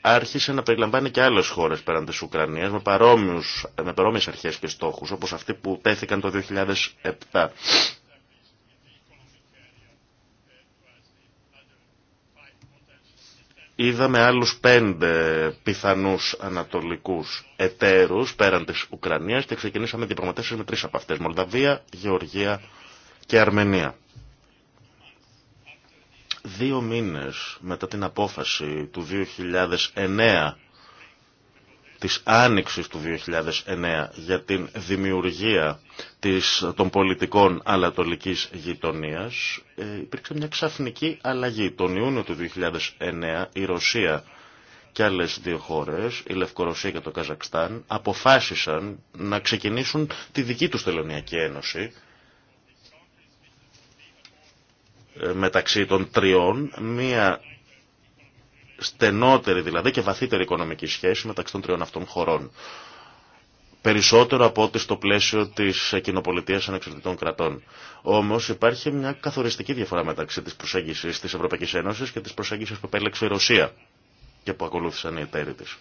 άρχισε να περιλαμβάνει και άλλες χώρες πέραν της Ουκρανίας με, παρόμοιους, με παρόμοιες αρχές και στόχους όπως αυτοί που τέθηκαν το 2007. Είδαμε άλλους πέντε πιθανούς ανατολικούς εταίρους πέραν της Ουκρανίας και ξεκινήσαμε διαπραγματεύσεις με τρεις από αυτές, Μολδαβία, Γεωργία και Αρμενία. Δύο μήνες μετά την απόφαση του 2009 της άνοιξης του 2009 για την δημιουργία της, των πολιτικών αλατολικής γειτονίας ε, υπήρξε μια ξαφνική αλλαγή. Τον Ιούνιο του 2009 η Ρωσία και άλλες δύο χώρες, η Λευκορωσία και το Καζακστάν, αποφάσισαν να ξεκινήσουν τη δική τους τελωνιακή ένωση ε, μεταξύ των τριών, μία στενότερη δηλαδή και βαθύτερη οικονομική σχέση μεταξύ των τριών αυτών χωρών. Περισσότερο από ό,τι στο πλαίσιο τη κοινοπολιτεία ανεξαρτητών κρατών. Όμω υπάρχει μια καθοριστική διαφορά μεταξύ τη προσέγγιση τη προσέγγισης τη Ένωση και τη προσέγγισης που επέλεξε η Ρωσία και που ακολούθησαν οι εταίροι της.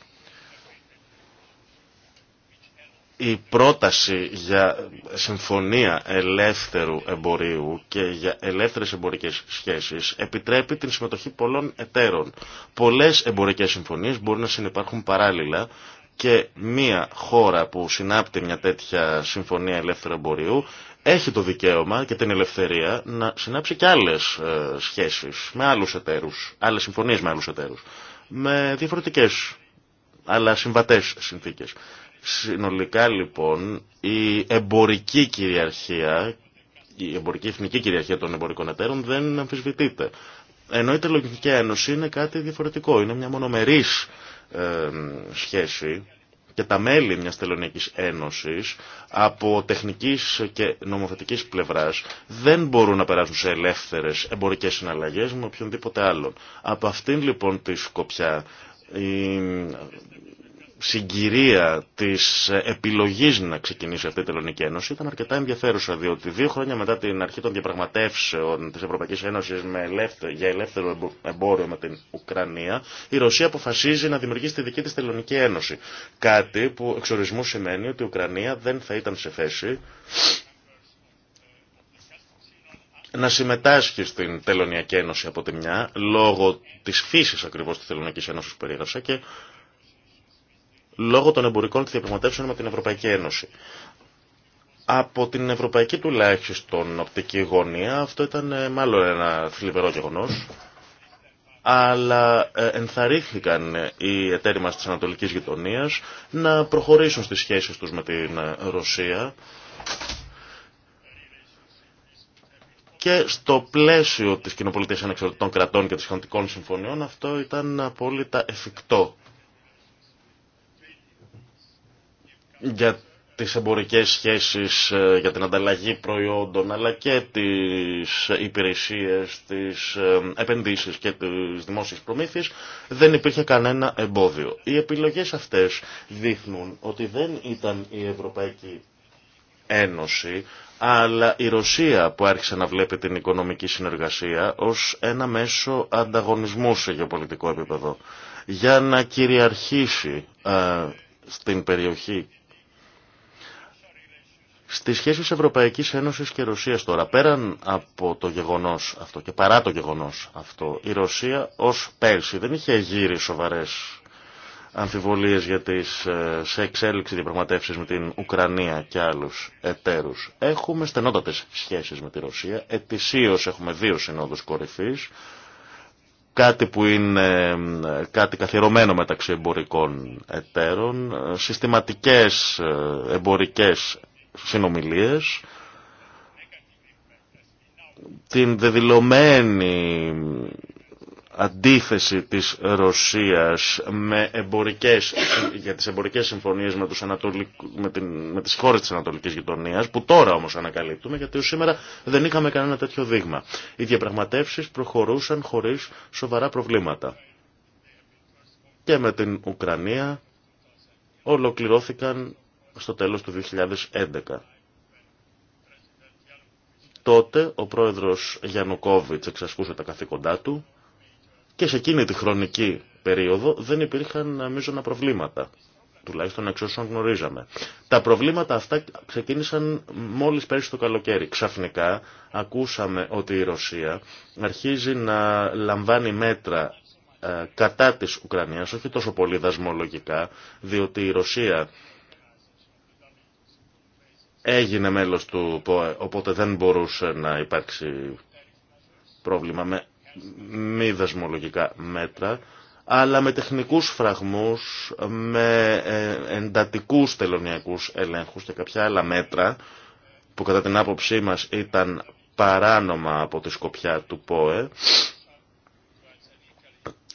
η πρόταση για συμφωνία ελεύθερου εμπορίου και για ελεύθερες εμπορικές σχέσεις επιτρέπει την συμμετοχή πολλών εταίρων. Πολλές εμπορικές συμφωνίες μπορεί να συνεπάρχουν παράλληλα και μία χώρα που συνάπτει μια τέτοια συμφωνία ελεύθερου εμπορίου έχει το δικαίωμα και την ελευθερία να συνάψει και άλλες ε, σχέσεις με άλλους εταίρους, άλλες συμφωνίες με άλλους εταίρους, με διαφορετικές αλλά συμβατές συνθήκες. Συνολικά λοιπόν η εμπορική κυριαρχία, η εμπορική εθνική κυριαρχία των εμπορικών εταίρων δεν αμφισβητείται. Ενώ η τελογική ένωση είναι κάτι διαφορετικό, είναι μια μονομερής σχέση και τα μέλη μιας τελωνιακής ένωσης από τεχνικής και νομοθετικής πλευράς δεν μπορούν να περάσουν σε ελεύθερες εμπορικές συναλλαγές με οποιονδήποτε άλλον. Από αυτήν λοιπόν τη σκοπιά συγκυρία της επιλογής να ξεκινήσει αυτή η Τελωνική Ένωση ήταν αρκετά ενδιαφέρουσα, διότι δύο χρόνια μετά την αρχή των διαπραγματεύσεων της Ευρωπαϊκής Ένωσης για ελεύθερο εμπόριο με την Ουκρανία, η Ρωσία αποφασίζει να δημιουργήσει τη δική της Τελωνική Ένωση. Κάτι που εξορισμού σημαίνει ότι η Ουκρανία δεν θα ήταν σε θέση να συμμετάσχει στην Τελωνιακή Ένωση από τη μια, λόγω της φύση ακριβώς της Τελωνιακής Ένωσης που περίγραψα και λόγω των εμπορικών της διαπραγματεύσεων με την Ευρωπαϊκή Ένωση. Από την ευρωπαϊκή τουλάχιστον οπτική γωνία αυτό ήταν ε, μάλλον ένα θλιβερό γεγονός αλλά ε, ενθαρρύνθηκαν ε, οι εταίροι μας της Ανατολικής Γειτονίας να προχωρήσουν στις σχέσεις τους με την Ρωσία και στο πλαίσιο της κοινοπολιτείας ανεξαρτητών κρατών και των σχετικών συμφωνιών αυτό ήταν απόλυτα εφικτό για τις εμπορικές σχέσεις ε, για την ανταλλαγή προϊόντων αλλά και τις υπηρεσίες, τις ε, επενδύσεις και τις δημόσιες προμήθειες δεν υπήρχε κανένα εμπόδιο. Οι επιλογές αυτές δείχνουν ότι δεν ήταν η Ευρωπαϊκή Ένωση αλλά η Ρωσία που άρχισε να βλέπει την οικονομική συνεργασία ως ένα μέσο ανταγωνισμού σε γεωπολιτικό επίπεδο για να κυριαρχήσει ε, στην περιοχή στις σχέσεις Ευρωπαϊκής Ένωσης και Ρωσίας τώρα, πέραν από το γεγονός αυτό και παρά το γεγονός αυτό, η Ρωσία ως πέρσι δεν είχε γύρει σοβαρές αμφιβολίες για τις ε, σε εξέλιξη διαπραγματεύσεις με την Ουκρανία και άλλους εταίρους. Έχουμε στενότατες σχέσεις με τη Ρωσία, ετησίως έχουμε δύο συνόδους κορυφής, κάτι που είναι ε, κάτι καθιερωμένο μεταξύ εμπορικών εταίρων, ε, συστηματικές εμπορικές συνομιλίες, την δεδηλωμένη αντίθεση της Ρωσίας με εμπορικές, για τις εμπορικές συμφωνίες με, τους Ανατολικ, με, την, με τις χώρες της Ανατολικής Γειτονίας, που τώρα όμως ανακαλύπτουμε, γιατί σήμερα δεν είχαμε κανένα τέτοιο δείγμα. Οι διαπραγματεύσεις προχωρούσαν χωρίς σοβαρά προβλήματα. Και με την Ουκρανία ολοκληρώθηκαν στο τέλος του 2011. Τότε ο πρόεδρος Γιαννουκόβιτς εξασκούσε τα καθήκοντά του και σε εκείνη τη χρονική περίοδο δεν υπήρχαν μείζωνα προβλήματα, τουλάχιστον εξ όσων γνωρίζαμε. Τα προβλήματα αυτά ξεκίνησαν μόλις πέρυσι το καλοκαίρι. Ξαφνικά ακούσαμε ότι η Ρωσία αρχίζει να λαμβάνει μέτρα ε, κατά της Ουκρανίας, όχι τόσο πολύ δασμολογικά, διότι η Ρωσία έγινε μέλος του ΠΟΕ, οπότε δεν μπορούσε να υπάρξει πρόβλημα με μη δεσμολογικά μέτρα, αλλά με τεχνικούς φραγμούς, με ε, εντατικούς τελωνιακούς ελέγχους και κάποια άλλα μέτρα, που κατά την άποψή μας ήταν παράνομα από τη σκοπιά του ΠΟΕ,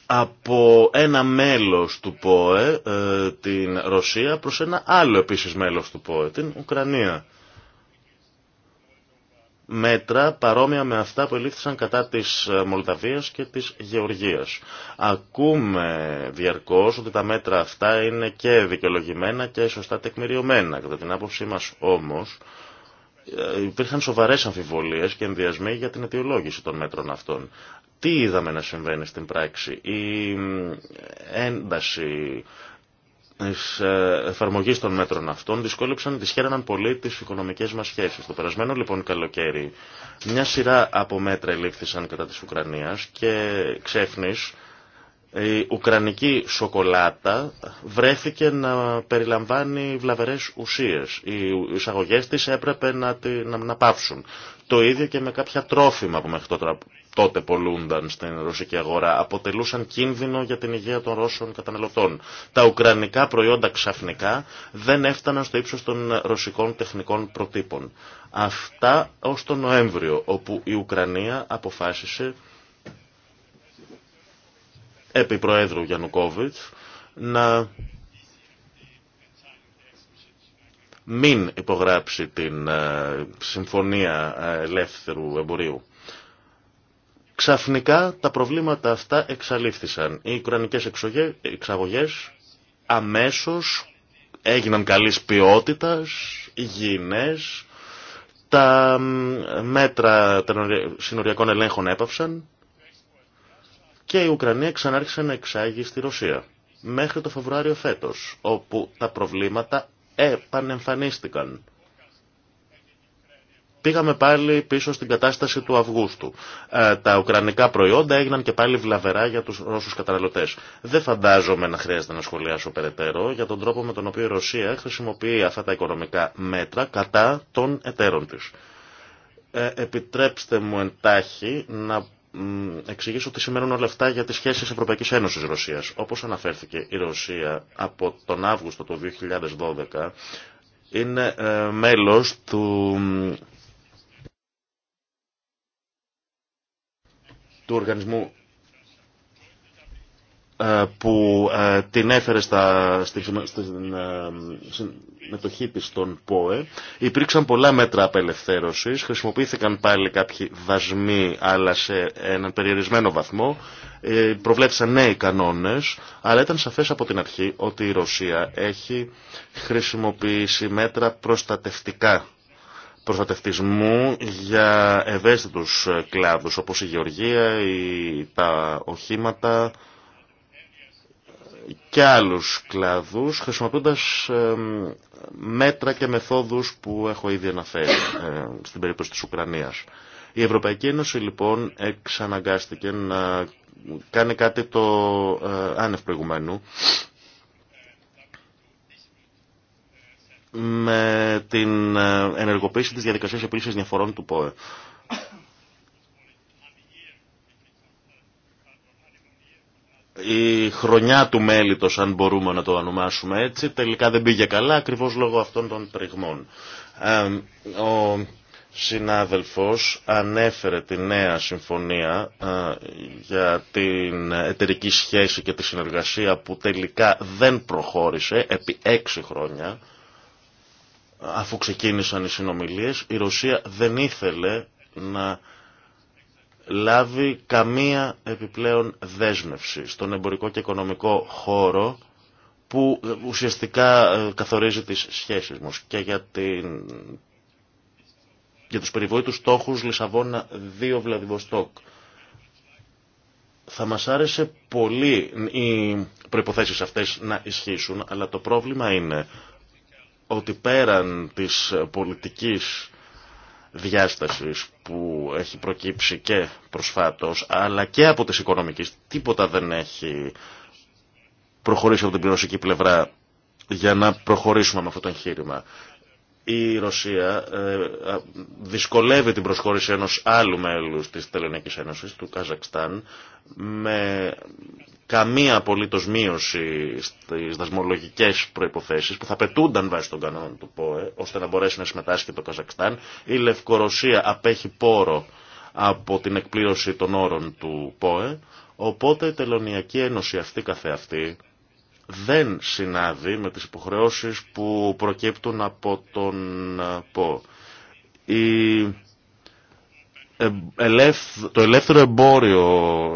από ένα μέλος του ΠΟΕ, ε, την Ρωσία, προς ένα άλλο επίσης μέλος του ΠΟΕ, την Ουκρανία. Μέτρα παρόμοια με αυτά που ελήφθησαν κατά της ε, Μολδαβίας και της Γεωργίας. Ακούμε διαρκώς ότι τα μέτρα αυτά είναι και δικαιολογημένα και σωστά τεκμηριωμένα. Κατά την άποψή μας όμως ε, υπήρχαν σοβαρές αμφιβολίες και ενδιασμοί για την αιτιολόγηση των μέτρων αυτών τι είδαμε να συμβαίνει στην πράξη. Η ε, ένταση τη ε, εφαρμογή των μέτρων αυτών δυσκόλεψαν, δυσχέραναν πολύ τι οικονομικέ μα σχέσει. Το περασμένο λοιπόν καλοκαίρι, μια σειρά από μέτρα ελήφθησαν κατά τη Ουκρανία και ξέφνη η ουκρανική σοκολάτα βρέθηκε να περιλαμβάνει βλαβερές ουσίες. Οι εισαγωγές της έπρεπε να, να, Το ίδιο και με κάποια τρόφιμα που μέχρι τώρα τότε πολλούνταν στην ρωσική αγορά αποτελούσαν κίνδυνο για την υγεία των Ρώσων καταναλωτών. Τα ουκρανικά προϊόντα ξαφνικά δεν έφταναν στο ύψος των ρωσικών τεχνικών προτύπων. Αυτά ως τον Νοέμβριο, όπου η Ουκρανία αποφάσισε επί Προέδρου Γιαννουκόβιτς να μην υπογράψει την ε, συμφωνία ε, ελεύθερου εμπορίου. Ξαφνικά τα προβλήματα αυτά εξαλείφθησαν. Οι ουκρανικές εξαγωγές αμέσως έγιναν καλής ποιότητας, υγιεινές, τα μέτρα των συνοριακών ελέγχων έπαυσαν και η Ουκρανία ξανάρχισε να εξάγει στη Ρωσία μέχρι το Φεβρουάριο φέτος, όπου τα προβλήματα επανεμφανίστηκαν πήγαμε πάλι πίσω στην κατάσταση του Αυγούστου. Ε, τα ουκρανικά προϊόντα έγιναν και πάλι βλαβερά για τους Ρώσους καταναλωτές. Δεν φαντάζομαι να χρειάζεται να σχολιάσω περαιτέρω για τον τρόπο με τον οποίο η Ρωσία χρησιμοποιεί αυτά τα οικονομικά μέτρα κατά των εταίρων της. Ε, επιτρέψτε μου εντάχει να εξηγήσω τι σημαίνουν όλα αυτά για τις σχέσεις Ευρωπαϊκής Ένωσης Ρωσίας. Όπως αναφέρθηκε η Ρωσία από τον Αύγουστο του 2012 είναι ε, μέλο του του οργανισμού ε, που ε, την έφερε στα, στην, ε, συμμετοχή τη στον ΠΟΕ. Υπήρξαν πολλά μέτρα απελευθέρωσης, χρησιμοποιήθηκαν πάλι κάποιοι δασμοί αλλά σε έναν περιορισμένο βαθμό, προβλέψαν νέοι κανόνες, αλλά ήταν σαφές από την αρχή ότι η Ρωσία έχει χρησιμοποιήσει μέτρα προστατευτικά προστατευτισμού για ευαίσθητους κλάδους όπως η γεωργία, η, τα οχήματα και άλλους κλάδους χρησιμοποιώντας μέτρα και μεθόδους που έχω ήδη αναφέρει στην περίπτωση της Ουκρανίας. Η Ευρωπαϊκή Ένωση λοιπόν εξαναγκάστηκε να κάνει κάτι το ε, άνευ προηγουμένου με την ε, ενεργοποίηση της διαδικασίας επίλυσης διαφορών του ΠΟΕ. η χρονιά του μέλητος, αν μπορούμε να το ονομάσουμε έτσι, τελικά δεν πήγε καλά, ακριβώς λόγω αυτών των τριγμών. Ε, ο συνάδελφος ανέφερε τη νέα συμφωνία ε, για την εταιρική σχέση και τη συνεργασία που τελικά δεν προχώρησε επί έξι χρόνια αφού ξεκίνησαν οι συνομιλίες, η Ρωσία δεν ήθελε να λάβει καμία επιπλέον δέσμευση στον εμπορικό και οικονομικό χώρο που ουσιαστικά ε, καθορίζει τις σχέσεις μας και για, την... για τους περιβόητους στόχους Λισαβόνα 2 Βλαδιβοστόκ. Θα μας άρεσε πολύ οι προϋποθέσεις αυτές να ισχύσουν, αλλά το πρόβλημα είναι ότι πέραν της πολιτικής διάστασης που έχει προκύψει και προσφάτως, αλλά και από τις οικονομικές, τίποτα δεν έχει προχωρήσει από την πληρωσική πλευρά για να προχωρήσουμε με αυτό το εγχείρημα. Η Ρωσία ε, δυσκολεύει την προσχώρηση ενός άλλου μέλους της Τελωνιακής Ένωσης, του Καζακστάν, με καμία απολύτως μείωση στις δασμολογικές προϋποθέσεις που θα πετούνταν βάσει των κανόνων του ΠΟΕ ώστε να μπορέσει να συμμετάσχει το Καζακστάν. Η Λευκορωσία απέχει πόρο από την εκπλήρωση των όρων του ΠΟΕ οπότε η Τελωνιακή Ένωση αυτή καθεαυτή δεν συνάδει με τις υποχρεώσεις που προκύπτουν από τον ΠΟΕ το ελεύθερο εμπόριο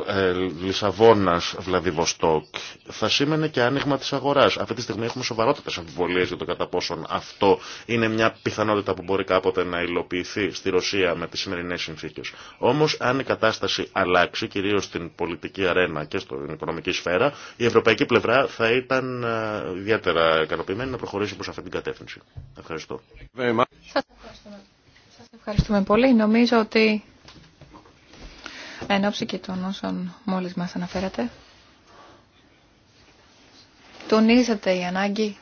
ε, Λισαβόνας Βλαδιβοστόκ θα σήμαινε και άνοιγμα της αγοράς. Αυτή τη στιγμή έχουμε σοβαρότητες αμφιβολίες για το κατά πόσον αυτό είναι μια πιθανότητα που μπορεί κάποτε να υλοποιηθεί στη Ρωσία με τις σημερινές συνθήκες. Όμως αν η κατάσταση αλλάξει κυρίως στην πολιτική αρένα και στην οικονομική σφαίρα η ευρωπαϊκή πλευρά θα ήταν ε, ιδιαίτερα ικανοποιημένη να προχωρήσει προς αυτή την κατεύθυνση. Ευχαριστώ. ευχαριστούμε πολύ. Νομίζω ότι Εν ώψη και των όσων μόλις μας αναφέρατε, τονίζεται η ανάγκη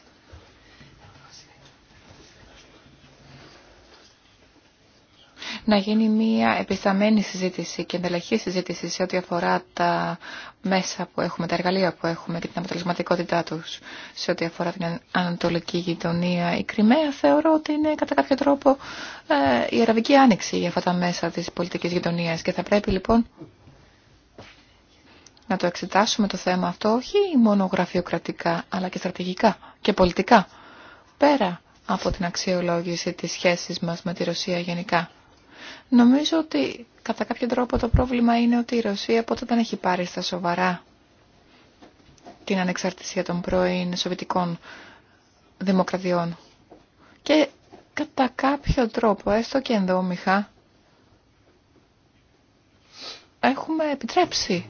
να γίνει μια επισταμένη συζήτηση και εντελεχή συζήτηση σε ό,τι αφορά τα μέσα που έχουμε, τα εργαλεία που έχουμε και την αποτελεσματικότητά του σε ό,τι αφορά την ανατολική γειτονία. Η Κρυμαία θεωρώ ότι είναι κατά κάποιο τρόπο ε, η αραβική άνοιξη για αυτά τα μέσα τη πολιτική γειτονία. και θα πρέπει λοιπόν να το εξετάσουμε το θέμα αυτό όχι μόνο γραφειοκρατικά αλλά και στρατηγικά και πολιτικά πέρα από την αξιολόγηση της σχέσης μας με τη Ρωσία γενικά. Νομίζω ότι κατά κάποιο τρόπο το πρόβλημα είναι ότι η Ρωσία ποτέ δεν έχει πάρει στα σοβαρά την ανεξαρτησία των πρώην σοβιτικών δημοκρατιών. Και κατά κάποιο τρόπο, έστω και ενδόμηχα, έχουμε επιτρέψει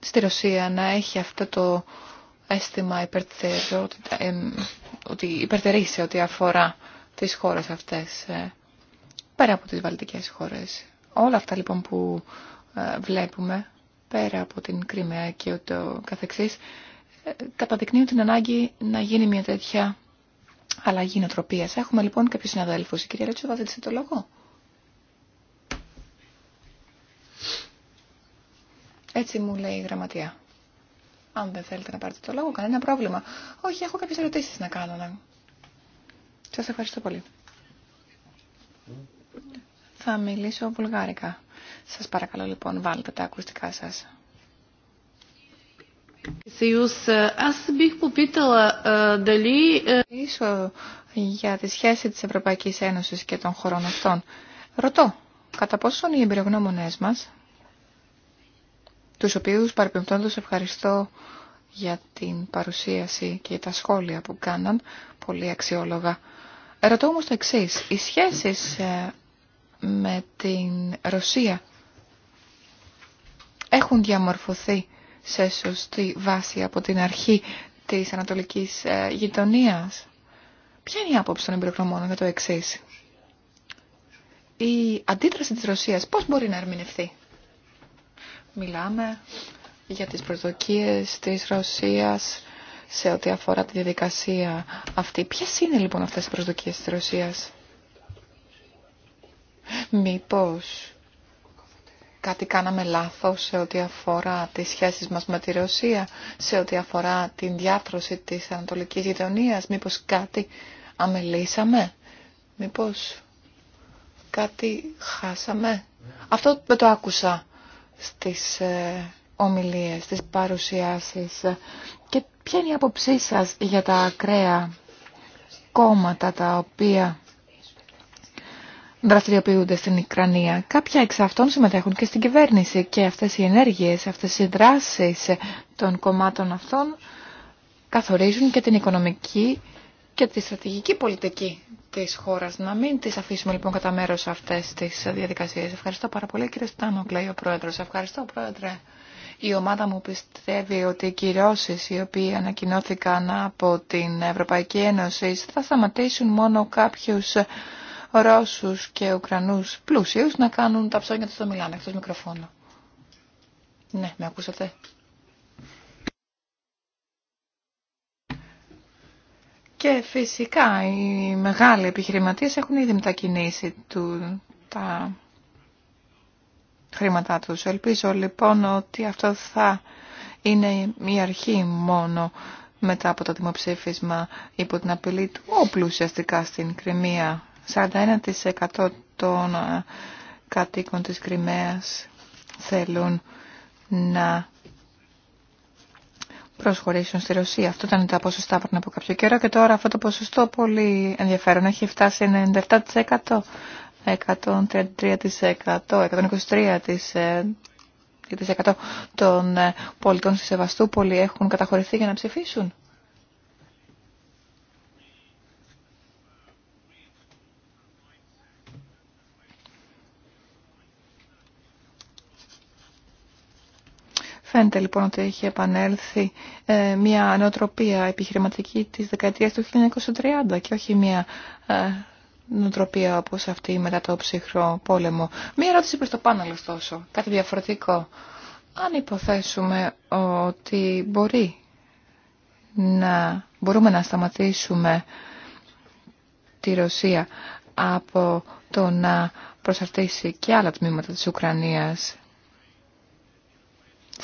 στη Ρωσία να έχει αυτό το αίσθημα υπερτερήσε ότι αφορά τις χώρες αυτές. Ε πέρα από τις βαλτικές χώρες. Όλα αυτά λοιπόν που ε, βλέπουμε πέρα από την Κρυμαία και ούτω καθεξής ε, καταδεικνύουν την ανάγκη να γίνει μια τέτοια αλλαγή νοτροπίας. Έχουμε λοιπόν κάποιους συναδέλφους. Η κυρία Ρέτσοβα δεν το λόγο. Έτσι μου λέει η γραμματεία. Αν δεν θέλετε να πάρετε το λόγο, κανένα πρόβλημα. Όχι, έχω κάποιες ερωτήσεις να κάνω. Ναι. Σας ευχαριστώ πολύ. Θα μιλήσω βουλγάρικα. Σας παρακαλώ λοιπόν βάλτε τα ακουστικά σας. Э, э, э, μιλήσω για τη σχέση της Ευρωπαϊκής Ένωσης και των χωρών αυτών. Ρωτώ, κατά πόσον οι εμπειρογνώμονές μας, τους οποίους παρεμπιπτόντως ευχαριστώ για την παρουσίαση και τα σχόλια που κάναν, πολύ αξιόλογα. Ρωτώ όμως το εξής, οι σχέσεις ε, με την Ρωσία έχουν διαμορφωθεί σε σωστή βάση από την αρχή της ανατολικής ε, γειτονίας. Ποια είναι η άποψη των εμπειρογνωμών για το εξή. Η αντίδραση της Ρωσίας πώς μπορεί να ερμηνευθεί. Μιλάμε για τις προσδοκίες της Ρωσίας σε ό,τι αφορά τη διαδικασία αυτή. Ποιες είναι λοιπόν αυτές οι προσδοκίες της Ρωσίας. Μήπως κάτι κάναμε λάθος σε ό,τι αφορά τις σχέσεις μας με τη Ρωσία, σε ό,τι αφορά την διάθρωση της Ανατολικής Γειτονίας, μήπως κάτι αμελήσαμε, μήπως κάτι χάσαμε. Αυτό δεν το άκουσα στις ε, ομιλίες, στις παρουσιάσεις. Και ποια είναι η άποψή σας για τα ακραία κόμματα τα οποία δραστηριοποιούνται στην Ικρανία. Κάποια εξ αυτών συμμετέχουν και στην κυβέρνηση και αυτές οι ενέργειες, αυτές οι δράσεις των κομμάτων αυτών καθορίζουν και την οικονομική και τη στρατηγική πολιτική της χώρας. Να μην τις αφήσουμε λοιπόν κατά μέρο αυτές τις διαδικασίες. Ευχαριστώ πάρα πολύ κύριε Στάνο, λέει ο Πρόεδρος. Ευχαριστώ Πρόεδρε. Η ομάδα μου πιστεύει ότι οι κυρώσει οι οποίοι ανακοινώθηκαν από την Ευρωπαϊκή Ένωση θα σταματήσουν μόνο κάποιους Ρώσους και Ουκρανούς πλούσιους να κάνουν τα ψώνια τους στο Μιλάνο, εκτός μικροφόνο. Ναι, με ακούσατε. Και φυσικά οι μεγάλοι επιχειρηματίες έχουν ήδη μετακινήσει του, τα χρήματά τους. Ελπίζω λοιπόν ότι αυτό θα είναι η αρχή μόνο μετά από το δημοψήφισμα υπό την απειλή του όπλου ουσιαστικά στην Κρυμία 41% των ε, κατοίκων της Κρυμαίας θέλουν να προσχωρήσουν στη Ρωσία. Αυτό ήταν τα ποσοστά πριν από κάποιο καιρό και τώρα αυτό το ποσοστό πολύ ενδιαφέρον. Έχει φτάσει 97%, 133%, 123% των ε, πολιτών στη Σεβαστούπολη έχουν καταχωρηθεί για να ψηφίσουν. Φαίνεται λοιπόν ότι έχει επανέλθει ε, μια νοοτροπία επιχειρηματική της δεκαετίας του 1930 και όχι μια ε, νοοτροπία όπως αυτή μετά το ψυχρό πόλεμο. Μία ερώτηση προς το πάνω ωστόσο, κάτι διαφορετικό. Αν υποθέσουμε ότι μπορεί να μπορούμε να σταματήσουμε τη Ρωσία από το να προσαρτήσει και άλλα τμήματα της Ουκρανίας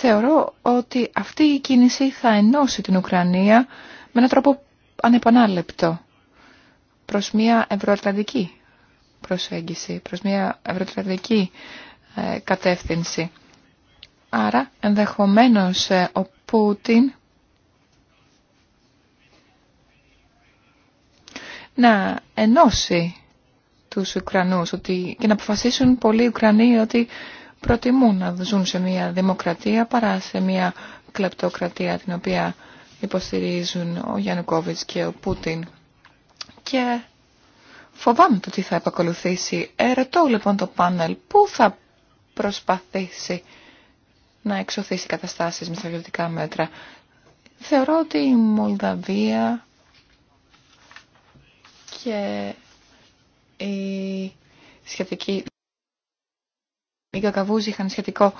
Θεωρώ ότι αυτή η κίνηση θα ενώσει την Ουκρανία με έναν τρόπο ανεπανάληπτο προς μια ευρωατλαντική προσέγγιση, προς μια ευρωατλαντική ε, κατεύθυνση. Άρα ενδεχομένως ε, ο Πούτιν να ενώσει τους Ουκρανούς ότι, και να αποφασίσουν πολλοί Ουκρανοί ότι προτιμούν να ζουν σε μια δημοκρατία παρά σε μια κλεπτοκρατία την οποία υποστηρίζουν ο Γιαννουκόβιτς και ο Πούτιν. Και φοβάμαι το τι θα επακολουθήσει. Ερωτώ λοιπόν το πάνελ πού θα προσπαθήσει να εξωθήσει καταστάσεις με στρατιωτικά μέτρα. Θεωρώ ότι η Μολδαβία και η σχετική οι Κακαβούζοι είχαν σχετικό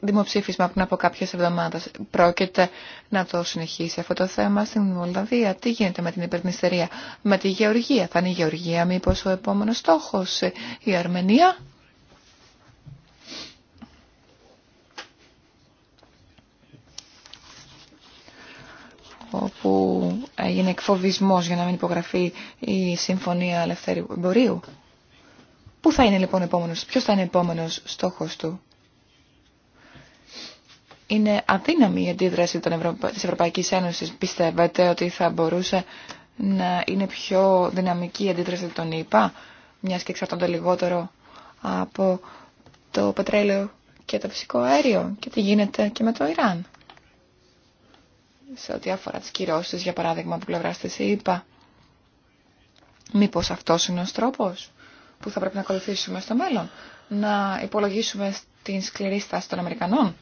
δημοψήφισμα πριν από κάποιες εβδομάδες. Πρόκειται να το συνεχίσει αυτό το θέμα στην Μολδαβία. Τι γίνεται με την υπερνηστερία, με τη Γεωργία. Θα είναι η Γεωργία μήπως ο επόμενος στόχος, ε, η Αρμενία. όπου έγινε εκφοβισμός για να μην υπογραφεί η Συμφωνία Ελευθερίου Εμπορίου. Πού θα είναι λοιπόν επόμενος, ποιος θα είναι επόμενος στόχος του. Είναι αδύναμη η αντίδραση των της Ευρωπαϊκής Ένωσης. Πιστεύετε ότι θα μπορούσε να είναι πιο δυναμική η αντίδραση των ΗΠΑ, μιας και εξαρτώνται λιγότερο από το πετρέλαιο και το φυσικό αέριο και τι γίνεται και με το Ιράν. Σε ό,τι αφορά τις κυρώσεις, για παράδειγμα, που πλευράς της ΗΠΑ. Μήπως αυτός είναι ο τρόπος που θα πρέπει να ακολουθήσουμε στο μέλλον. Να υπολογίσουμε την σκληρή στάση των Αμερικανών.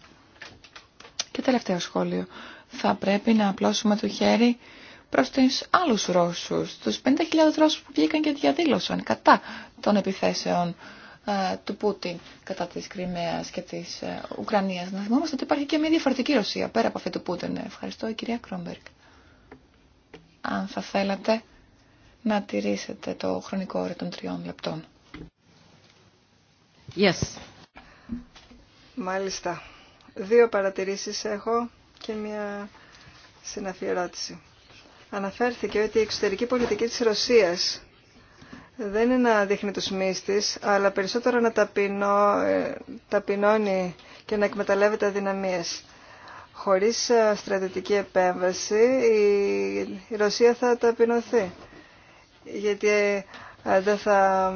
Και τελευταίο σχόλιο. Θα πρέπει να απλώσουμε το χέρι προς τους άλλους Ρώσους, τους 50.000 Ρώσους που βγήκαν και διαδήλωσαν κατά των επιθέσεων ε, του Πούτιν κατά της Κρυμαίας και της ε, Ουκρανίας. Να θυμόμαστε ότι υπάρχει και μια διαφορετική Ρωσία πέρα από αυτή του Πούτιν. Ευχαριστώ κυρία Κρόμπεργκ. Αν θα θέλατε να τηρήσετε το χρονικό όριο των τριών λεπτών. Yes. Μάλιστα. Δύο παρατηρήσεις έχω και μια συναφή Αναφέρθηκε ότι η εξωτερική πολιτική της Ρωσίας δεν είναι να δείχνει τους μύστης, αλλά περισσότερο να ταπεινώ, ε, ταπεινώνει και να εκμεταλλεύεται δυναμίες. Χωρίς ε, στρατιωτική επέμβαση η Ρωσία θα ταπεινωθεί, γιατί ε, δεν θα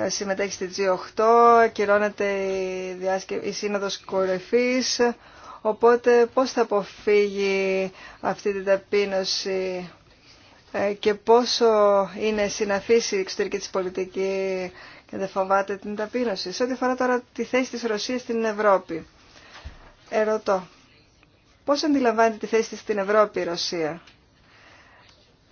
ε, συμμετέχει στη G8, ακυρώνεται η, διάσκε... η σύνοδος κορυφής, οπότε πώς θα αποφύγει αυτή την ταπείνωση ε, και πόσο είναι συναφής η εξωτερική της πολιτική και δεν φοβάται την ταπείνωση. Σε ό,τι αφορά τώρα τη θέση της Ρωσίας στην Ευρώπη. Ερωτώ, πώς αντιλαμβάνεται τη θέση της στην Ευρώπη η Ρωσία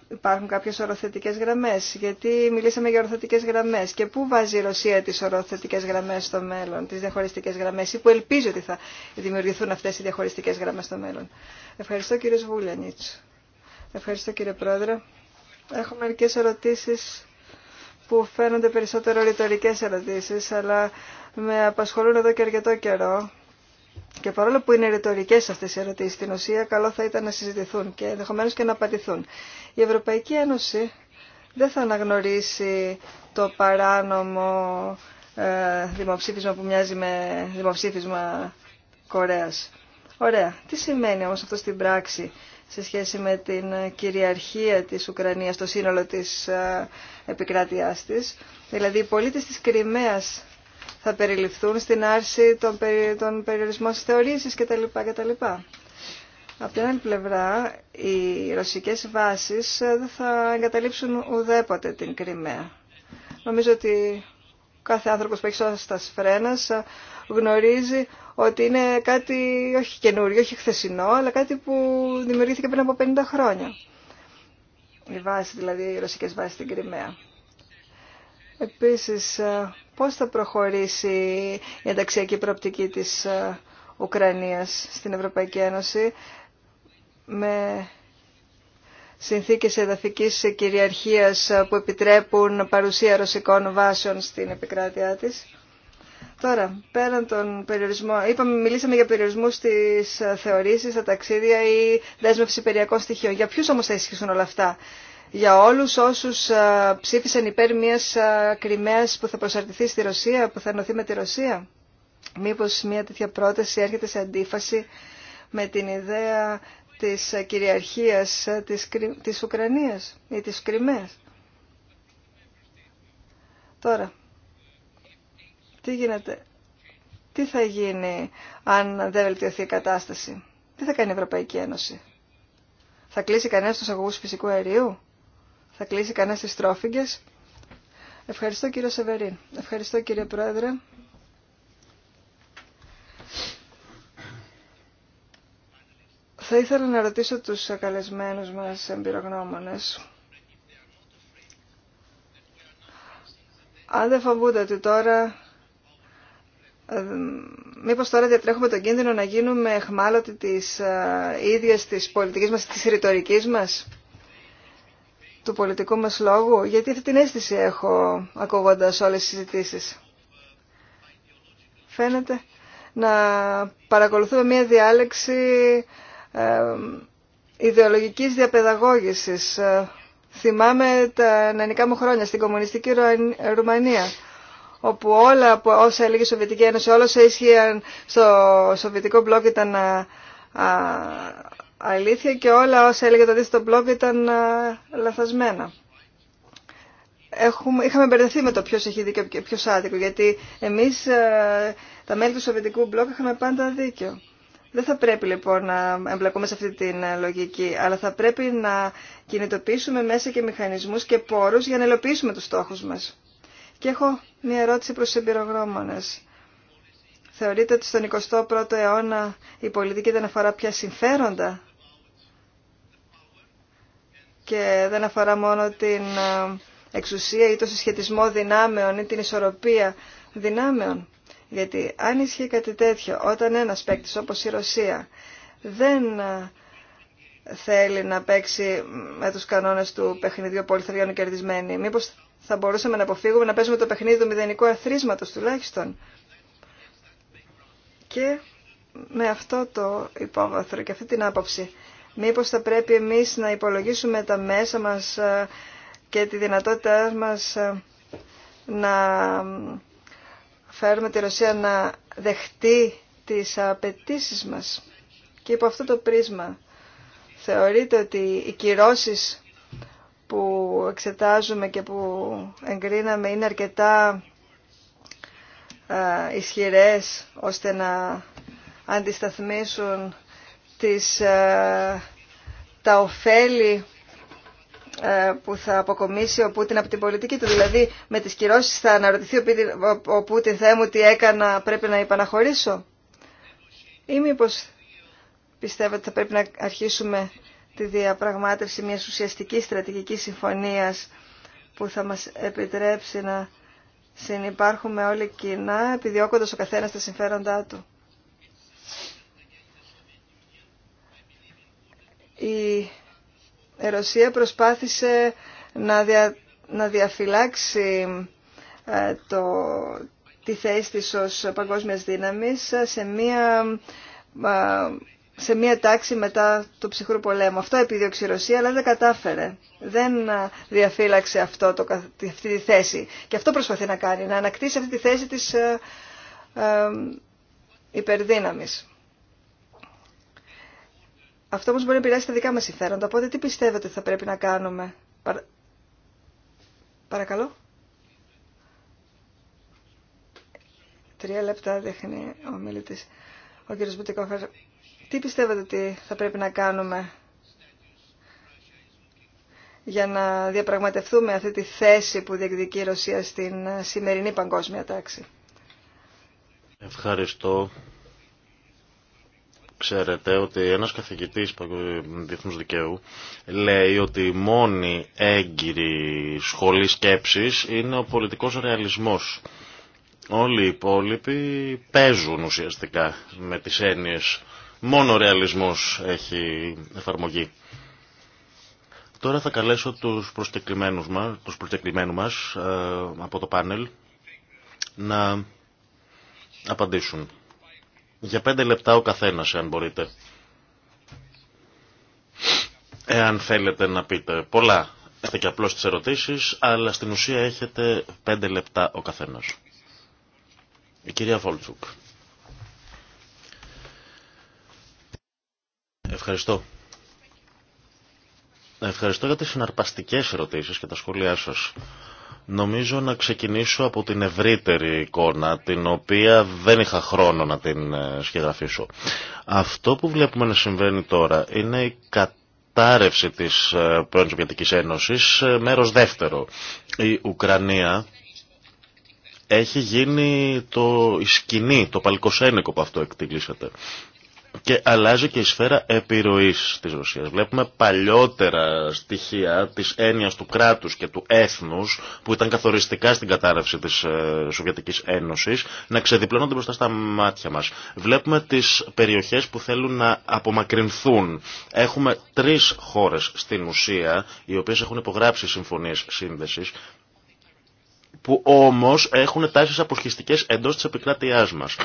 υπάρχουν κάποιες οροθετικές γραμμές, γιατί μιλήσαμε για οροθετικές γραμμές και πού βάζει η Ρωσία τις οροθετικές γραμμές στο μέλλον, τις διαχωριστικές γραμμές ή που ελπίζει ότι θα δημιουργηθούν αυτές οι διαχωριστικές γραμμές στο μέλλον. Ευχαριστώ κύριε Βούλιανιτς. Ευχαριστώ κύριε Πρόεδρε. Έχω μερικές ερωτήσεις που φαίνονται περισσότερο ρητορικέ ερωτήσεις, αλλά με απασχολούν εδώ και αρκετό καιρό και παρόλο που είναι ρητορικέ αυτέ οι ερωτήσει, στην ουσία καλό θα ήταν να συζητηθούν και ενδεχομένω και να απαντηθούν. Η Ευρωπαϊκή Ένωση δεν θα αναγνωρίσει το παράνομο ε, δημοψήφισμα που μοιάζει με δημοψήφισμα κορέα. Ωραία. Τι σημαίνει όμω αυτό στην πράξη σε σχέση με την κυριαρχία της Ουκρανίας, το σύνολο της ε, επικράτειάς της. Δηλαδή οι πολίτες της Κρυμαίας θα περιληφθούν στην άρση των, περι, των περιορισμών στις θεωρήσεις κτλ. κτλ. Από την άλλη πλευρά, οι ρωσικές βάσεις ε, δεν θα εγκαταλείψουν ουδέποτε την Κρυμαία. Νομίζω ότι κάθε άνθρωπος που έχει στα σφρένα ε, γνωρίζει ότι είναι κάτι όχι καινούριο, όχι χθεσινό, αλλά κάτι που δημιουργήθηκε πριν από 50 χρόνια. Η βάση, δηλαδή οι ρωσικές βάσεις στην Κρυμαία. Επίσης, ε, πώς θα προχωρήσει η ενταξιακή προοπτική της ε, Ουκρανίας στην Ευρωπαϊκή Ένωση με συνθήκες εδαφικής κυριαρχίας που επιτρέπουν παρουσία ρωσικών βάσεων στην επικράτειά της. Τώρα, πέραν των περιορισμών, είπαμε, μιλήσαμε για περιορισμού στι θεωρήσει, τα ταξίδια ή δέσμευση περιακών στοιχείων. Για ποιου όμω θα ισχύσουν όλα αυτά, για όλους όσους ε, ψήφισαν υπέρ μιας ε, Κρυμαίας που θα προσαρτηθεί στη Ρωσία, που θα ενωθεί με τη Ρωσία. Μήπως μια τέτοια πρόταση έρχεται σε αντίφαση με την ιδέα της ε, κυριαρχίας της, της Ουκρανίας ή της Κρυμαίας. Τώρα, τι γίνεται, τι θα γίνει αν δεν βελτιωθεί η κατάσταση, τι θα κάνει η Ευρωπαϊκή Ένωση. Θα κλείσει κανένας τους αγωγούς φυσικού αερίου θα κλείσει κανένα στις τρόφιγγες. Ευχαριστώ κύριο Σεβερίν. Ευχαριστώ κύριε Πρόεδρε. Θα ήθελα να ρωτήσω τους καλεσμένους μας εμπειρογνώμονες. Αν δεν φοβούνται ότι τώρα... Μήπως τώρα διατρέχουμε τον κίνδυνο να γίνουμε εχμάλωτοι της ε, ίδιας της πολιτικής μας, της ρητορικής μας του πολιτικού μας λόγου, γιατί αυτή την αίσθηση έχω ακούγοντας όλες τις συζητήσεις. Φαίνεται να παρακολουθούμε μια διάλεξη ε, ιδεολογικής διαπαιδαγώγησης. Ε, θυμάμαι τα νανικά μου χρόνια στην κομμουνιστική Ρουμανία, όπου όλα που, όσα έλεγε η Σοβιετική Ένωση, όλα όσα ίσχυαν στο Σοβιετικό μπλοκ ήταν ε, α, α, αλήθεια και όλα όσα έλεγε τότε αντίθετο blog ήταν ε, λαθασμένα. Έχουμε, είχαμε μπερδευτεί με το ποιο έχει δίκιο και ποιο άδικο, γιατί εμεί ε, τα μέλη του Σοβιετικού μπλοκ είχαμε πάντα δίκιο. Δεν θα πρέπει λοιπόν να εμπλακούμε σε αυτή την ε, λογική, αλλά θα πρέπει να κινητοποιήσουμε μέσα και μηχανισμού και πόρου για να ελοπίσουμε του στόχου μα. Και έχω μια ερώτηση προ του εμπειρογνώμονε. Θεωρείτε ότι στον 21ο αιώνα η πολιτική δεν αφορά πια συμφέροντα, και δεν αφορά μόνο την ε, εξουσία ή το συσχετισμό δυνάμεων ή την ισορροπία δυνάμεων. Γιατί αν ισχύει κάτι τέτοιο, όταν ένας παίκτη όπως η το συσχετισμο δυναμεων η την ισορροπια δυναμεων γιατι αν ισχυει κατι τετοιο οταν ενα παικτη οπως η ρωσια δεν ε, θέλει να παίξει με τους κανόνες του παιχνιδιού που κερδισμένοι, μήπως θα μπορούσαμε να αποφύγουμε να παίζουμε το παιχνίδι του μηδενικού αθρίσματος τουλάχιστον. Και με αυτό το υπόβαθρο και αυτή την άποψη Μήπως θα πρέπει εμείς να υπολογίσουμε τα μέσα μας ε, και τη δυνατότητά μας ε, να φέρουμε τη Ρωσία να δεχτεί τις απαιτήσεις μας. Και υπό αυτό το πρίσμα θεωρείται ότι οι κυρώσεις που εξετάζουμε και που εγκρίναμε είναι αρκετά ε, ισχυρές ώστε να αντισταθμίσουν τις, ε, τα ωφέλη ε, που θα αποκομίσει ο Πούτιν από την πολιτική του. Δηλαδή με τις κυρώσεις θα αναρωτηθεί ο Πούτιν, ο Πούτιν μου τι έκανα, πρέπει να υπαναχωρήσω. Ή μήπως πιστεύετε θα πρέπει να αρχίσουμε τη διαπραγμάτευση μιας ουσιαστικής στρατηγικής συμφωνίας που θα μας επιτρέψει να συνεπάρχουμε όλοι κοινά επιδιώκοντας ο καθένας τα συμφέροντά του. η Ρωσία προσπάθησε να, να διαφυλάξει ε, το, τη θέση της ως παγκόσμιας δύναμης σε μία, ε, σε μία τάξη μετά το ψυχρού πολέμου. Αυτό επιδίωξε η Ρωσία, αλλά δεν κατάφερε. Δεν ε, διαφύλαξε αυτό το, αυτή τη θέση. Και αυτό προσπαθεί να κάνει, να ανακτήσει αυτή τη θέση της υπερδύναμης. Αυτό όμω μπορεί να επηρεάσει τα δικά μα συμφέροντα. Οπότε τι πιστεύετε ότι θα πρέπει να κάνουμε. Παρακαλώ. Τρία λεπτά δείχνει ο μιλητή. Ο κ. Μπουτικόφερ, τι πιστεύετε ότι θα πρέπει να κάνουμε για να διαπραγματευτούμε αυτή τη θέση που διεκδικεί η Ρωσία στην σημερινή παγκόσμια τάξη. Ευχαριστώ Ξέρετε ότι ένας καθηγητής διεθνούς δικαίου λέει ότι η μόνη έγκυρη σχολή σκέψης είναι ο πολιτικός ρεαλισμός. Όλοι οι υπόλοιποι παίζουν ουσιαστικά με τις έννοιες. Μόνο ο ρεαλισμός έχει εφαρμογή. Τώρα θα καλέσω τους προσκεκλημένους μας, τους ε, μας από το πάνελ να απαντήσουν. Για πέντε λεπτά ο καθένας, εάν μπορείτε. Εάν θέλετε να πείτε πολλά, έχετε και απλώς τις ερωτήσεις, αλλά στην ουσία έχετε πέντε λεπτά ο καθένας. Η κυρία Βόλτσουκ. Ευχαριστώ. Ευχαριστώ για τις συναρπαστικές ερωτήσεις και τα σχόλιά σας. Νομίζω να ξεκινήσω από την ευρύτερη εικόνα, την οποία δεν είχα χρόνο να την ε, σχεδραφίσω. Αυτό που βλέπουμε να συμβαίνει τώρα είναι η κατάρρευση της ε, πρώην Σοβιετικής Ένωσης, μέρος δεύτερο. Η Ουκρανία έχει γίνει το, η σκηνή, το παλικοσένικο που αυτό εκτιλήσεται. Και αλλάζει και η σφαίρα επιρροής της Ρωσίας. Βλέπουμε παλιότερα στοιχεία της έννοιας του κράτους και του έθνους που ήταν καθοριστικά στην κατάρρευση της ε, Σοβιετικής Ένωσης να ξεδιπλώνονται μπροστά στα μάτια μας. Βλέπουμε τις περιοχές που θέλουν να απομακρυνθούν. Έχουμε τρεις χώρες στην ουσία οι οποίες έχουν υπογράψει συμφωνίες σύνδεσης που όμως έχουν τάσεις αποσχιστικές εντός της επικράτειάς μας,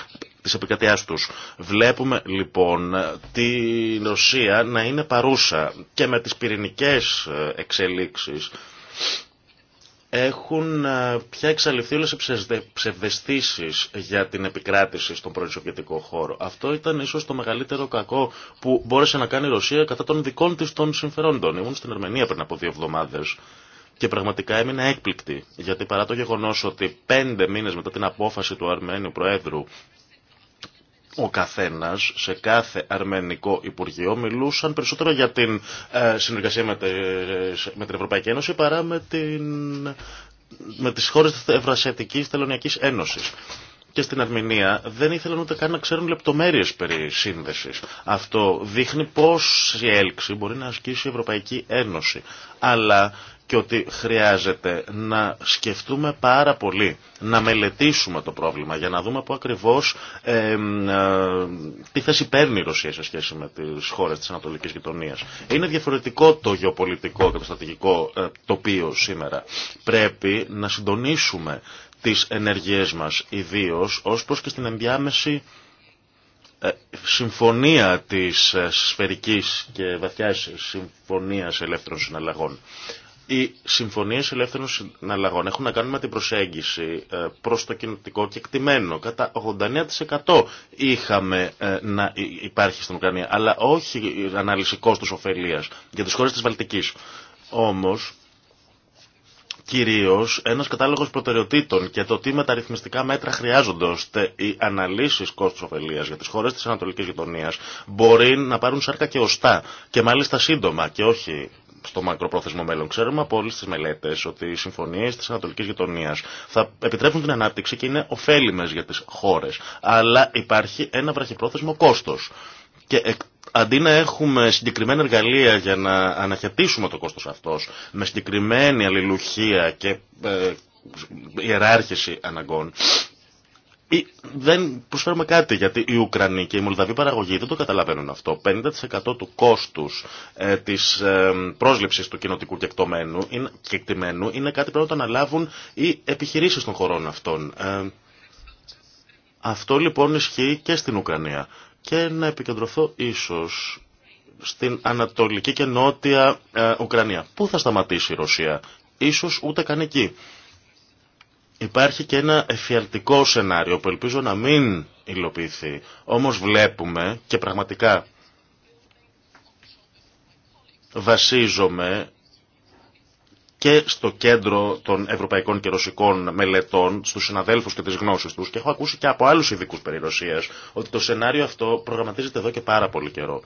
της επικράτειάς τους. Βλέπουμε λοιπόν την Ρωσία να είναι παρούσα και με τις πυρηνικές ε, εξελίξεις έχουν ε, πια εξαλειφθεί όλες οι ψευδεστήσεις για την επικράτηση στον προεσοβιετικό χώρο. Αυτό ήταν ίσως το μεγαλύτερο κακό που μπόρεσε να κάνει η Ρωσία κατά των δικών της των συμφερόντων. Ήμουν στην Αρμενία πριν από δύο εβδομάδες και πραγματικά έμεινα έκπληκτη, γιατί παρά το γεγονός ότι πέντε μήνες μετά την απόφαση του Αρμένιου Προέδρου ο καθένας σε κάθε αρμενικό υπουργείο μιλούσαν περισσότερο για την ε, συνεργασία με, την Ευρωπαϊκή Ένωση παρά με, την, με τις χώρες της Ευρασιατικής Θελωνιακής Ένωσης. Και στην Αρμενία δεν ήθελαν ούτε καν να ξέρουν λεπτομέρειες περί σύνδεσης. Αυτό δείχνει πώς η έλξη μπορεί να ασκήσει η Ευρωπαϊκή Ένωση. Αλλά και ότι χρειάζεται να σκεφτούμε πάρα πολύ, να μελετήσουμε το πρόβλημα για να δούμε πού ακριβώς ε, τι θέση παίρνει η Ρωσία σε σχέση με τις χώρες της Ανατολικής Γειτονίας. Είναι διαφορετικό το γεωπολιτικό και το στρατηγικό ε, τοπίο σήμερα. Πρέπει να συντονίσουμε τις ενεργειές μας ιδίως ως προς και στην ενδιάμεση ε, συμφωνία της σφαιρικής και βαθιάς συμφωνίας ελεύθερων συναλλαγών. Οι συμφωνίες ελεύθερων συναλλαγών έχουν να κάνουν με την προσέγγιση ε, προς το κοινωτικό κεκτημένο. Κατά 89% είχαμε ε, να υπάρχει στην Ουκρανία, αλλά όχι η ανάλυση κόστου ωφελίας για τις χώρες της Βαλτικής. Όμως, κυρίως ένας κατάλογος προτεραιοτήτων και το τι μεταρρυθμιστικά μέτρα χρειάζονται ώστε οι αναλύσεις κόστου ωφελίας για τις χώρες της Ανατολικής Γειτονίας μπορεί να πάρουν σάρκα και οστά και μάλιστα σύντομα και όχι στο μακροπρόθεσμο μέλλον. Ξέρουμε από όλε τι μελέτε ότι οι συμφωνίε τη Ανατολική Γειτονία θα επιτρέπουν την ανάπτυξη και είναι ωφέλιμε για τι χώρε. Αλλά υπάρχει ένα βραχυπρόθεσμο κόστο. Και αντί να έχουμε συγκεκριμένα εργαλεία για να αναχαιτήσουμε το κόστος αυτός με συγκεκριμένη αλληλουχία και ε, ιεράρχηση αναγκών ε, δεν προσφέρουμε κάτι, γιατί οι Ουκρανοί και οι Μολδαβοί παραγωγοί δεν το καταλαβαίνουν αυτό. 50% του κόστους ε, της ε, πρόσληψης του κοινοτικού κεκτημένου είναι, είναι κάτι που πρέπει να το αναλάβουν οι επιχειρήσει των χωρών αυτών. Ε, αυτό λοιπόν ισχύει και στην Ουκρανία. Και να επικεντρωθώ ίσως στην Ανατολική και Νότια Ουκρανία. Πού θα σταματήσει η Ρωσία. Ίσως ούτε καν εκεί. Υπάρχει και ένα εφιαλτικό σενάριο που ελπίζω να μην υλοποιηθεί. Όμως βλέπουμε και πραγματικά βασίζομαι και στο κέντρο των ευρωπαϊκών και ρωσικών μελετών, στους συναδέλφους και τις γνώσεις τους και έχω ακούσει και από άλλους ειδικού περί Ρωσίας, ότι το σενάριο αυτό προγραμματίζεται εδώ και πάρα πολύ καιρό.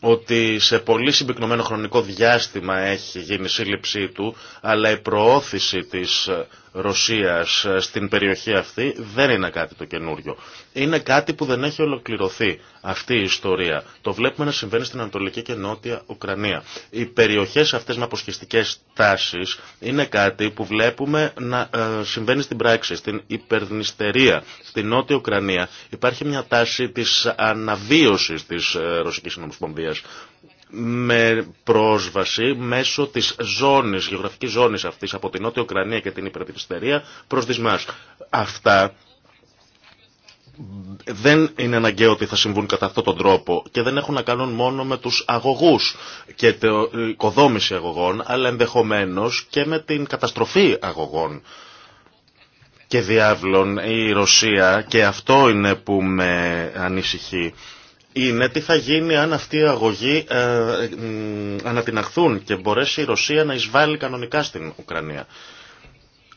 Ότι σε πολύ συμπυκνωμένο χρονικό διάστημα έχει γίνει η σύλληψή του, αλλά η προώθηση της Ρωσίας ε, στην περιοχή αυτή δεν είναι κάτι το καινούριο. Είναι κάτι που δεν έχει ολοκληρωθεί αυτή η ιστορία. Το βλέπουμε να συμβαίνει στην Ανατολική και Νότια Ουκρανία. Οι περιοχές αυτές με αποσχεστικές τάσεις είναι κάτι που βλέπουμε να ε, συμβαίνει στην πράξη, στην υπερνηστερία, στην Νότια Ουκρανία. Υπάρχει μια τάση της αναβίωσης της ε, Ρωσικής Συνομοσπονδίας με πρόσβαση μέσω της ζώνης, γεωγραφικής ζώνης αυτής από την Νότια Ουκρανία και την Υπερπιστηρία προς τις Αυτά δεν είναι αναγκαίο ότι θα συμβούν κατά αυτόν τον τρόπο και δεν έχουν να κάνουν μόνο με τους αγωγούς και την ε, οικοδόμηση αγωγών, αλλά ενδεχομένως και με την καταστροφή αγωγών και διάβλων η Ρωσία και αυτό είναι που με ανησυχεί είναι τι θα γίνει αν αυτοί οι αγωγοί ε, ανατιναχθούν και μπορέσει η Ρωσία να εισβάλλει κανονικά στην Ουκρανία.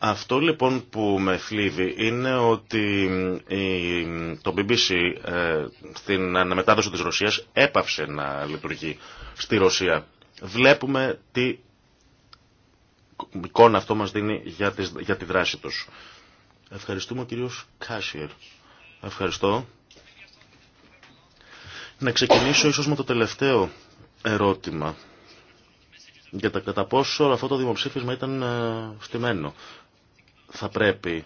Αυτό λοιπόν που με θλίβει είναι ότι το BBC ε, στην αναμετάδοση της Ρωσίας έπαυσε να λειτουργεί στη Ρωσία. Βλέπουμε τι εικόνα αυτό μας δίνει για, τη δράση τους. Ευχαριστούμε κύριος Κάσιερ. Ευχαριστώ. Να ξεκινήσω ίσως με το τελευταίο ερώτημα για τα κατά πόσο αυτό το δημοψήφισμα ήταν φτημένο. Ε, Θα πρέπει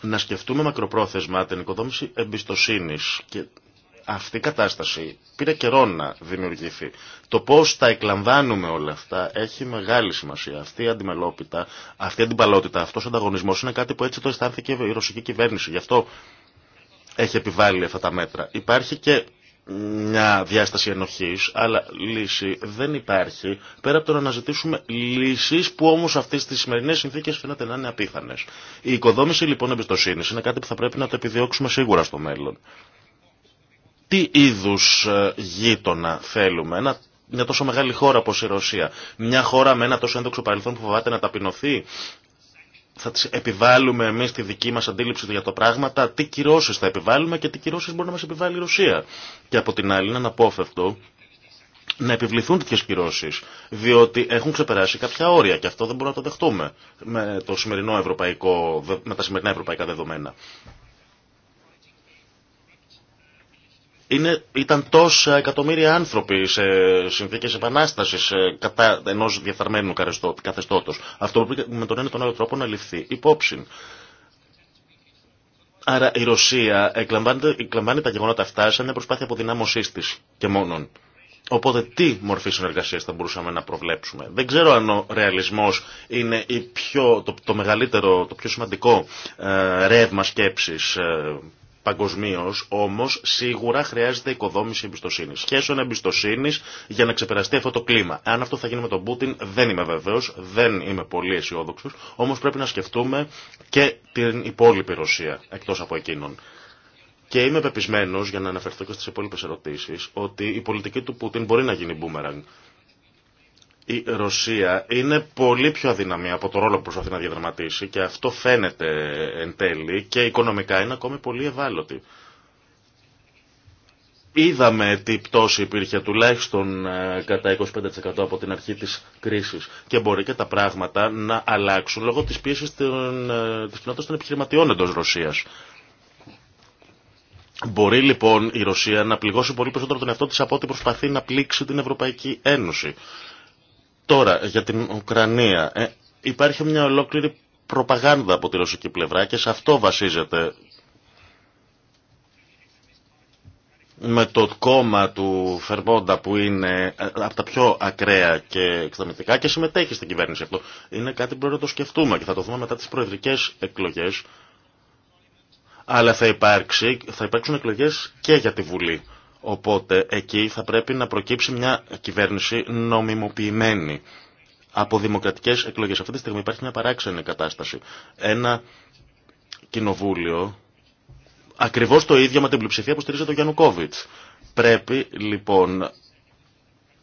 να σκεφτούμε μακροπρόθεσμα την οικοδόμηση εμπιστοσύνης και αυτή η κατάσταση πήρε καιρό να δημιουργηθεί. Το πώς τα εκλαμβάνουμε όλα αυτά έχει μεγάλη σημασία. Αυτή η αντιμελόπιτα, αυτή η αντιπαλότητα, αυτός ο ανταγωνισμός είναι κάτι που έτσι το αισθάνθηκε η ρωσική κυβέρνηση. Γι' αυτό έχει επιβάλλει αυτά τα μέτρα. Υπάρχει και μια διάσταση ενοχής, αλλά λύση δεν υπάρχει, πέρα από το να αναζητήσουμε λύσεις που όμως αυτές τις σημερινές συνθήκες φαίνεται να είναι απίθανες. Η οικοδόμηση λοιπόν εμπιστοσύνη είναι κάτι που θα πρέπει να το επιδιώξουμε σίγουρα στο μέλλον. Τι είδους ε, γείτονα θέλουμε, ένα μια τόσο μεγάλη χώρα όπως η Ρωσία, μια χώρα με ένα τόσο έντοξο παρελθόν που φοβάται να ταπεινωθεί, θα τις επιβάλλουμε εμείς τη δική μας αντίληψη για τα πράγματα, τι κυρώσεις θα επιβάλλουμε και τι κυρώσεις μπορεί να μας επιβάλλει η Ρωσία. Και από την άλλη είναι αναπόφευκτο να επιβληθούν τέτοιες κυρώσεις, Διότι έχουν ξεπεράσει κάποια όρια και αυτό δεν μπορούμε να το δεχτούμε με, το σημερινό ευρωπαϊκό, με τα σημερινά ευρωπαϊκά δεδομένα. είναι, ήταν τόσα εκατομμύρια άνθρωποι σε συνθήκες επανάστασης ε, κατά ενός διαφθαρμένου καθεστώτος. Αυτό που με τον ένα τον άλλο τρόπο να ληφθεί υπόψη. Άρα η Ρωσία εκλαμβάνει τα γεγονότα αυτά σαν μια προσπάθεια αποδυνάμωσής της και μόνον. Οπότε τι μορφή συνεργασίας θα μπορούσαμε να προβλέψουμε. Δεν ξέρω αν ο ρεαλισμός είναι πιο, το, το μεγαλύτερο, το πιο σημαντικό ε, ρεύμα σκέψης ε, παγκοσμίω, όμω σίγουρα χρειάζεται οικοδόμηση εμπιστοσύνη. Σχέσεων εμπιστοσύνη για να ξεπεραστεί αυτό το κλίμα. Αν αυτό θα γίνει με τον Πούτιν δεν είμαι βεβαίω, δεν είμαι πολύ αισιόδοξο, όμω πρέπει να σκεφτούμε και την υπόλοιπη Ρωσία εκτό από εκείνον. Και είμαι πεπισμένο, για να αναφερθώ και στι υπόλοιπε ερωτήσει, ότι η πολιτική του Πούτιν μπορεί να γίνει μπούμεραγκ η Ρωσία είναι πολύ πιο αδύναμη από το ρόλο που προσπαθεί να διαδραματίσει και αυτό φαίνεται εν τέλει και οικονομικά είναι ακόμη πολύ ευάλωτη. Είδαμε τι πτώση υπήρχε τουλάχιστον ε, κατά 25% από την αρχή της κρίσης και μπορεί και τα πράγματα να αλλάξουν λόγω της πίεσης των, ε, της κοινότητας των επιχειρηματιών εντός Ρωσίας. Μπορεί λοιπόν η Ρωσία να πληγώσει πολύ περισσότερο τον εαυτό της από ό,τι προσπαθεί να πλήξει την Ευρωπαϊκή Ένωση. Τώρα, για την Ουκρανία. Ε, υπάρχει μια ολόκληρη προπαγάνδα από τη ρωσική πλευρά και σε αυτό βασίζεται με το κόμμα του Φερμόντα που είναι ε, από τα πιο ακραία και εξταμιστικά και συμμετέχει στην κυβέρνηση αυτό. Είναι κάτι που πρέπει να το σκεφτούμε και θα το δούμε μετά τις προεδρικές εκλογές. Αλλά θα, υπάρξει, θα υπάρξουν εκλογές και για τη Βουλή. Οπότε εκεί θα πρέπει να προκύψει μια κυβέρνηση νομιμοποιημένη από δημοκρατικές εκλογές. Αυτή τη στιγμή υπάρχει μια παράξενη κατάσταση. Ένα κοινοβούλιο, ακριβώς το ίδιο με την πλειοψηφία που στηρίζεται το Γιαννουκόβιτς. Πρέπει λοιπόν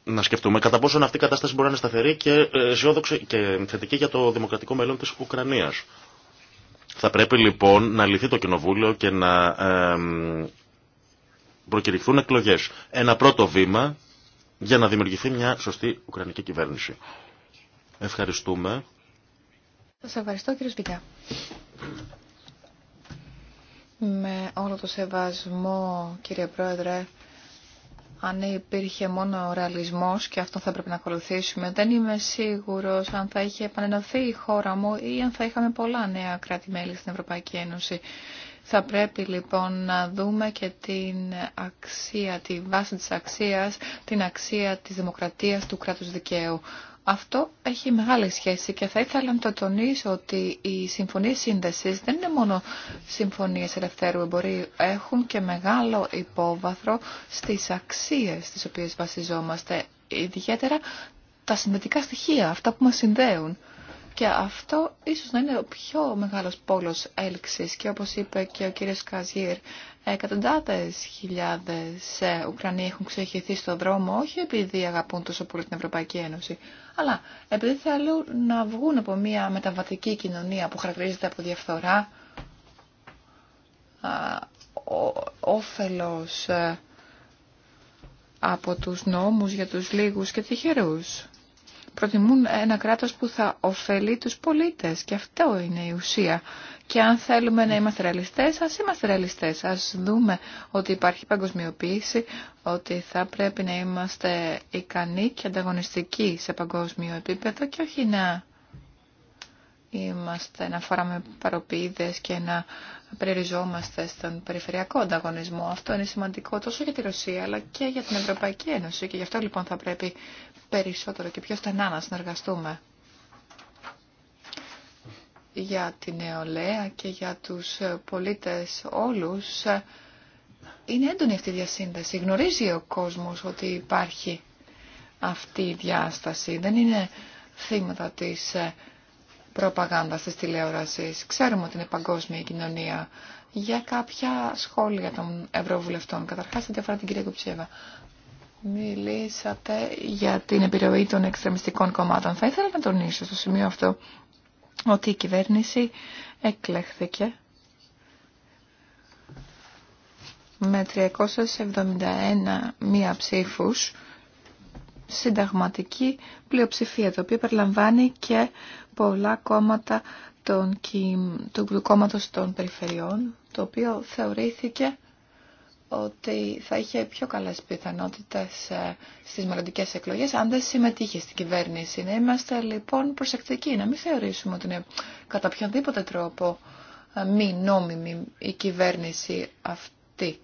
να σκεφτούμε κατά πόσο αυτή η κατάσταση μπορεί να είναι σταθερή και, ε, και θετική για το δημοκρατικό μέλλον της Ουκρανίας. Θα πρέπει λοιπόν να λυθεί το κοινοβούλιο και να ε, προκηρυχθούν εκλογές. Ένα πρώτο βήμα για να δημιουργηθεί μια σωστή Ουκρανική κυβέρνηση. Ευχαριστούμε. Σας ευχαριστώ κύριε Σπιτιά. Με όλο το σεβασμό κύριε Πρόεδρε, αν υπήρχε μόνο ο ρεαλισμός και αυτό θα πρέπει να ακολουθήσουμε, δεν είμαι σίγουρος αν θα είχε επανενωθεί η χώρα μου ή αν θα είχαμε πολλά νέα κράτη-μέλη στην Ευρωπαϊκή Ένωση. Θα πρέπει λοιπόν να δούμε και την αξία, τη βάση της αξίας, την αξία της δημοκρατίας του κράτους δικαίου. Αυτό έχει μεγάλη σχέση και θα ήθελα να το τονίσω ότι οι συμφωνίες σύνδεσης δεν είναι μόνο συμφωνίες ελευθέρου εμπορίου, έχουν και μεγάλο υπόβαθρο στις αξίες στις οποίες βασιζόμαστε, ιδιαίτερα τα συνδετικά στοιχεία, αυτά που μας συνδέουν. Και αυτό ίσως να είναι ο πιο μεγάλος πόλος έλξης και όπως είπε και ο κύριος Καζίρ, εκατοντάδες χιλιάδες ε, Ουκρανοί έχουν ξεχυθεί στον δρόμο όχι επειδή αγαπούν τόσο πολύ την Ευρωπαϊκή Ένωση, αλλά επειδή θέλουν να βγουν από μια μεταβατική κοινωνία που χαρακτηρίζεται από διαφθορά, όφελος ε, από τους νόμους για τους λίγους και τυχερούς προτιμούν ένα κράτος που θα ωφελεί τους πολίτες και αυτό είναι η ουσία. Και αν θέλουμε να είμαστε ρεαλιστές, ας είμαστε ρεαλιστές. Ας δούμε ότι υπάρχει παγκοσμιοποίηση, ότι θα πρέπει να είμαστε ικανοί και ανταγωνιστικοί σε παγκόσμιο επίπεδο και όχι να είμαστε, να φοράμε παροπίδες και να περιοριζόμαστε στον περιφερειακό ανταγωνισμό. Αυτό είναι σημαντικό τόσο για τη Ρωσία αλλά και για την Ευρωπαϊκή Ένωση και γι' αυτό λοιπόν θα πρέπει περισσότερο και πιο στενά να συνεργαστούμε για την νεολαία και για τους πολίτες όλους είναι έντονη αυτή η διασύνδεση. Γνωρίζει ο κόσμος ότι υπάρχει αυτή η διάσταση. Δεν είναι θύματα της προπαγάνδας της τηλεόρασης. Ξέρουμε ότι είναι παγκόσμια η κοινωνία. Για κάποια σχόλια των Ευρωβουλευτών. Καταρχάς, δεν αφορά την κυρία Κουψέβα. Μιλήσατε για την επιρροή των εξτρεμιστικών κομμάτων. Θα ήθελα να τονίσω στο σημείο αυτό ότι η κυβέρνηση εκλέχθηκε με 371 μία ψήφους συνταγματική πλειοψηφία, το οποίο περιλαμβάνει και πολλά κόμματα των, του, του κόμματος των περιφερειών, το οποίο θεωρήθηκε ότι θα είχε πιο καλές πιθανότητες ε, στις μελλοντικέ εκλογές αν δεν συμμετείχε στην κυβέρνηση. Να είμαστε λοιπόν προσεκτικοί, να μην θεωρήσουμε ότι είναι κατά οποιονδήποτε τρόπο ε, μη νόμιμη η κυβέρνηση αυτή.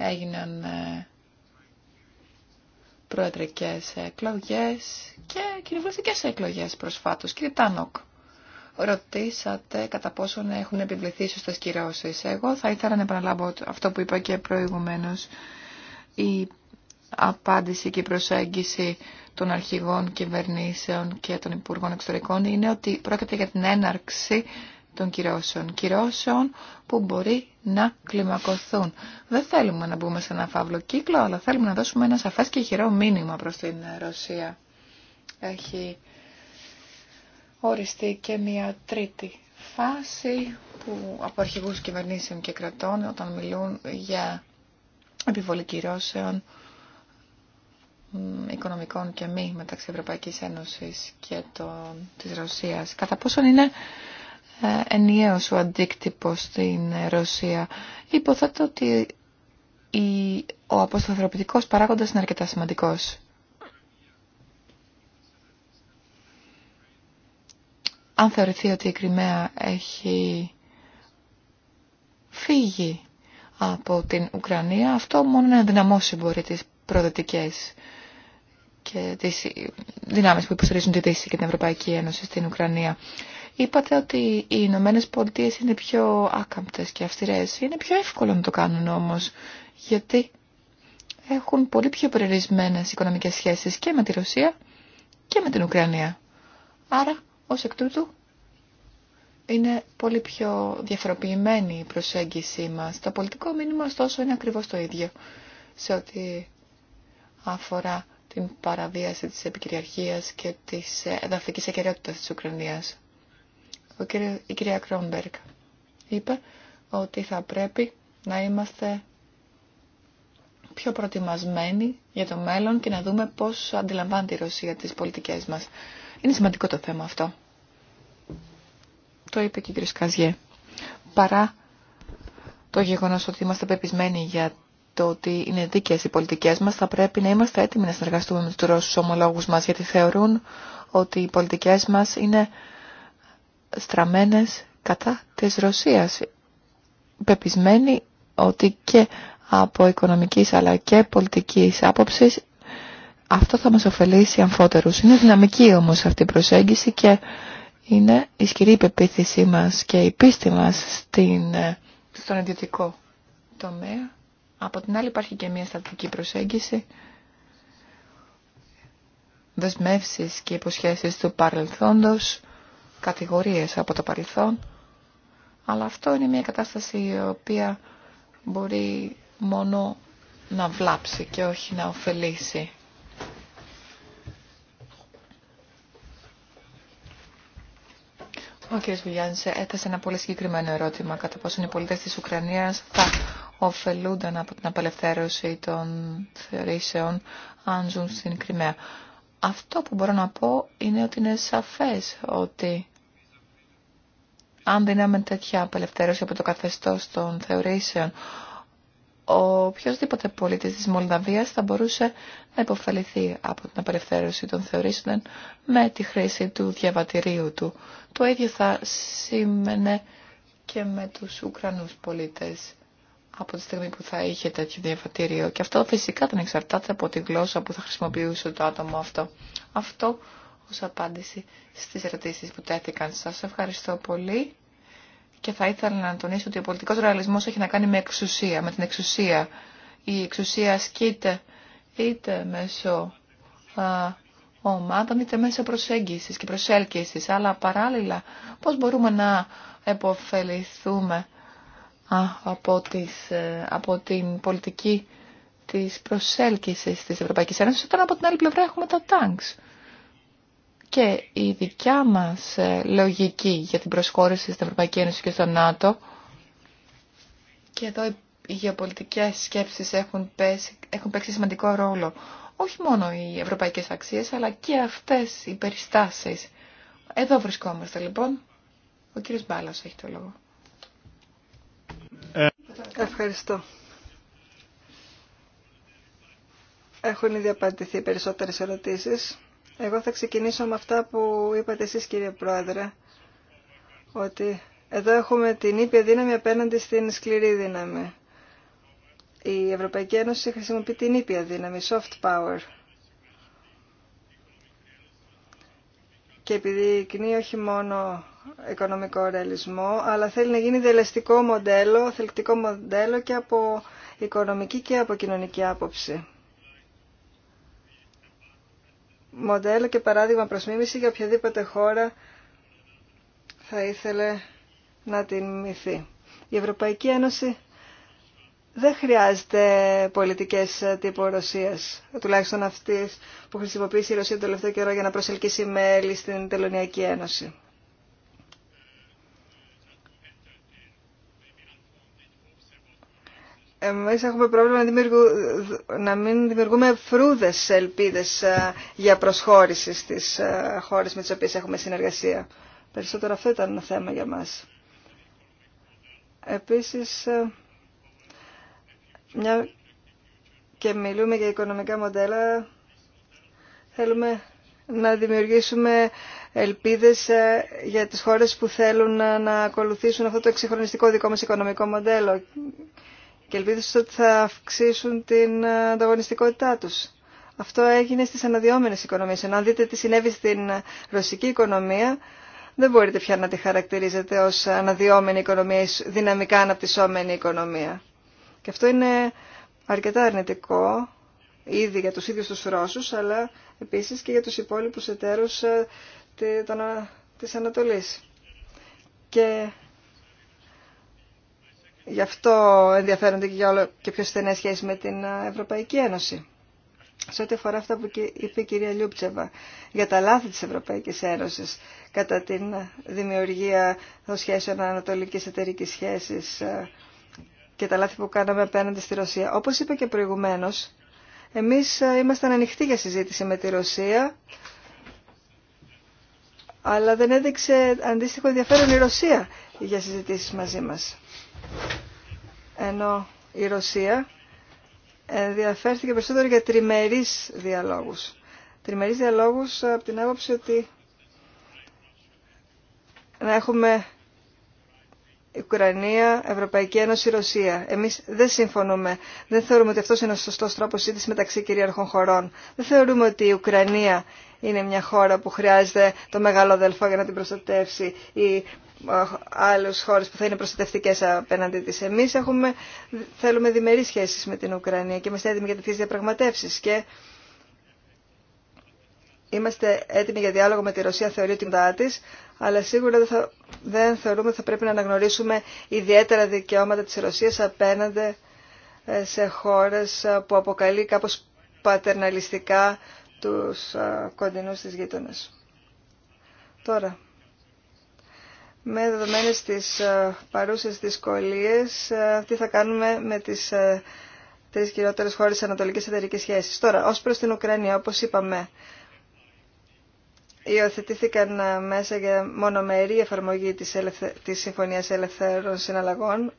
Έγιναν ε, προεδρικές εκλογές και κοινοβουλευτικές εκλογές προσφάτως. Κύριε Τάνοκ ρωτήσατε κατά πόσον έχουν επιβληθεί σωστέ κυρώσει. Εγώ θα ήθελα να επαναλάβω αυτό που είπα και προηγουμένως. Η απάντηση και η προσέγγιση των αρχηγών κυβερνήσεων και των Υπουργών Εξωτερικών είναι ότι πρόκειται για την έναρξη των κυρώσεων. Κυρώσεων που μπορεί να κλιμακωθούν. Δεν θέλουμε να μπούμε σε ένα φαύλο κύκλο, αλλά θέλουμε να δώσουμε ένα σαφές και χειρό μήνυμα προς την Ρωσία. Έχει οριστεί και μια τρίτη φάση που από αρχηγού κυβερνήσεων και κρατών όταν μιλούν για επιβολή κυρώσεων οικονομικών και μη μεταξύ Ευρωπαϊκής Ένωσης και των, της Ρωσίας. Κατά πόσον είναι ε, ενιαίος ο αντίκτυπος στην ε, Ρωσία. Υποθέτω ότι η, ο αποσταθεροποιητικός παράγοντας είναι αρκετά σημαντικός. αν θεωρηθεί ότι η Κρυμαία έχει φύγει από την Ουκρανία, αυτό μόνο να ενδυναμώσει μπορεί τις προδοτικές και τις δυνάμεις που υποστηρίζουν τη Δύση και την Ευρωπαϊκή Ένωση στην Ουκρανία. Είπατε ότι οι Ηνωμένε Πολιτείε είναι πιο άκαμπτες και αυστηρές. Είναι πιο εύκολο να το κάνουν όμως, γιατί έχουν πολύ πιο περιορισμένες οικονομικές σχέσεις και με τη Ρωσία και με την Ουκρανία. Άρα ως εκ τούτου, είναι πολύ πιο διαφοροποιημένη η προσέγγιση μας. Το πολιτικό μήνυμα, ωστόσο, είναι ακριβώς το ίδιο σε ό,τι αφορά την παραβίαση της επικυριαρχίας και της εδαφικής αικαιρεότητας της Ουκρανίας. Ο η κυρία Κρόνμπεργκ είπε ότι θα πρέπει να είμαστε πιο προετοιμασμένοι για το μέλλον και να δούμε πώς αντιλαμβάνεται η Ρωσία τις πολιτικές μας. Είναι σημαντικό το θέμα αυτό. Το είπε και η κ. Καζιέ. Παρά το γεγονός ότι είμαστε πεπισμένοι για το ότι είναι δίκαιες οι πολιτικές μας, θα πρέπει να είμαστε έτοιμοι να συνεργαστούμε με τους Ρώσους ομολόγους μας, γιατί θεωρούν ότι οι πολιτικές μας είναι στραμμένες κατά της Ρωσίας. Πεπισμένοι ότι και από οικονομικής αλλά και πολιτικής άποψης αυτό θα μας ωφελήσει αμφότερους. Είναι δυναμική όμως αυτή η προσέγγιση και είναι ισχυρή η πεποίθησή μας και η πίστη μας στην, ε, στον ιδιωτικό τομέα. Από την άλλη υπάρχει και μια στατική προσέγγιση, δεσμεύσεις και υποσχέσεις του παρελθόντος, κατηγορίες από το παρελθόν, αλλά αυτό είναι μια κατάσταση η οποία μπορεί μόνο να βλάψει και όχι να ωφελήσει. Ο κ. Βιλιάνσε έθεσε ένα πολύ συγκεκριμένο ερώτημα κατά πόσο οι πολίτες της Ουκρανίας θα ωφελούνταν από την απελευθέρωση των θεωρήσεων αν ζουν στην Κρυμαία. Αυτό που μπορώ να πω είναι ότι είναι σαφές ότι αν δίναμε τέτοια απελευθέρωση από το καθεστώς των θεωρήσεων, ο οποιοδήποτε πολίτης της Μολδαβίας θα μπορούσε να υποφεληθεί από την απελευθέρωση των θεωρήσεων με τη χρήση του διαβατηρίου του. Το ίδιο θα σήμαινε και με τους Ουκρανούς πολίτες από τη στιγμή που θα είχε τέτοιο διαβατήριο. Και αυτό φυσικά δεν εξαρτάται από τη γλώσσα που θα χρησιμοποιούσε το άτομο αυτό. Αυτό ως απάντηση στις ερωτήσεις που τέθηκαν. Σας ευχαριστώ πολύ και θα ήθελα να τονίσω ότι ο πολιτικός ρεαλισμός έχει να κάνει με εξουσία, με την εξουσία. Η εξουσία ασκείται είτε μέσω α, ομάδων είτε μέσω προσέγγισης και προσέλκυσης. Αλλά παράλληλα πώς μπορούμε να επωφεληθούμε α, από, τις, ε, από την πολιτική της προσέλκυσης της Ευρωπαϊκής Ένωσης όταν από την άλλη πλευρά έχουμε τα τάγκς. Και η δικιά μας ε, λογική για την προσχώρηση στην Ευρωπαϊκή Ένωση και στο ΝΑΤΟ και εδώ οι γεωπολιτικές σκέψεις έχουν, έχουν παίξει σημαντικό ρόλο. Όχι μόνο οι ευρωπαϊκές αξίες, αλλά και αυτές οι περιστάσεις. Εδώ βρισκόμαστε λοιπόν. Ο κύριος Μπάλας έχει το λόγο. Ε, Ευχαριστώ. Έχουν ήδη απαντηθεί περισσότερες ερωτήσεις. Εγώ θα ξεκινήσω με αυτά που είπατε εσείς κύριε Πρόεδρε, ότι εδώ έχουμε την ήπια δύναμη απέναντι στην σκληρή δύναμη. Η Ευρωπαϊκή Ένωση χρησιμοποιεί την ήπια δύναμη, soft power. Και επειδή κνεί όχι μόνο οικονομικό ρεαλισμό, αλλά θέλει να γίνει δελεστικό μοντέλο, θελκτικό μοντέλο και από οικονομική και από κοινωνική άποψη μοντέλο και παράδειγμα προς για οποιαδήποτε χώρα θα ήθελε να την μυθεί. Η Ευρωπαϊκή Ένωση δεν χρειάζεται πολιτικές τύπου Ρωσίας, τουλάχιστον αυτής που χρησιμοποιήσει η Ρωσία το τελευταίο καιρό για να προσελκύσει μέλη στην Τελωνιακή Ένωση. εμείς έχουμε πρόβλημα να, μην δημιουργούμε φρούδες ελπίδες ε, για προσχώρηση στις ε, χώρες με τις οποίες έχουμε συνεργασία. Περισσότερο αυτό ήταν ένα θέμα για μας. Επίσης, ε, μια και μιλούμε για οικονομικά μοντέλα, θέλουμε να δημιουργήσουμε ελπίδες για τις χώρες που θέλουν να ακολουθήσουν αυτό το εξυγχρονιστικό δικό μας οικονομικό μοντέλο και ελπίζω ότι θα αυξήσουν την ανταγωνιστικότητά τους. Αυτό έγινε στις αναδυόμενες οικονομίες. αν δείτε τι συνέβη στην ρωσική οικονομία, δεν μπορείτε πια να τη χαρακτηρίζετε ως αναδυόμενη οικονομία ή δυναμικά αναπτυσσόμενη οικονομία. Και αυτό είναι αρκετά αρνητικό ήδη για τους ίδιους τους Ρώσους, αλλά επίσης και για τους υπόλοιπους εταίρους ε, ε, της Ανατολής. Και Γι' αυτό ενδιαφέρονται και για όλο και πιο στενές σχέσεις με την ε, Ευρωπαϊκή Ένωση. Σε ό,τι αφορά αυτά που είπε η κυρία Λιούπτσεβα για τα λάθη της Ευρωπαϊκής Ένωσης κατά την δημιουργία των σχέσεων ανατολικής εταιρικής σχέσης ε, και τα λάθη που κάναμε απέναντι στη Ρωσία. Όπως είπα και προηγουμένως, εμείς ε, ήμασταν ανοιχτοί για συζήτηση με τη Ρωσία, αλλά δεν έδειξε αντίστοιχο ενδιαφέρον η Ρωσία για συζητήσεις μαζί μα. Ενώ η Ρωσία ενδιαφέρθηκε περισσότερο για τριμερείς διαλόγους. Τριμερείς διαλόγους ε, από την άποψη ότι να έχουμε Ουκρανία, Ευρωπαϊκή Ένωση, Ρωσία. Εμεί δεν συμφωνούμε. Δεν θεωρούμε ότι αυτό είναι ο σωστό τρόπο σύντηση μεταξύ κυρίαρχων χωρών. Δεν θεωρούμε ότι η Ουκρανία είναι μια χώρα που χρειάζεται το μεγάλο αδελφό για να την προστατεύσει ή ε, άλλε χώρε που θα είναι προστατευτικέ απέναντι τη. Εμεί θέλουμε διμερεί σχέσει με την Ουκρανία και είμαστε έτοιμοι για τέτοιε διαπραγματεύσει. και είμαστε έτοιμοι για διάλογο με τη Ρωσία, θεωρεί ότι της, αλλά σίγουρα δεν, θα, δεν θεωρούμε ότι θα πρέπει να αναγνωρίσουμε ιδιαίτερα δικαιώματα της Ρωσίας απέναντι ε, σε χώρες ε, που αποκαλεί κάπως πατερναλιστικά τους ε, κοντινούς της γείτονες. Τώρα, με δεδομένες τις παρούσες δυσκολίες, τι θα κάνουμε με τις τρεις κυριότερες χώρες της Ανατολικής Εταιρικής Σχέσης. Τώρα, ως προς την Ουκρανία, όπως είπαμε, υιοθετήθηκαν ε, μέσα για μονομερή εφαρμογή της, ελευθε... της Συμφωνίας Ελευθέρων Συναλλαγών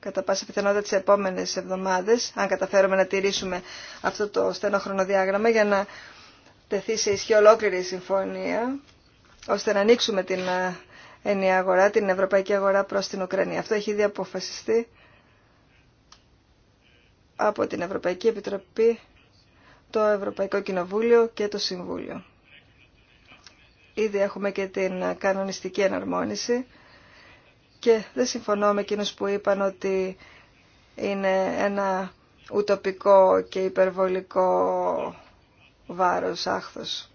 κατά πάσα πιθανότητα τις επόμενες εβδομάδες, αν καταφέρουμε να τηρήσουμε αυτό το στενό χρονοδιάγραμμα για να τεθεί σε ισχύ ολόκληρη η συμφωνία, ώστε να ανοίξουμε την ε, ενιαία αγορά, την ευρωπαϊκή αγορά προς την Ουκρανία. Αυτό έχει ήδη αποφασιστεί από την Ευρωπαϊκή Επιτροπή, το Ευρωπαϊκό Κοινοβούλιο και το Συμβούλιο. Ήδη έχουμε και την κανονιστική εναρμόνιση και δεν συμφωνώ με εκείνους που είπαν ότι είναι ένα ουτοπικό και υπερβολικό βάρος, άχθος.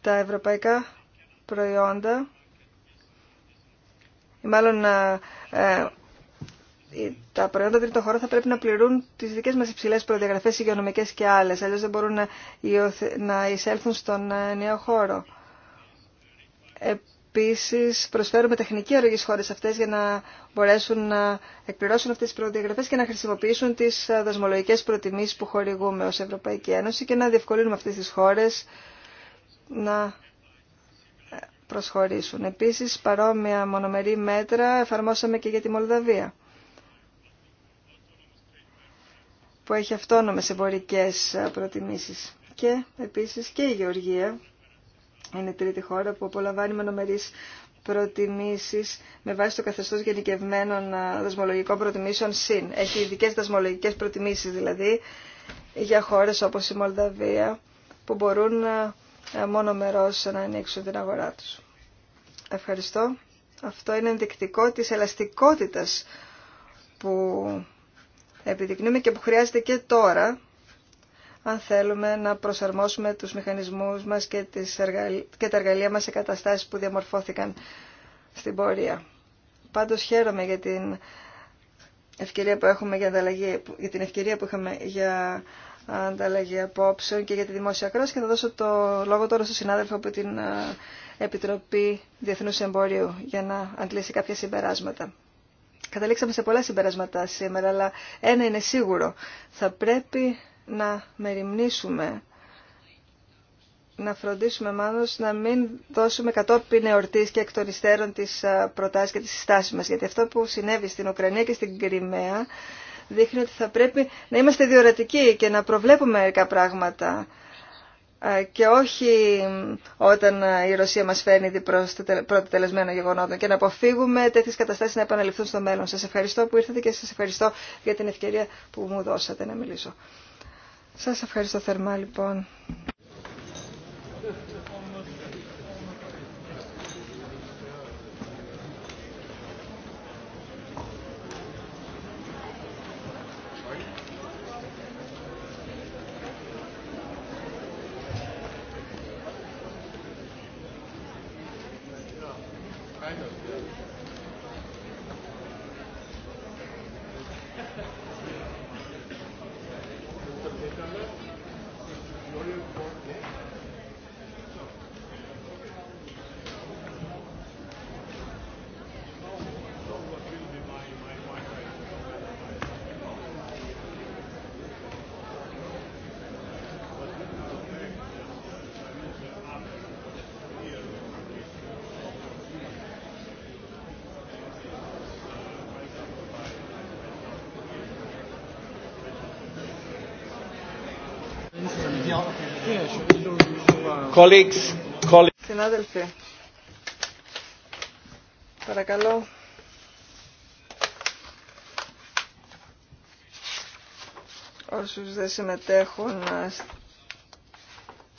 Τα ευρωπαϊκά προϊόντα, μάλλον ε, τα προϊόντα τρίτο χώρο θα πρέπει να πληρούν τι δικέ μα υψηλέ προδιαγραφέ υγειονομικέ και άλλε. Αλλιώ δεν μπορούν να, να εισέλθουν στον ε, νέο χώρο. Επίση, προσφέρουμε τεχνική αρρωγή στι χώρε αυτέ για να μπορέσουν να εκπληρώσουν αυτέ τι προδιαγραφέ και να χρησιμοποιήσουν τι ε, δασμολογικέ προτιμήσει που χορηγούμε ω Ευρωπαϊκή Ένωση και να διευκολύνουμε αυτέ τι χώρε να ε, προσχωρήσουν. Επίση, παρόμοια μονομερή μέτρα εφαρμόσαμε και για τη Μολδαβία. που έχει αυτόνομες εμπορικές ε, προτιμήσεις. Και επίσης και η Γεωργία είναι η τρίτη χώρα που απολαμβάνει μονομερείς προτιμήσεις με βάση το καθεστώς γενικευμένων ε, δασμολογικών προτιμήσεων ΣΥΝ. Έχει ειδικέ δασμολογικές προτιμήσεις δηλαδή για χώρες όπως η Μολδαβία που μπορούν ε, μόνο μερός να ανοίξουν την αγορά τους. Ευχαριστώ. Αυτό είναι ενδεικτικό της ελαστικότητας που επιδεικνύουμε και που χρειάζεται και τώρα αν θέλουμε να προσαρμόσουμε τους μηχανισμούς μας και, τα εργαλεία μας σε καταστάσεις που διαμορφώθηκαν στην πορεία. Πάντως χαίρομαι για την ευκαιρία που έχουμε για ανταλλαγή, για την ευκαιρία που είχαμε για ανταλλαγή απόψεων και για τη δημόσια κράση και θα δώσω το λόγο τώρα στον συνάδελφο από την ε, Επιτροπή Διεθνούς Εμπορίου για να αντλήσει κάποια συμπεράσματα. Καταλήξαμε σε πολλά συμπεράσματα σήμερα, αλλά ένα είναι σίγουρο. Θα πρέπει να μεριμνήσουμε, να φροντίσουμε μάλλον να μην δώσουμε κατόπιν εορτής και εκ των υστέρων τις προτάσεις και τις συστάσεις μας. Γιατί αυτό που συνέβη στην Ουκρανία και στην Κρυμαία δείχνει ότι θα πρέπει να είμαστε διορατικοί και να προβλέπουμε μερικά πράγματα ε, και όχι όταν η Ρωσία μας φέρνει την πρώτη γεγονότων και να αποφύγουμε τέτοιες καταστάσεις να επαναληφθούν στο μέλλον. Σας ευχαριστώ που ήρθατε και σας ευχαριστώ για την ευκαιρία που μου δώσατε να μιλήσω. Σας ευχαριστώ θερμά λοιπόν. Συνάδελφοι, παρακαλώ. Όσους δεν συμμετέχουν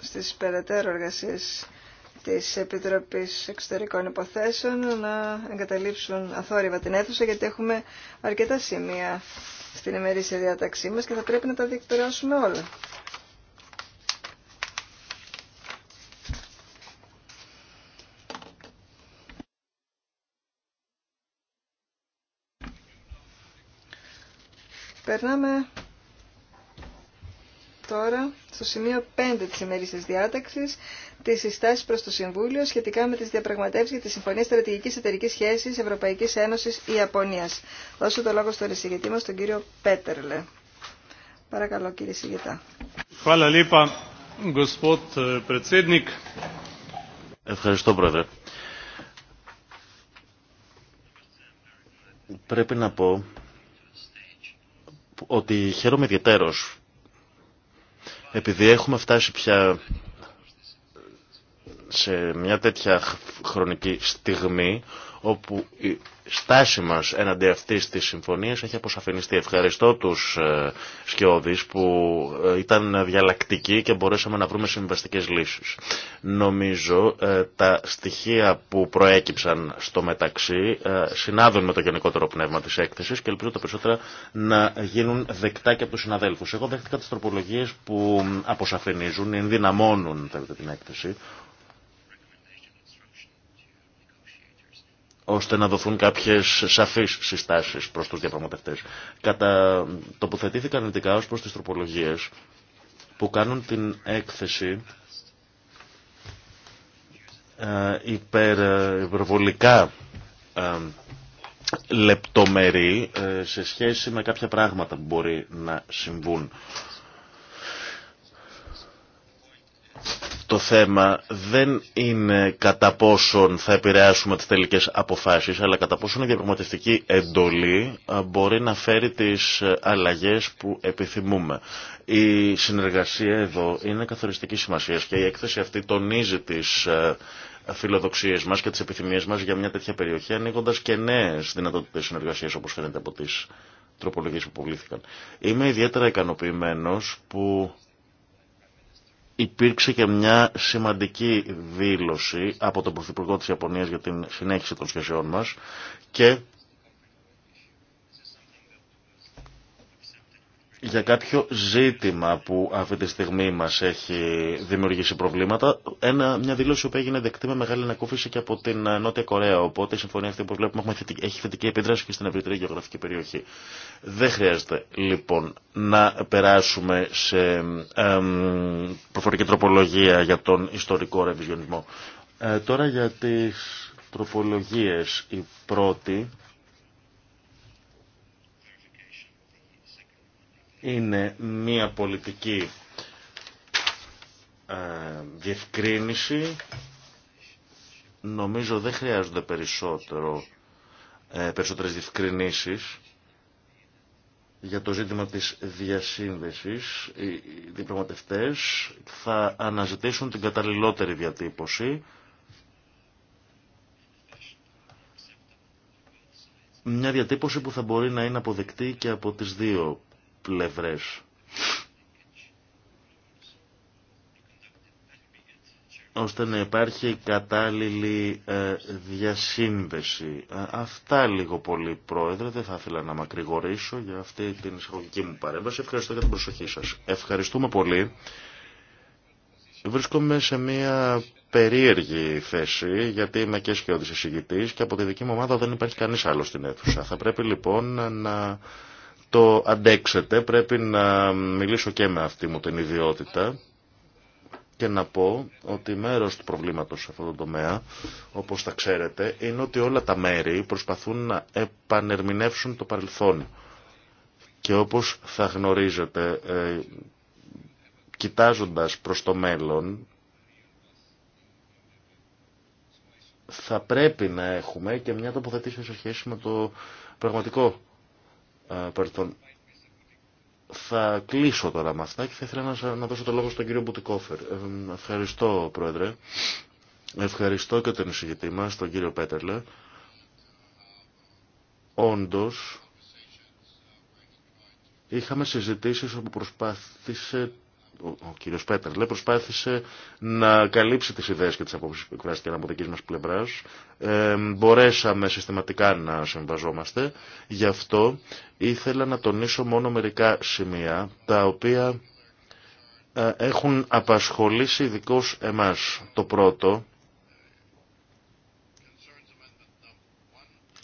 στις περαιτέρω εργασίες της Επιτροπής Εξωτερικών Υποθέσεων να εγκαταλείψουν αθόρυβα την αίθουσα γιατί έχουμε αρκετά σημεία στην ημερήσια διάταξή μας και θα πρέπει να τα διεκπαιρεώσουμε όλα. Περνάμε τώρα στο σημείο 5 της της διάταξης, τις συστάσεις προς το Συμβούλιο σχετικά με τις διαπραγματεύσεις για τη Συμφωνία Στρατηγικής Εταιρικής Σχέσης Ευρωπαϊκής Ένωσης Ιαπωνίας. Δώσω το λόγο στον εισηγητή μας, τον κύριο Πέτερλε. Παρακαλώ κύριε εισηγητά. Eh, Ευχαριστώ πρόεδρε. Πρέπει να πω ότι χαίρομαι ιδιαίτερος επειδή έχουμε φτάσει πια σε μια τέτοια χρονική στιγμή όπου η στάση μας εναντί αυτής της συμφωνίας έχει αποσαφινιστεί. Ευχαριστώ τους ε, σκιώδεις που ε, ήταν διαλλακτικοί και μπορέσαμε να βρούμε συμβαστικές λύσεις. Νομίζω ε, τα στοιχεία που προέκυψαν στο μεταξύ συνάδουν με το γενικότερο πνεύμα της έκθεσης και ελπίζω τα περισσότερα να γίνουν δεκτά και από τους συναδέλφους. Εγώ δέχτηκα τις τροπολογίες που αποσαφηνίζουν, ενδυναμώνουν την έκθεση, ώστε να δοθούν κάποιες σαφείς συστάσεις προς τους διαπραγματευτές. Κατα... Τοποθετήθηκαν ειδικά ως προς τις τροπολογίες που κάνουν την έκθεση ε, ε, υπερβολικά ε, λεπτομερή σε σχέση με κάποια πράγματα που μπορεί να συμβούν. το θέμα δεν είναι κατά πόσον θα επηρεάσουμε τις τελικές αποφάσεις, αλλά κατά πόσον η διαπραγματευτική εντολή ε, μπορεί να φέρει τις ε, αλλαγές που επιθυμούμε. Η συνεργασία εδώ είναι καθοριστική σημασία και η έκθεση αυτή τονίζει τις ε, φιλοδοξίες μας και τις επιθυμίες μας για μια τέτοια περιοχή, ανοίγοντας και νέες δυνατότητες συνεργασίας όπως φαίνεται από τις τροπολογίες που αποβλήθηκαν. Είμαι ιδιαίτερα ικανοποιημένος που υπήρξε και μια σημαντική δήλωση από τον Πρωθυπουργό της Ιαπωνίας για την συνέχιση των σχέσεών μας και για κάποιο ζήτημα που αυτή τη στιγμή μας έχει δημιουργήσει προβλήματα. Ένα, μια δήλωση που έγινε δεκτή με μεγάλη ανακούφιση και από την Νότια Κορέα. Οπότε η συμφωνία αυτή που βλέπουμε έχει θετική επίδραση και στην ευρύτερη γεωγραφική περιοχή. Δεν χρειάζεται λοιπόν να περάσουμε σε προφορική τροπολογία για τον ιστορικό ρεβιζιονισμό. Ε, τώρα για τις τροπολογίες η πρώτη είναι μια πολιτική ε, διευκρίνηση. Νομίζω δεν χρειάζονται περισσότερο, ε, περισσότερες διευκρινήσεις για το ζήτημα της διασύνδεσης. Οι διπλωματευτές θα αναζητήσουν την καταλληλότερη διατύπωση μια διατύπωση που θα μπορεί να είναι αποδεκτή και από τις δύο πλευρές. ώστε να υπάρχει κατάλληλη ε, διασύνδεση. Ε, αυτά λίγο πολύ, Πρόεδρε. Δεν θα ήθελα να μακρηγορήσω για αυτή την εισαγωγική μου παρέμβαση. Ευχαριστώ για την προσοχή σας. Ευχαριστούμε πολύ. Βρίσκομαι σε μια περίεργη θέση, γιατί είμαι και σκιώδης εισηγητής και από τη δική μου ομάδα δεν υπάρχει κανείς άλλος στην αίθουσα. Θα πρέπει λοιπόν να το αντέξετε. Πρέπει να μιλήσω και με αυτή μου την ιδιότητα και να πω ότι μέρος του προβλήματος σε αυτό το τομέα, όπως τα ξέρετε, είναι ότι όλα τα μέρη προσπαθούν να επανερμηνεύσουν το παρελθόν. Και όπως θα γνωρίζετε, ε, κοιτάζοντας προς το μέλλον, θα πρέπει να έχουμε και μια τοποθετήση σε σχέση με το πραγματικό θα κλείσω τώρα με αυτά και θα ήθελα να, να δώσω το λόγο στον κύριο Μπουτικόφερ. Ε, ευχαριστώ, Πρόεδρε. Ευχαριστώ και τον εισηγητή μα, τον κύριο Πέτερλε. Όντω, είχαμε συζητήσει όπου προσπάθησε ο κύριος Πέτερλε προσπάθησε να καλύψει τις ιδέες και τις απόψεις που εκφράστηκαν από δική μας πλευράς. Ε, μπορέσαμε συστηματικά να συμβαζόμαστε. Γι' αυτό ήθελα να τονίσω μόνο μερικά σημεία τα οποία ε, έχουν απασχολήσει ειδικώ εμάς. Το πρώτο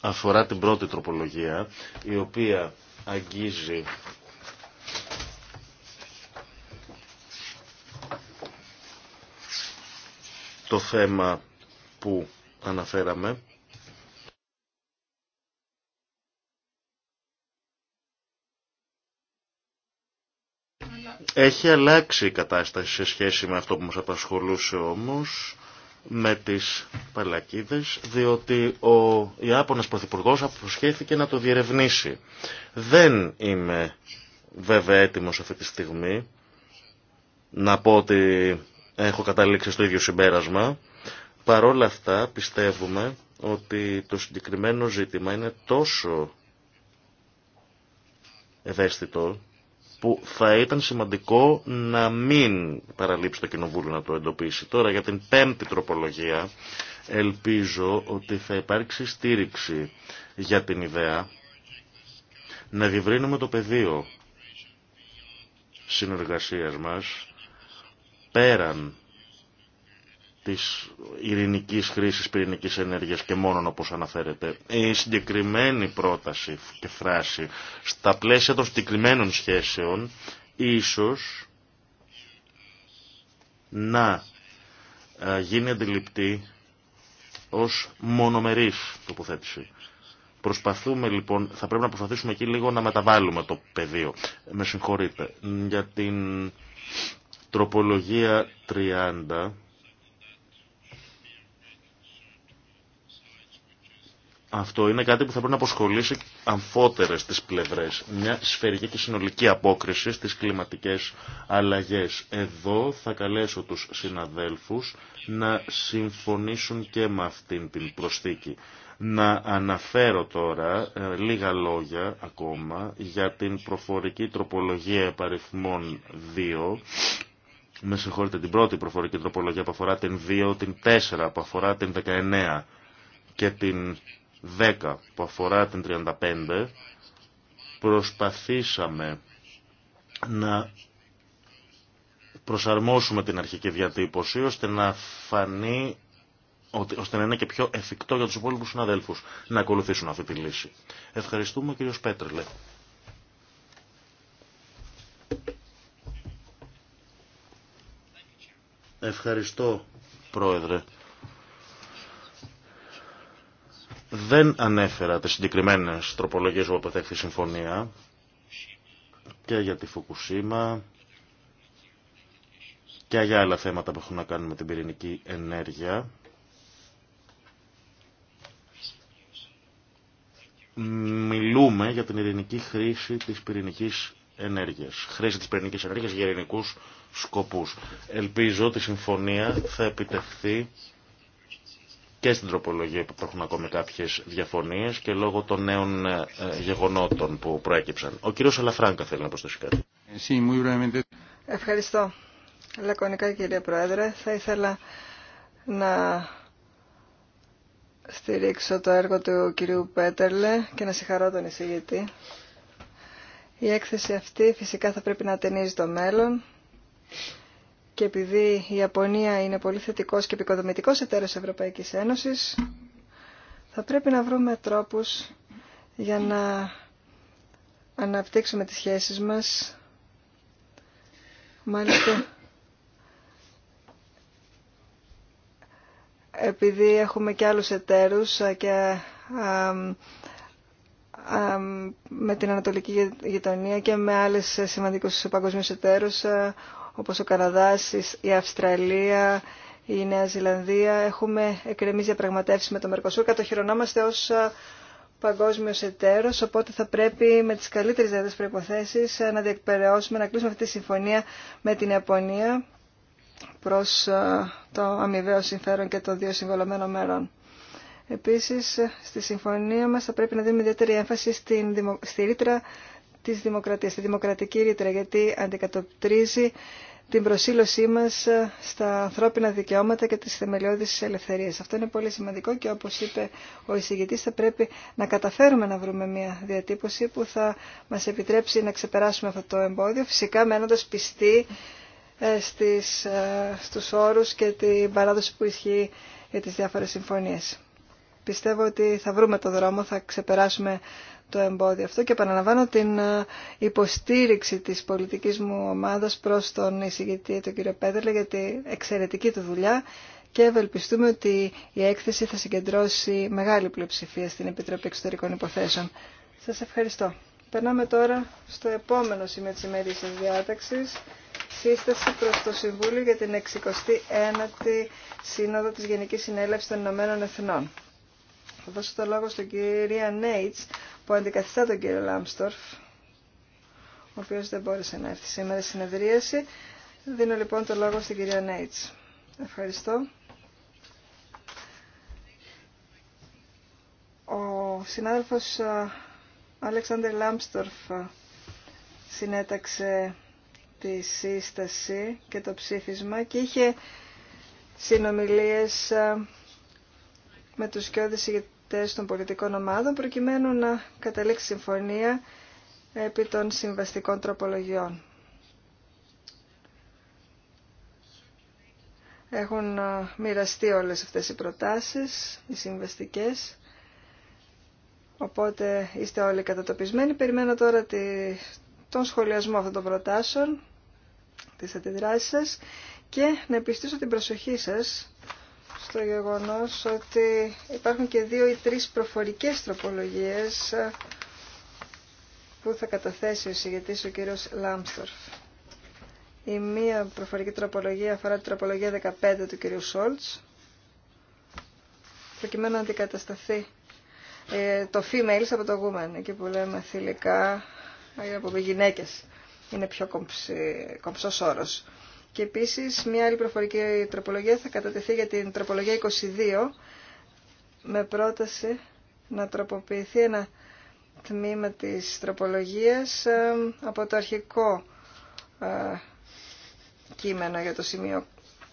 αφορά την πρώτη τροπολογία η οποία αγγίζει το θέμα που αναφέραμε. Έχει αλλάξει η κατάσταση σε σχέση με αυτό που μας απασχολούσε όμως με τις παλακίδες διότι ο Ιάπωνας Πρωθυπουργός αποσχέθηκε να το διερευνήσει. Δεν είμαι βέβαια έτοιμος αυτή τη στιγμή να πω ότι έχω καταλήξει στο ίδιο συμπέρασμα. Παρόλα αυτά πιστεύουμε ότι το συγκεκριμένο ζήτημα είναι τόσο ευαίσθητο που θα ήταν σημαντικό να μην παραλείψει το Κοινοβούλιο να το εντοπίσει. Τώρα για την πέμπτη τροπολογία ελπίζω ότι θα υπάρξει στήριξη για την ιδέα να διευρύνουμε το πεδίο συνεργασίας μας πέραν της ειρηνικής χρήσης πυρηνικής ενέργειας και μόνον όπως αναφέρεται. Η συγκεκριμένη πρόταση και φράση στα πλαίσια των συγκεκριμένων σχέσεων ίσως να ε, γίνει αντιληπτή ως μονομερής τοποθέτηση. Προσπαθούμε λοιπόν, θα πρέπει να προσπαθήσουμε εκεί λίγο να μεταβάλουμε το πεδίο. Με συγχωρείτε. Για την Τροπολογία 30. Αυτό είναι κάτι που θα πρέπει να αποσχολήσει αμφότερες τις πλευρές. Μια σφαιρική και συνολική απόκριση στις κλιματικές αλλαγές. Εδώ θα καλέσω τους συναδέλφους να συμφωνήσουν και με αυτήν την προσθήκη. Να αναφέρω τώρα ε, λίγα λόγια ακόμα για την προφορική τροπολογία επαριθμών 2 με συγχωρείτε, την πρώτη προφορική τροπολογία που αφορά την 2, την 4 που αφορά την 19 και την 10 που αφορά την 35, προσπαθήσαμε να προσαρμόσουμε την αρχική διατύπωση ώστε να φανεί ώστε να είναι και πιο εφικτό για τους υπόλοιπους συναδέλφους να ακολουθήσουν αυτή τη λύση. Ευχαριστούμε κύριο Πέτρελε. Ευχαριστώ, Πρόεδρε. Δεν ανέφερα τις συγκεκριμένες τροπολογίες που αποτέχθη η συμφωνία και για τη Φουκουσίμα και για άλλα θέματα που έχουν να κάνουν με την πυρηνική ενέργεια. Μιλούμε για την ειρηνική χρήση της πυρηνικής ενέργειας, χρήση της πυρηνικής ενέργειας για ειρηνικού σκοπούς. Ελπίζω ότι η συμφωνία θα επιτευχθεί και στην τροπολογία που υπάρχουν ακόμη κάποιες διαφωνίες και λόγω των νέων ε, γεγονότων που προέκυψαν. Ο κύριος Αλαφράγκα θέλει να προσθέσει κάτι. Ευχαριστώ. Λακωνικά κύριε Πρόεδρε, θα ήθελα να στηρίξω το έργο του κυρίου Πέτερλε και να συγχαρώ τον εισηγητή η έκθεση αυτή φυσικά θα πρέπει να ταινίζει το μέλλον και επειδή η Ιαπωνία είναι πολύ θετικός και επικοδομητικός εταίρος Ευρωπαϊκής Ένωσης, θα πρέπει να βρούμε τρόπους για να αναπτύξουμε τις σχέσεις μας. Μάλιστα, επειδή έχουμε και άλλους εταίρους και με την Ανατολική Γειτονία και με άλλες σημαντικούς παγκοσμίους εταίρους ε, όπως ο Καναδάς, η Αυστραλία, η Νέα Ζηλανδία. Έχουμε εκκρεμίσει διαπραγματεύσει με το Μερκοσούρ. Κατοχυρωνόμαστε ως ε, παγκόσμιο εταίρο, οπότε θα πρέπει με τις καλύτερες δυνατές προποθέσει ε, να διεκπαιρεώσουμε, να κλείσουμε αυτή τη συμφωνία με την Ιαπωνία προς το αμοιβαίο συμφέρον και των δύο συμβολωμένων μέρων. Επίσης, στη συμφωνία μας θα πρέπει να δίνουμε ιδιαίτερη έμφαση στην, στη ρήτρα της δημοκρατίας, στη δημοκρατική ρήτρα, γιατί αντικατοπτρίζει την προσήλωσή μας στα ανθρώπινα δικαιώματα και τις θεμελιώδεις ελευθερίες. Αυτό είναι πολύ σημαντικό και όπως είπε ο εισηγητής θα πρέπει να καταφέρουμε να βρούμε μια διατύπωση που θα μας επιτρέψει να ξεπεράσουμε αυτό το εμπόδιο, φυσικά μένοντας πιστοί ε, στις, ε, στους όρους και την παράδοση που ισχύει για τις διάφορες συμφωνίες. Πιστεύω ότι θα βρούμε το δρόμο, θα ξεπεράσουμε το εμπόδιο αυτό και επαναλαμβάνω την ε, υποστήριξη της πολιτικής μου ομάδας προς τον εισηγητή, τον κύριο Πέτρελε για την εξαιρετική του δουλειά και ευελπιστούμε ότι η έκθεση θα συγκεντρώσει μεγάλη πλειοψηφία στην Επιτροπή Εξωτερικών Υποθέσεων. Σας ευχαριστώ. Περνάμε τώρα στο επόμενο σημείο της της διάταξης, σύσταση προς το Συμβούλιο για την 69η Σύνοδο της Γενικής Συνέλευσης των Ηνωμένων Εθνών. Θα δώσω το λόγο στον κυρία Νέιτς που αντικαθιστά τον κύριο Λάμστορφ ο οποίος δεν μπόρεσε να έρθει σήμερα στη συνεδρίαση. Δίνω λοιπόν το λόγο στην κυρία Νέιτς. Ευχαριστώ. Ο συνάδελφος Αλεξάνδρ Λάμπστορφ συνέταξε τη σύσταση και το ψήφισμα και είχε συνομιλίες με τους και ηγετές των πολιτικών ομάδων προκειμένου να καταλήξει συμφωνία επί των συμβαστικών τροπολογιών. Έχουν μοιραστεί όλες αυτές οι προτάσεις, οι συμβαστικές. Οπότε είστε όλοι κατατοπισμένοι. Περιμένω τώρα τη, τον σχολιασμό αυτών των προτάσεων, τις αντιδράσεις σας και να επιστήσω την προσοχή σας το γεγονός ότι υπάρχουν και δύο ή τρεις προφορικές τροπολογίες που θα καταθέσει ο συγγετής ο κύριος Λάμστορφ. Η μία προφορική τροπολογία αφορά την τροπολογία 15 του κυρίου Σόλτς, προκειμένου να αντικατασταθεί ε, το female από το women, εκεί που λέμε θηλυκά, ε, από γυναίκες. Είναι πιο κομψή, κομψός όρος. Και επίση μια άλλη προφορική τροπολογία θα κατατεθεί για την τροπολογία 22 με πρόταση να τροποποιηθεί ένα τμήμα της τροπολογίας ε, από το αρχικό ε, κείμενο για το σημείο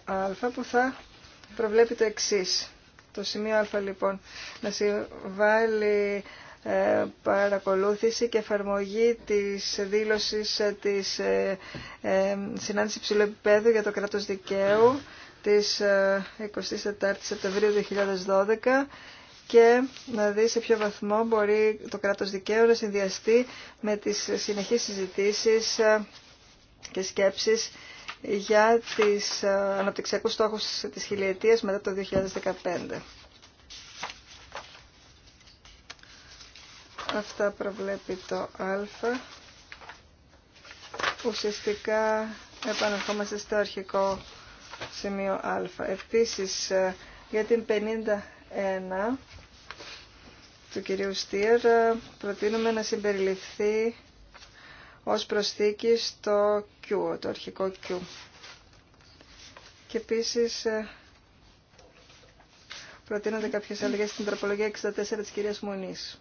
α που θα προβλέπει το εξής. Το σημείο α λοιπόν να συμβάλλει ε, παρακολούθηση και εφαρμογή της δήλωσης ε, της ε, συνάντησης υψηλού επίπεδου για το κράτος δικαίου της 24 Σεπτεμβρίου 2012 και να δει σε ποιο βαθμό μπορεί το κράτος δικαίου να συνδυαστεί με τις συνεχείς συζητήσεις και σκέψεις για τις αναπτυξιακούς στόχους της χιλιετίας μετά το 2015. Αυτά προβλέπει το α. Ουσιαστικά επαναρχόμαστε στο αρχικό σημείο α. Επίσης ε, για την 51 του κυρίου Στίερ ε, προτείνουμε να συμπεριληφθεί ως προσθήκη στο Q, το αρχικό Q. Και επίσης ε, προτείνονται κάποιες αλλαγές στην τροπολογία 64 της κυρίας Μονής.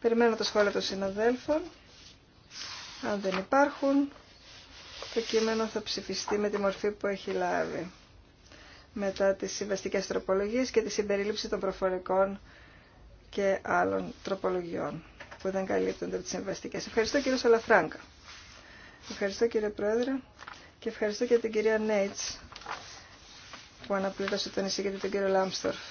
Περιμένω τα σχόλια των συναδέλφων. Αν δεν υπάρχουν, το κείμενο θα ψηφιστεί με τη μορφή που έχει λάβει μετά τις συμβαστικές τροπολογίες και τη συμπερίληψη των προφορικών και άλλων τροπολογιών που δεν καλύπτονται από τις συμβαστικές. Ευχαριστώ κύριο Σαλαφράγκα. Ευχαριστώ κύριε Πρόεδρε και ευχαριστώ και την κυρία Νέιτς που αναπλήρωσε τον εισηγητή τον κύριο Λάμστορφ.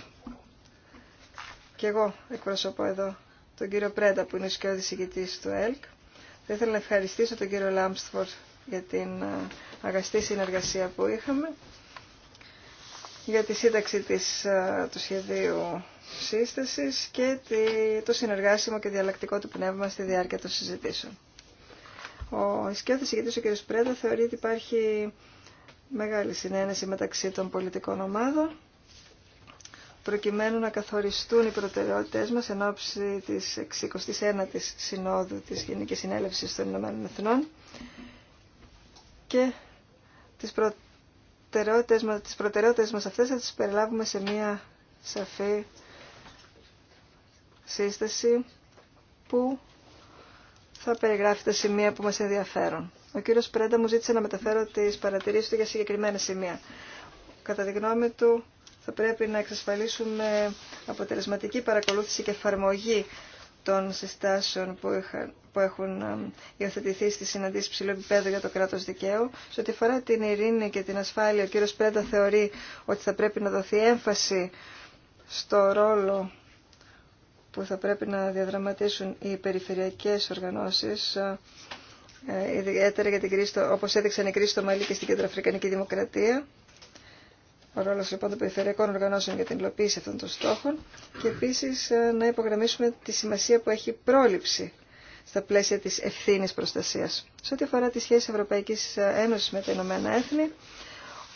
Και εγώ εκπροσωπώ εδώ τον κύριο Πρέντα που είναι ο σκιώδης του ΕΛΚ. Θα ήθελα να ευχαριστήσω τον κύριο Λάμστφορτ για την ε, αγαστή συνεργασία που είχαμε, για τη σύνταξη της, ε, του σχεδίου σύστασης και το συνεργάσιμο και διαλλακτικό του πνεύμα στη διάρκεια των συζητήσεων. Ο σκιώδης ηγητή ο κ. Πρέντα θεωρεί ότι υπάρχει μεγάλη συνένεση μεταξύ των πολιτικών ομάδων προκειμένου να καθοριστούν οι προτεραιότητες μας εν ώψη της 69ης Συνόδου της Γενικής Συνέλευσης των Ηνωμένων Εθνών και τις προτεραιότητε μας, τις προτεραιότητες μας αυτές θα τις περιλάβουμε σε μία σαφή σύσταση που θα περιγράφει τα σημεία που μας ενδιαφέρουν. Ο κύριος Πρέντα μου ζήτησε να μεταφέρω τις παρατηρήσεις του για συγκεκριμένα σημεία. Κατά τη γνώμη του, θα πρέπει να εξασφαλίσουμε αποτελεσματική παρακολούθηση και εφαρμογή των συστάσεων που, που έχουν ε, υιοθετηθεί στη συναντήση ψηλού επίπεδου για το κράτος δικαίου. Σε ό,τι αφορά την ειρήνη και την ασφάλεια, ο κύριος Πρέντα θεωρεί ότι θα πρέπει να δοθεί έμφαση στο ρόλο που θα πρέπει να διαδραματίσουν οι περιφερειακές οργανώσεις ε, ε, ιδιαίτερα για την κρίση, όπως έδειξαν οι κρίσει στο Μαλί και στην Κεντροαφρικανική Δημοκρατία ο ρόλο λοιπόν των περιφερειακών οργανώσεων για την υλοποίηση αυτών των στόχων και επίση ε, να υπογραμμίσουμε τη σημασία που έχει πρόληψη στα πλαίσια τη ευθύνη προστασία. Σε ό,τι αφορά τη σχέση Ευρωπαϊκή Ένωση με τα Ηνωμένα Έθνη,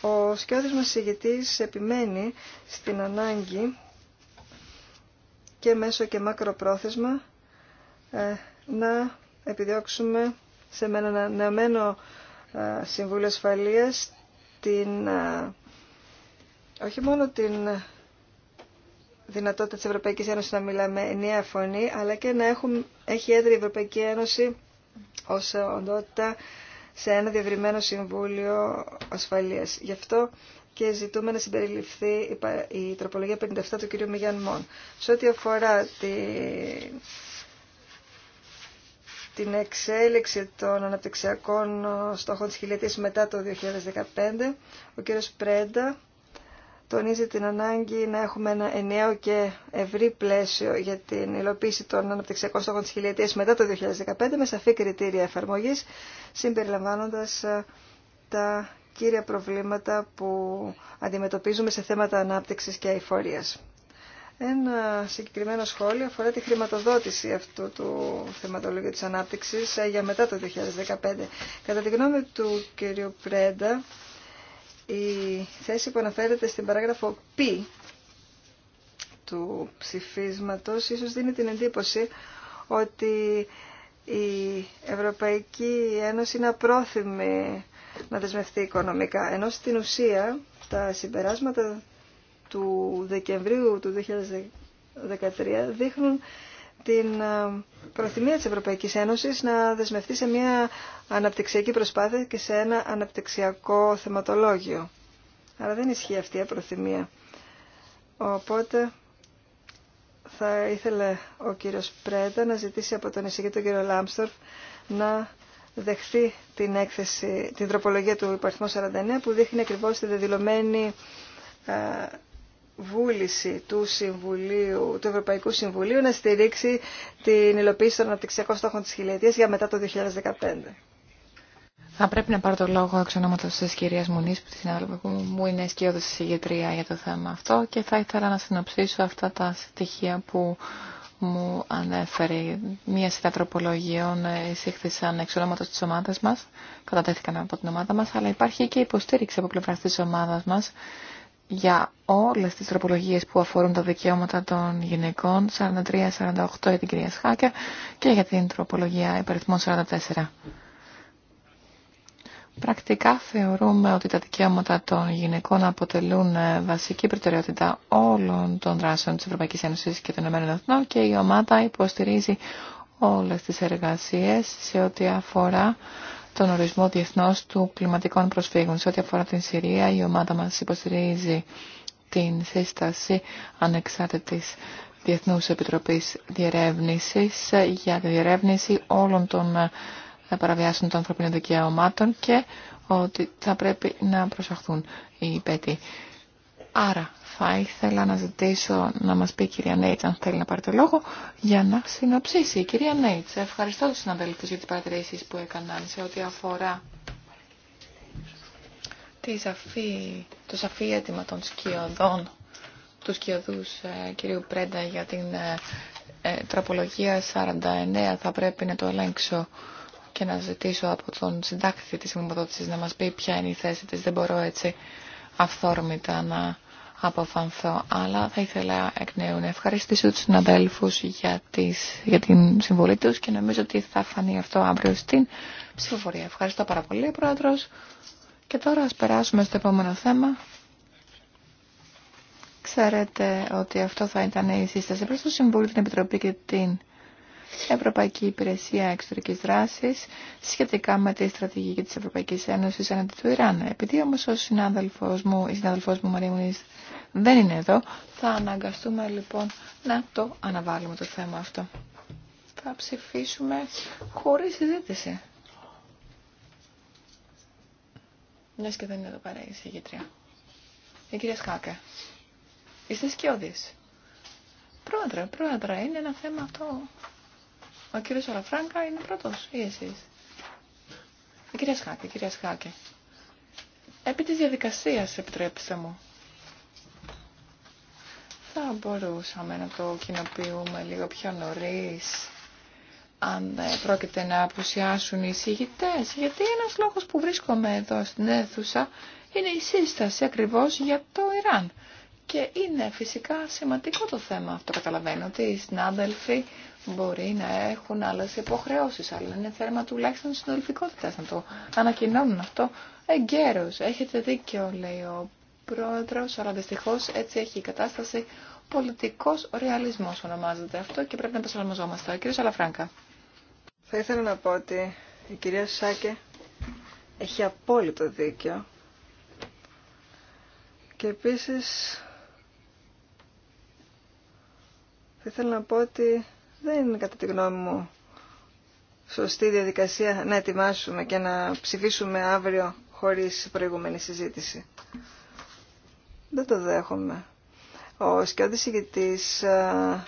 ο σκιώδη μα ηγητή επιμένει στην ανάγκη και μέσω και μακροπρόθεσμα ε, να επιδιώξουμε σε ένα νεωμένο ε, Συμβούλιο Ασφαλείας την όχι μόνο την δυνατότητα της Ευρωπαϊκής Ένωσης να μιλάμε ενιαία φωνή, αλλά και να έχουν έχει έδρει η Ευρωπαϊκή Ένωση ως οντότητα σε ένα διευρυμένο Συμβούλιο Ασφαλείας. Γι' αυτό και ζητούμε να συμπεριληφθεί η τροπολογία 57 του κ. Μιγιάν Μον. Σε ό,τι αφορά τη... την εξέλιξη των αναπτυξιακών στόχων της χιλιετίας μετά το 2015, ο κ. Πρέντα τονίζει την ανάγκη να έχουμε ένα ενιαίο και ευρύ πλαίσιο για την υλοποίηση των αναπτυξιακών στόχων της χιλιετίας μετά το 2015 με σαφή κριτήρια εφαρμογής, συμπεριλαμβάνοντας ε, τα κύρια προβλήματα που αντιμετωπίζουμε σε θέματα ανάπτυξης και αηφορίας. Ένα συγκεκριμένο σχόλιο αφορά τη χρηματοδότηση αυτού του θεματολογίου της ανάπτυξης ε, για μετά το 2015. Κατά τη γνώμη του κ. Πρέντα, η θέση που αναφέρεται στην παράγραφο π του ψηφίσματος ίσως δίνει την εντύπωση ότι η Ευρωπαϊκή Ένωση είναι απρόθυμη να δεσμευτεί οικονομικά. Ενώ στην ουσία τα συμπεράσματα του Δεκεμβρίου του 2013 δείχνουν την ε, προθυμία της Ευρωπαϊκής Ένωσης να δεσμευτεί σε μια αναπτυξιακή προσπάθεια και σε ένα αναπτυξιακό θεματολόγιο. Αλλά δεν ισχύει αυτή η προθυμία. Οπότε θα ήθελε ο κύριος Πρέντα να ζητήσει από τον εισηγητή τον κύριο Λάμστορφ να δεχθεί την, έκθεση, την τροπολογία του υπαριθμού 49 που δείχνει ακριβώς τη δεδηλωμένη ε, βούληση του, Συμβουλίου, του Ευρωπαϊκού Συμβουλίου να στηρίξει την υλοποίηση των αναπτυξιακών στόχων της χιλιετίας για μετά το 2015. Θα πρέπει να πάρω το λόγο εξ ονόματο τη κυρία Μουνή, που είναι μου είναι σκιώδη συγγετρία για το θέμα αυτό και θα ήθελα να συνοψίσω αυτά τα στοιχεία που μου ανέφερε. Μία σειρά τροπολογιών εισήχθησαν εξ ονόματο τη ομάδα μα, κατατέθηκαν από την ομάδα μα, αλλά υπάρχει και υποστήριξη από πλευρά τη ομάδα μα για όλες τις τροπολογίες που αφορούν τα δικαιώματα των γυναικών, 43-48 για την κυρία Σχάκια και για την τροπολογία υπεριθμών 44. Πρακτικά θεωρούμε ότι τα δικαιώματα των γυναικών αποτελούν ε, βασική προτεραιότητα όλων των δράσεων της Ευρωπαϊκής Ένωσης και των Ηνωμένων και η ομάδα υποστηρίζει όλες τις εργασίες σε ό,τι αφορά τον ορισμό διεθνώ του κλιματικών προσφύγων. Σε ό,τι αφορά την Συρία, η ομάδα μας υποστηρίζει την σύσταση ανεξάρτητης Διεθνούς Επιτροπής Διερεύνησης ε, για τη διερεύνηση όλων των ε, παραβιάσεων των ανθρωπίνων δικαιωμάτων και ότι θα πρέπει να προσαχθούν οι υπέτοι. Άρα, θα ήθελα να ζητήσω να μας πει η κυρία Νέιτς αν θέλει να πάρει το λόγο για να συνοψίσει. κυρία Νέιτς, ευχαριστώ τους συναδέλφους για τις παρατηρήσεις που έκαναν σε ό,τι αφορά το σαφή αίτημα των σκιωδών, του σκιωδούς ε, κυρίου Πρέντα για την ε, ε, τροπολογία 49. Θα πρέπει να το ελέγξω και να ζητήσω από τον συντάκτη της νομοδότησης να μας πει ποια είναι η θέση της. Δεν μπορώ έτσι αυθόρμητα να αποφανθώ, αλλά θα ήθελα εκ νέου να ευχαριστήσω τους συναδέλφους για, για την συμβολή τους και νομίζω ότι θα φανεί αυτό αύριο στην ψηφοφορία. Ευχαριστώ πάρα πολύ, Πρόεδρος. Και τώρα ας περάσουμε στο επόμενο θέμα. Ξέρετε ότι αυτό θα ήταν η σύσταση προς το Συμβούλιο, την Επιτροπή και την Ευρωπαϊκή Υπηρεσία Εξωτερικής Δράσης σχετικά με τη στρατηγική της Ευρωπαϊκής Ένωσης έναντι του Ιράν. Επειδή όμως ο συνάδελφος μου, η συνάδελφός μου Μαρία δεν είναι εδώ. Θα αναγκαστούμε λοιπόν να το αναβάλουμε το θέμα αυτό. Θα ψηφίσουμε χωρίς συζήτηση. Μια και δεν είναι εδώ πέρα η συγγήτρια. Η κυρία Σκάκα. Είστε σκιώδης. Πρόεδρε, πρόεδρε, είναι ένα θέμα αυτό. Ο κύριος Αλαφράγκα είναι πρώτος ή εσείς. Η κυρία Σκάκη, η κυρια σχακε Σκάκη. σχακε επι της διαδικασίας επιτρέψτε μου θα μπορούσαμε να το κοινοποιούμε λίγο πιο νωρίς αν ε, πρόκειται να απουσιάσουν οι συγητές. Γιατί ένας λόγος που βρίσκομαι εδώ στην αίθουσα είναι η σύσταση ακριβώς για το Ιράν. Και είναι φυσικά σημαντικό το θέμα αυτό. Καταλαβαίνω ότι οι συνάδελφοι μπορεί να έχουν άλλες υποχρεώσεις, αλλά είναι θέμα τουλάχιστον συνολικότητας να το ανακοινώνουν αυτό εγκαίρως. Έχετε δίκιο, λέει ο πρόεδρος, αλλά δυστυχώς έτσι έχει η κατάσταση. Πολιτικός ρεαλισμός ονομάζεται αυτό και πρέπει να το Ο κύριος Αλαφράγκα. Θα ήθελα να πω ότι η κυρία Σάκε έχει απόλυτο δίκιο και επίσης θα ήθελα να πω ότι δεν είναι κατά τη γνώμη μου σωστή διαδικασία να ετοιμάσουμε και να ψηφίσουμε αύριο χωρίς προηγούμενη συζήτηση. Δεν το δέχομαι. Ο σκιώδης ηγητής ε,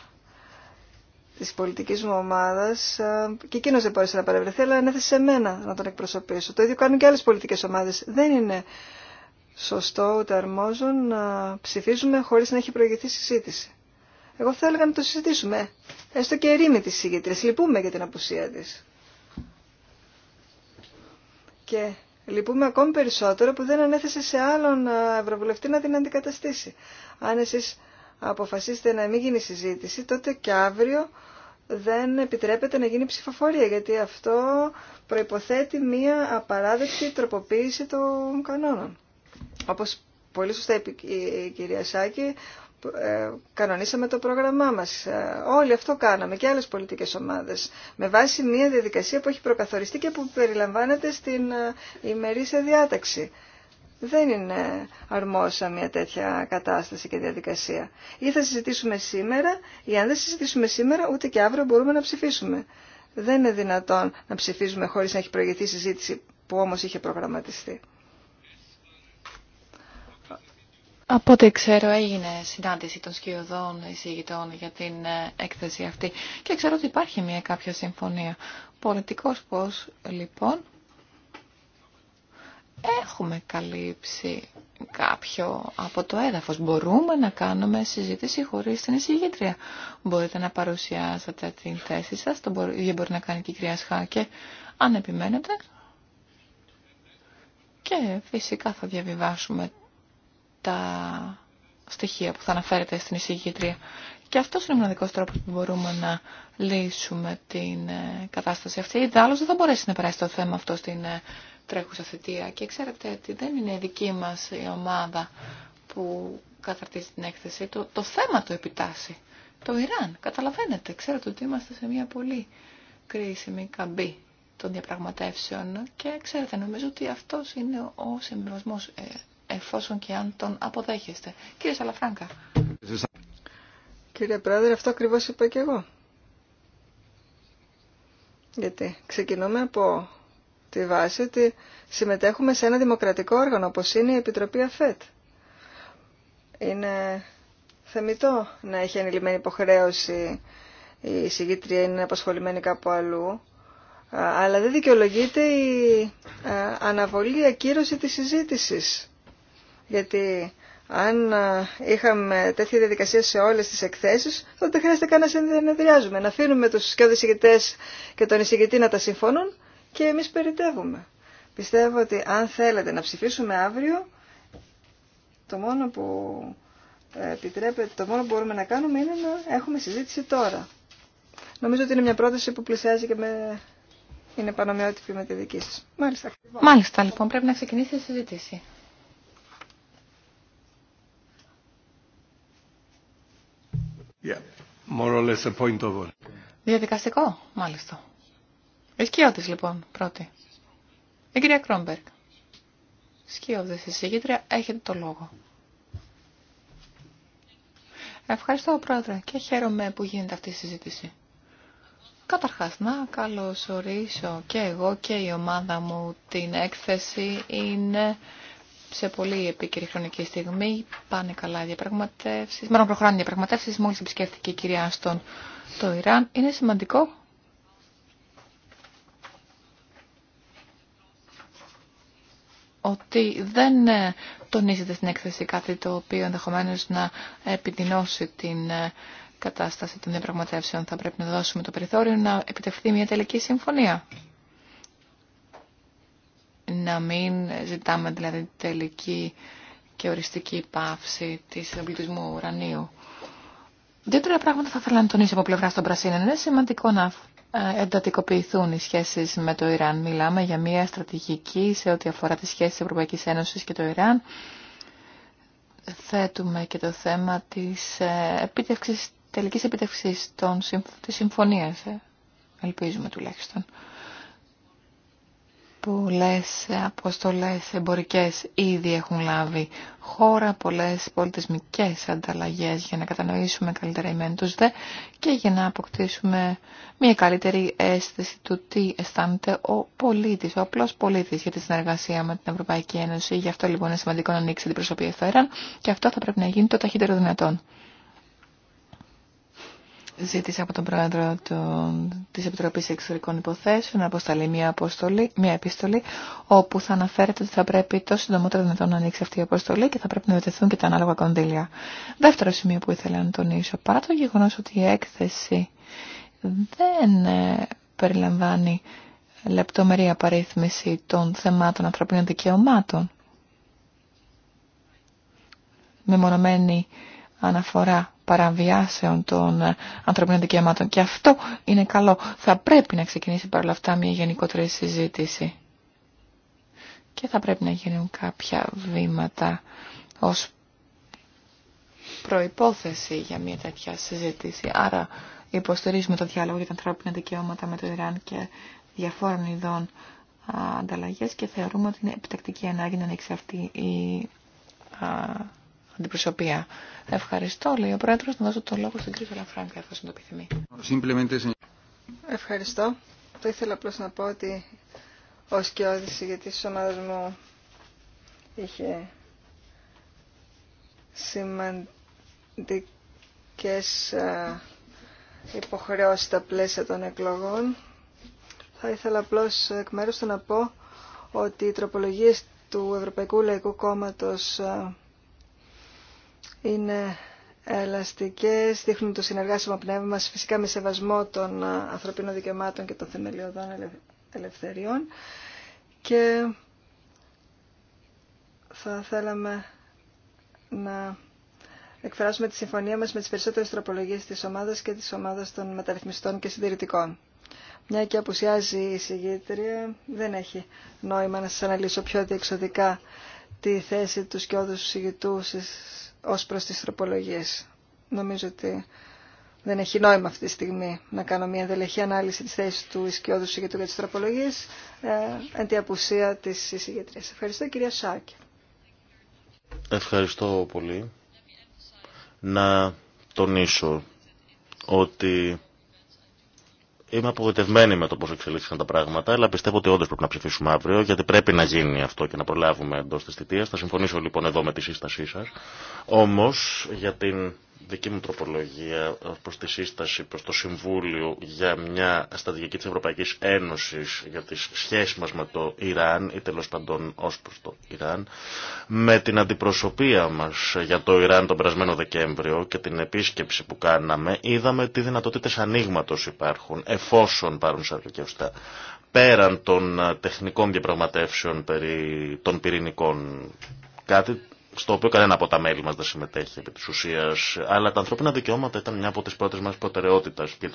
της πολιτικής μου ομάδας ε, και εκείνος δεν μπόρεσε να παρευρεθεί αλλά ανέθεσε σε μένα να τον εκπροσωπήσω. Το ίδιο κάνουν και άλλες πολιτικές ομάδες. Δεν είναι σωστό ούτε αρμόζουν να ψηφίζουμε χωρίς να έχει προηγηθεί συζήτηση. Εγώ θα έλεγα να το συζητήσουμε. Έστω και ερήμη της ηγητής. Λυπούμε για την απουσία της. Και Λυπούμε ακόμη περισσότερο που δεν ανέθεσε σε άλλον ε, ευρωβουλευτή να την αντικαταστήσει. Αν εσείς αποφασίσετε να μην γίνει συζήτηση, τότε και αύριο δεν επιτρέπεται να γίνει ψηφοφορία, γιατί αυτό προϋποθέτει μία απαράδεκτη τροποποίηση των κανόνων. Όπως πολύ σωστά είπε η κυρία Σάκη, ε, κανονίσαμε το πρόγραμμά μας. Ε, όλοι αυτό κάναμε και άλλες πολιτικές ομάδες. Με βάση μια διαδικασία που έχει προκαθοριστεί και που περιλαμβάνεται στην ε, ημερήσια διάταξη. Δεν είναι αρμόσα μια τέτοια κατάσταση και διαδικασία. Ή θα συζητήσουμε σήμερα, ή αν δεν συζητήσουμε σήμερα, ούτε και αύριο μπορούμε να ψηφίσουμε. Δεν είναι δυνατόν να ψηφίζουμε χωρίς να έχει προηγηθεί συζήτηση που όμως είχε προγραμματιστεί. Από ό,τι ξέρω έγινε συνάντηση των σκιωδών εισηγητών για την ε, έκθεση αυτή και ξέρω ότι υπάρχει μια κάποια συμφωνία. Πολιτικός πώς λοιπόν έχουμε καλύψει κάποιο από το έδαφος. Μπορούμε να κάνουμε συζήτηση χωρίς την εισηγήτρια. Μπορείτε να παρουσιάσετε την θέση σας, το μπορεί να κάνει και η κυρία Σχάκε, αν επιμένετε. Και φυσικά θα διαβιβάσουμε τα στοιχεία που θα αναφέρεται στην εισηγήτρια. Και αυτό είναι ο μοναδικό τρόπο που μπορούμε να λύσουμε την ε, κατάσταση αυτή. Ή άλλω δεν θα μπορέσει να περάσει το θέμα αυτό στην ε, τρέχουσα θητεία. Και ξέρετε ότι δεν είναι η δική μα η ομάδα που καταρτίζει την έκθεση. Το, το θέμα το επιτάσσει. Το Ιράν. Καταλαβαίνετε. Ξέρετε ότι είμαστε σε μια πολύ κρίσιμη καμπή των διαπραγματεύσεων. Και ξέρετε, νομίζω ότι αυτό είναι ο συμβιβασμό ε, εφόσον και αν τον αποδέχεστε. Κύριε Σαλαφράγκα. Κύριε Πρόεδρε, αυτό ακριβώ είπα και εγώ. Γιατί ξεκινούμε από τη βάση ότι συμμετέχουμε σε ένα δημοκρατικό όργανο, όπως είναι η Επιτροπή ΑΦΕΤ. Είναι θεμητό να έχει ανηλυμένη υποχρέωση η συγκήτρια είναι απασχολημένη κάπου αλλού, αλλά δεν δικαιολογείται η αναβολή, η ακύρωση της συζήτησης γιατί αν ε, είχαμε τέτοια διαδικασία σε όλες τις εκθέσεις, τότε δεν χρειάζεται καν να συνεδριάζουμε. Να αφήνουμε τους και και τον εισηγητή να τα συμφώνουν και εμείς περιτεύουμε. Πιστεύω ότι αν θέλετε να ψηφίσουμε αύριο, το μόνο που ε, επιτρέπεται, το μόνο που μπορούμε να κάνουμε είναι να έχουμε συζήτηση τώρα. Νομίζω ότι είναι μια πρόταση που πλησιάζει και με... είναι πανομοιότυπη με τη δική σας. Μάλιστα. Μάλιστα, λοιπόν, πρέπει να ξεκινήσει η συζήτηση. Διαδικαστικό, μάλιστα. Ισκιώτης λοιπόν, πρώτη. Η κυρία Κρόμπερκ. Σκιώδης, η έχετε το λόγο. Ευχαριστώ πρόεδρε και χαίρομαι που γίνεται αυτή η συζήτηση. Καταρχάς να καλωσορίσω και εγώ και η ομάδα μου την έκθεση είναι σε πολύ επίκαιρη χρονική στιγμή. Πάνε καλά οι διαπραγματεύσει. Μάλλον προχωράνε οι διαπραγματεύσει. Μόλι επισκέφθηκε η κυρία Άστον το Ιράν. Είναι σημαντικό. ότι δεν ε, τονίζεται στην έκθεση κάτι το οποίο ενδεχομένως να επιδεινώσει την ε, κατάσταση των διαπραγματεύσεων. Θα πρέπει να δώσουμε το περιθώριο να επιτευχθεί μια τελική συμφωνία να μην ζητάμε δηλαδή τελική και οριστική πάυση της εμπλουτισμού ουρανίου. Δύο τρία πράγματα θα ήθελα να τονίσω από πλευρά των Πρασίνων. Είναι σημαντικό να ε, εντατικοποιηθούν οι σχέσεις με το Ιράν. Μιλάμε για μια στρατηγική σε ό,τι αφορά τις σχέσεις της Ευρωπαϊκής Ένωσης και το Ιράν. Θέτουμε και το θέμα της ε, επίτευξης, τελικής επιτευξής των, της συμφωνίας, ε, ελπίζουμε τουλάχιστον. Πολλές αποστολές εμπορικές ήδη έχουν λάβει χώρα, πολλές πολιτισμικές ανταλλαγές για να κατανοήσουμε καλύτερα οι δε και για να αποκτήσουμε μια καλύτερη αίσθηση του τι αισθάνεται ο πολίτης, ο απλός πολίτης για τη συνεργασία με την Ευρωπαϊκή Ένωση. Γι' αυτό λοιπόν είναι σημαντικό να ανοίξει την προσωπία στο και αυτό θα πρέπει να γίνει το ταχύτερο δυνατόν ζήτησε από τον πρόεδρο τη της Επιτροπής Εξωτερικών Υποθέσεων να αποσταλεί μια, επίστολη όπου θα αναφέρεται ότι θα πρέπει το συντομότερο δυνατόν να ανοίξει αυτή η αποστολή και θα πρέπει να διατεθούν και τα ανάλογα κονδύλια. Δεύτερο σημείο που ήθελα να τονίσω, παρά το γεγονός ότι η έκθεση δεν ε, περιλαμβάνει λεπτομερή απαρίθμηση των θεμάτων ανθρωπίνων δικαιωμάτων, μεμονωμένη αναφορά παραβιάσεων των ανθρωπίνων δικαιωμάτων. Και αυτό είναι καλό. Θα πρέπει να ξεκινήσει παρόλα αυτά μια γενικότερη συζήτηση. Και θα πρέπει να γίνουν κάποια βήματα ως προϋπόθεση για μια τέτοια συζήτηση. Άρα υποστηρίζουμε το διάλογο για τα ανθρώπινα δικαιώματα με το Ιράν και διαφόρων ειδών ανταλλαγές και θεωρούμε ότι είναι επιτακτική ανάγκη να ανοίξει αυτή η αντιπροσωπεία. Ευχαριστώ, λέει ο πρόεδρο, να δώσω το λόγο στην κύριο Σαλαφράγκα, εφόσον το επιθυμεί. Ευχαριστώ. Θα ήθελα απλώ να πω ότι ω και όδηση γιατί τη ομάδα μου είχε σημαντικέ ε, υποχρεώσει στα πλαίσια των εκλογών. Θα ήθελα απλώ εκ μέρου του να πω ότι οι τροπολογίε του Ευρωπαϊκού Λαϊκού Κόμματος ε, είναι ελαστικές, δείχνουν το συνεργάσιμο πνεύμα μας φυσικά με σεβασμό των ε, ανθρωπίνων δικαιωμάτων και των θεμελιωδών ελευθεριών και θα θέλαμε να εκφράσουμε τη συμφωνία μας με τις περισσότερες τροπολογίες της ομάδας και της ομάδας των μεταρρυθμιστών και συντηρητικών. Μια και απουσιάζει η συγγήτρια, δεν έχει νόημα να σας αναλύσω πιο διεξοδικά τη θέση του και όδους ως προς τις τροπολογίες. Νομίζω ότι δεν έχει νόημα αυτή τη στιγμή να κάνω μια ενδελεχή ανάλυση της θέσης του Ισκιώδου Συγγετού για τις τροπολογίες ε, εν τη απουσία της εισηγητρίας. Ευχαριστώ κυρία Σάκη. Ευχαριστώ πολύ. Να τονίσω ότι Είμαι απογοητευμένη με το πώ εξελίχθηκαν τα πράγματα, αλλά πιστεύω ότι όντω πρέπει να ψηφίσουμε αύριο, γιατί πρέπει να γίνει αυτό και να προλάβουμε εντό τη θητεία. Θα συμφωνήσω λοιπόν εδώ με τη σύστασή σα. Όμω, για την δική μου τροπολογία προς τη σύσταση προς το Συμβούλιο για μια στρατηγική της Ευρωπαϊκής Ένωσης για τις σχέσεις μας με το Ιράν ή τέλο παντών ως προς το Ιράν με την αντιπροσωπεία μας για το Ιράν τον περασμένο Δεκέμβριο και την επίσκεψη που κάναμε είδαμε τι δυνατότητες ανοίγματο υπάρχουν εφόσον πάρουν σαρκοκευστά πέραν των τεχνικών διαπραγματεύσεων περί των πυρηνικών κάτι στο οποίο κανένα από τα μέλη μας δεν συμμετέχει επί της ουσίας, αλλά τα ανθρώπινα δικαιώματα ήταν μια από τις πρώτες μας προτεραιότητες και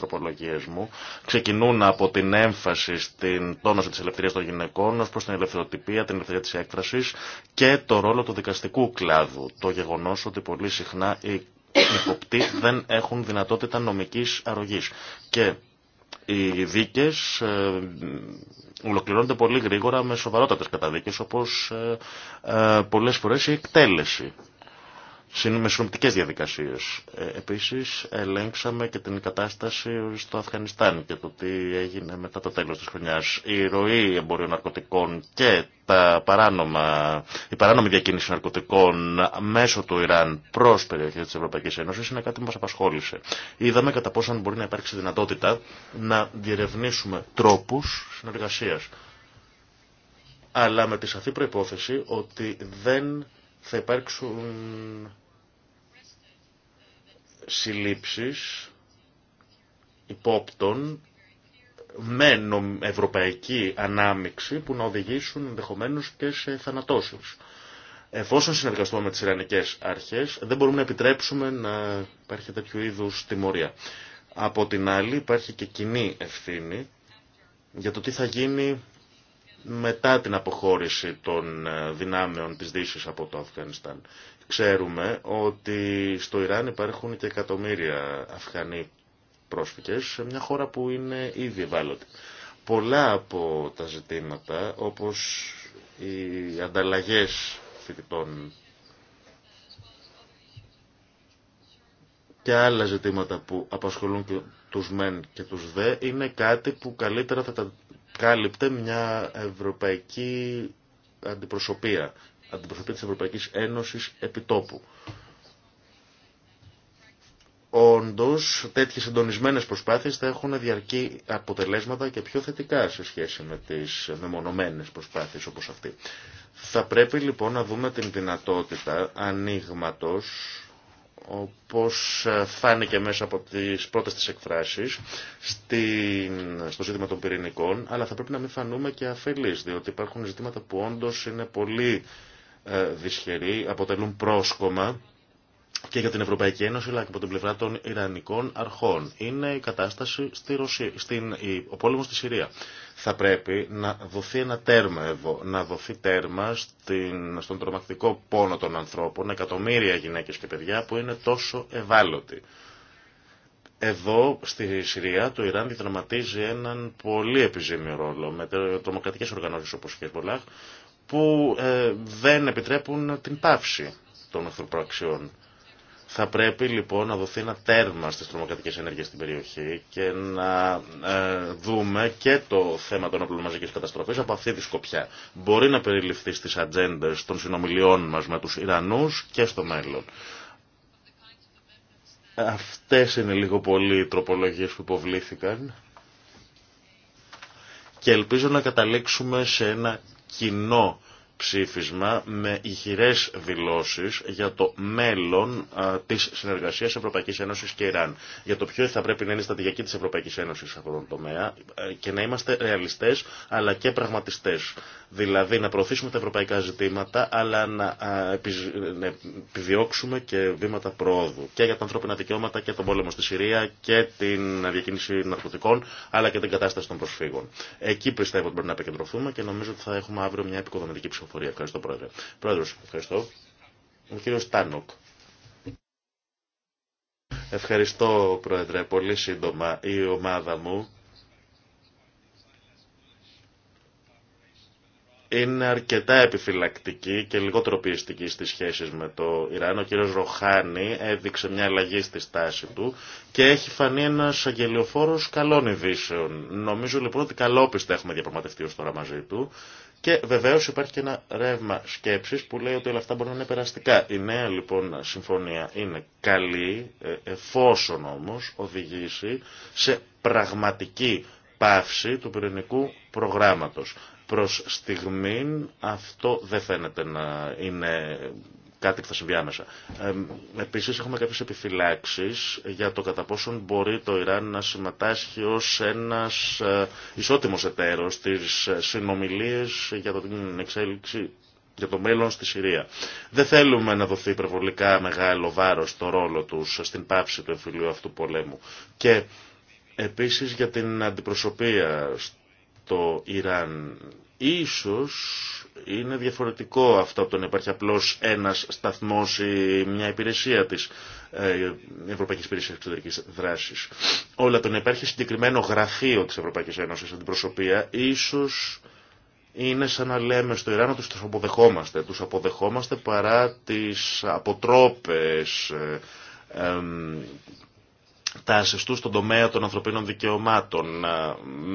μου ξεκινούν από την έμφαση στην τόνωση της ελευθερίας των γυναικών ως προς την ελευθεροτυπία, την ελευθερία της έκφρασης και το ρόλο του δικαστικού κλάδου. Το γεγονός ότι πολύ συχνά οι υποπτοί δεν έχουν δυνατότητα νομικής αρρωγής και οι δίκες ε, ολοκληρώνονται πολύ γρήγορα με σοβαρότατες καταδίκες όπως ε, ε, πολλές φορές η εκτέλεση διαδικασίε. διαδικασίες. Ε, Επίση, ελέγξαμε και την κατάσταση στο Αφγανιστάν και το τι έγινε μετά το τέλο τη χρονιά Η ροή εμπορίων ναρκωτικών και τα παράνομα, η παράνομη διακίνηση ναρκωτικών μέσω του Ιράν προ περιοχέ τη Ευρωπαϊκή Ένωση είναι κάτι που μας απασχόλησε. Είδαμε κατά πόσο μπορεί να υπάρξει δυνατότητα να διερευνήσουμε τρόπου συνεργασία. Αλλά με τη σαφή προπόθεση ότι δεν θα υπάρξουν συλλήψεις υπόπτων με ευρωπαϊκή ανάμειξη που να οδηγήσουν ενδεχομένως και σε θανατώσεις. Εφόσον συνεργαστούμε με τις Ιρανικές αρχές δεν μπορούμε να επιτρέψουμε να υπάρχει τέτοιου είδους τιμωρία. Από την άλλη υπάρχει και κοινή ευθύνη για το τι θα γίνει μετά την αποχώρηση των ε, δυνάμεων της Δύσης από το Αφγανιστάν. Ξέρουμε ότι στο Ιράν υπάρχουν και εκατομμύρια Αφγανοί πρόσφυγες σε μια χώρα που είναι ήδη ευάλωτη. Πολλά από τα ζητήματα όπως οι ανταλλαγές φοιτητών και άλλα ζητήματα που απασχολούν τους μεν και τους δε είναι κάτι που καλύτερα θα τα κάλυπτε μια ευρωπαϊκή αντιπροσωπεία, αντιπροσωπεία της Ευρωπαϊκής Ένωσης επιτόπου. Όντως, τέτοιες εντονισμένες προσπάθειες θα έχουν διαρκή αποτελέσματα και πιο θετικά σε σχέση με τις μεμονωμένες προσπάθειες όπως αυτή. Θα πρέπει λοιπόν να δούμε την δυνατότητα ανοίγματο όπως ε, φάνηκε μέσα από τις πρώτες της εκφράσεις στο ζήτημα των πυρηνικών, αλλά θα πρέπει να μην φανούμε και αφελείς, διότι υπάρχουν ζητήματα που όντως είναι πολύ ε, δυσχεροί, αποτελούν πρόσκομα και για την Ευρωπαϊκή Ένωση, αλλά και από την πλευρά των Ιρανικών αρχών. Είναι η κατάσταση στη Ρωσία, στην, η, ο πόλεμος στη Συρία θα πρέπει να δοθεί ένα τέρμα εδώ, να δοθεί τέρμα στον τρομακτικό πόνο των ανθρώπων, εκατομμύρια γυναίκες και παιδιά που είναι τόσο ευάλωτοι. Εδώ στη Συρία το Ιράν διδραματίζει έναν πολύ επιζήμιο ρόλο με τρομοκρατικές οργανώσεις όπως η Χεσμολάχ που ε, δεν επιτρέπουν την πάυση των εχθροπραξιών. Θα πρέπει λοιπόν να δοθεί ένα τέρμα στις τρομοκρατικές ενέργειες στην περιοχή και να ε, δούμε και το θέμα των μαζικής καταστροφής από αυτή τη σκοπιά. Μπορεί να περιληφθεί στις ατζέντε των συνομιλιών μας με τους Ιρανούς και στο μέλλον. Αυτές είναι λίγο πολύ οι τροπολογίες που υποβλήθηκαν και ελπίζω να καταλήξουμε σε ένα κοινό ψήφισμα με ηχηρές δηλώσεις για το μέλλον της συνεργασίας Ευρωπαϊκής Ένωσης και Ιράν. Για το ποιο θα πρέπει να είναι η στρατηγική της Ευρωπαϊκής Ένωσης σε αυτόν τον τομέα ε, και να είμαστε ρεαλιστές αλλά και πραγματιστές. Δηλαδή να προωθήσουμε τα ευρωπαϊκά ζητήματα αλλά να επιδιώξουμε και βήματα προόδου και για τα ανθρώπινα δικαιώματα και τον πόλεμο στη Συρία και την διακίνηση ναρκωτικών αλλά και την κατάσταση των προσφύγων. Εκεί πιστεύω ότι πρέπει να επικεντρωθούμε και νομίζω ότι θα έχουμε αύριο μια επικοδομητική ψηφοφορία πληροφορία. Ευχαριστώ, Πρόεδρε. Πρόεδρο, ευχαριστώ. Ο κύριο Τάνοκ. Ευχαριστώ, Πρόεδρε. Πολύ σύντομα η ομάδα μου είναι αρκετά επιφυλακτική και λιγότερο πιεστική στις σχέσεις με το Ιράν. Ο κύριος Ροχάνη έδειξε μια αλλαγή στη στάση του και έχει φανεί ένας αγγελιοφόρος καλών ειδήσεων. Νομίζω λοιπόν ότι καλόπιστα έχουμε διαπραγματευτεί ω τώρα μαζί του και βεβαίω υπάρχει και ένα ρεύμα σκέψη που λέει ότι όλα αυτά μπορούν να είναι περαστικά. Η νέα λοιπόν συμφωνία είναι καλή ε, εφόσον όμω οδηγήσει σε πραγματική πάυση του πυρηνικού προγράμματο. Προ στιγμήν αυτό δεν φαίνεται να είναι κάτι που θα συμβεί άμεσα. Ε, Επίση, έχουμε κάποιε επιφυλάξει για το κατά πόσον μπορεί το Ιράν να συμμετάσχει ω ένα ε, ισότιμο εταίρο στι ε, συνομιλίε για την εξέλιξη για το μέλλον στη Συρία. Δεν θέλουμε να δοθεί υπερβολικά μεγάλο βάρος στο ρόλο του στην πάυση του εμφυλίου αυτού πολέμου. Και επίσης για την αντιπροσωπεία στο Ιράν. Ίσως είναι διαφορετικό αυτό από το να υπάρχει απλώς ένας σταθμός ή μια υπηρεσία της ε, Ευρωπαϊκής Υπηρεσίας Εξωτερικής Δράσης. Όλα το να υπάρχει συγκεκριμένο γραφείο της Ευρωπαϊκής Ένωσης αντιπροσωπεία ίσως είναι σαν να λέμε στο Ιράν ότι τους αποδεχόμαστε. Τους αποδεχόμαστε παρά τις αποτρόπες ε, ε, τα του στον τομέα των ανθρωπίνων δικαιωμάτων ε,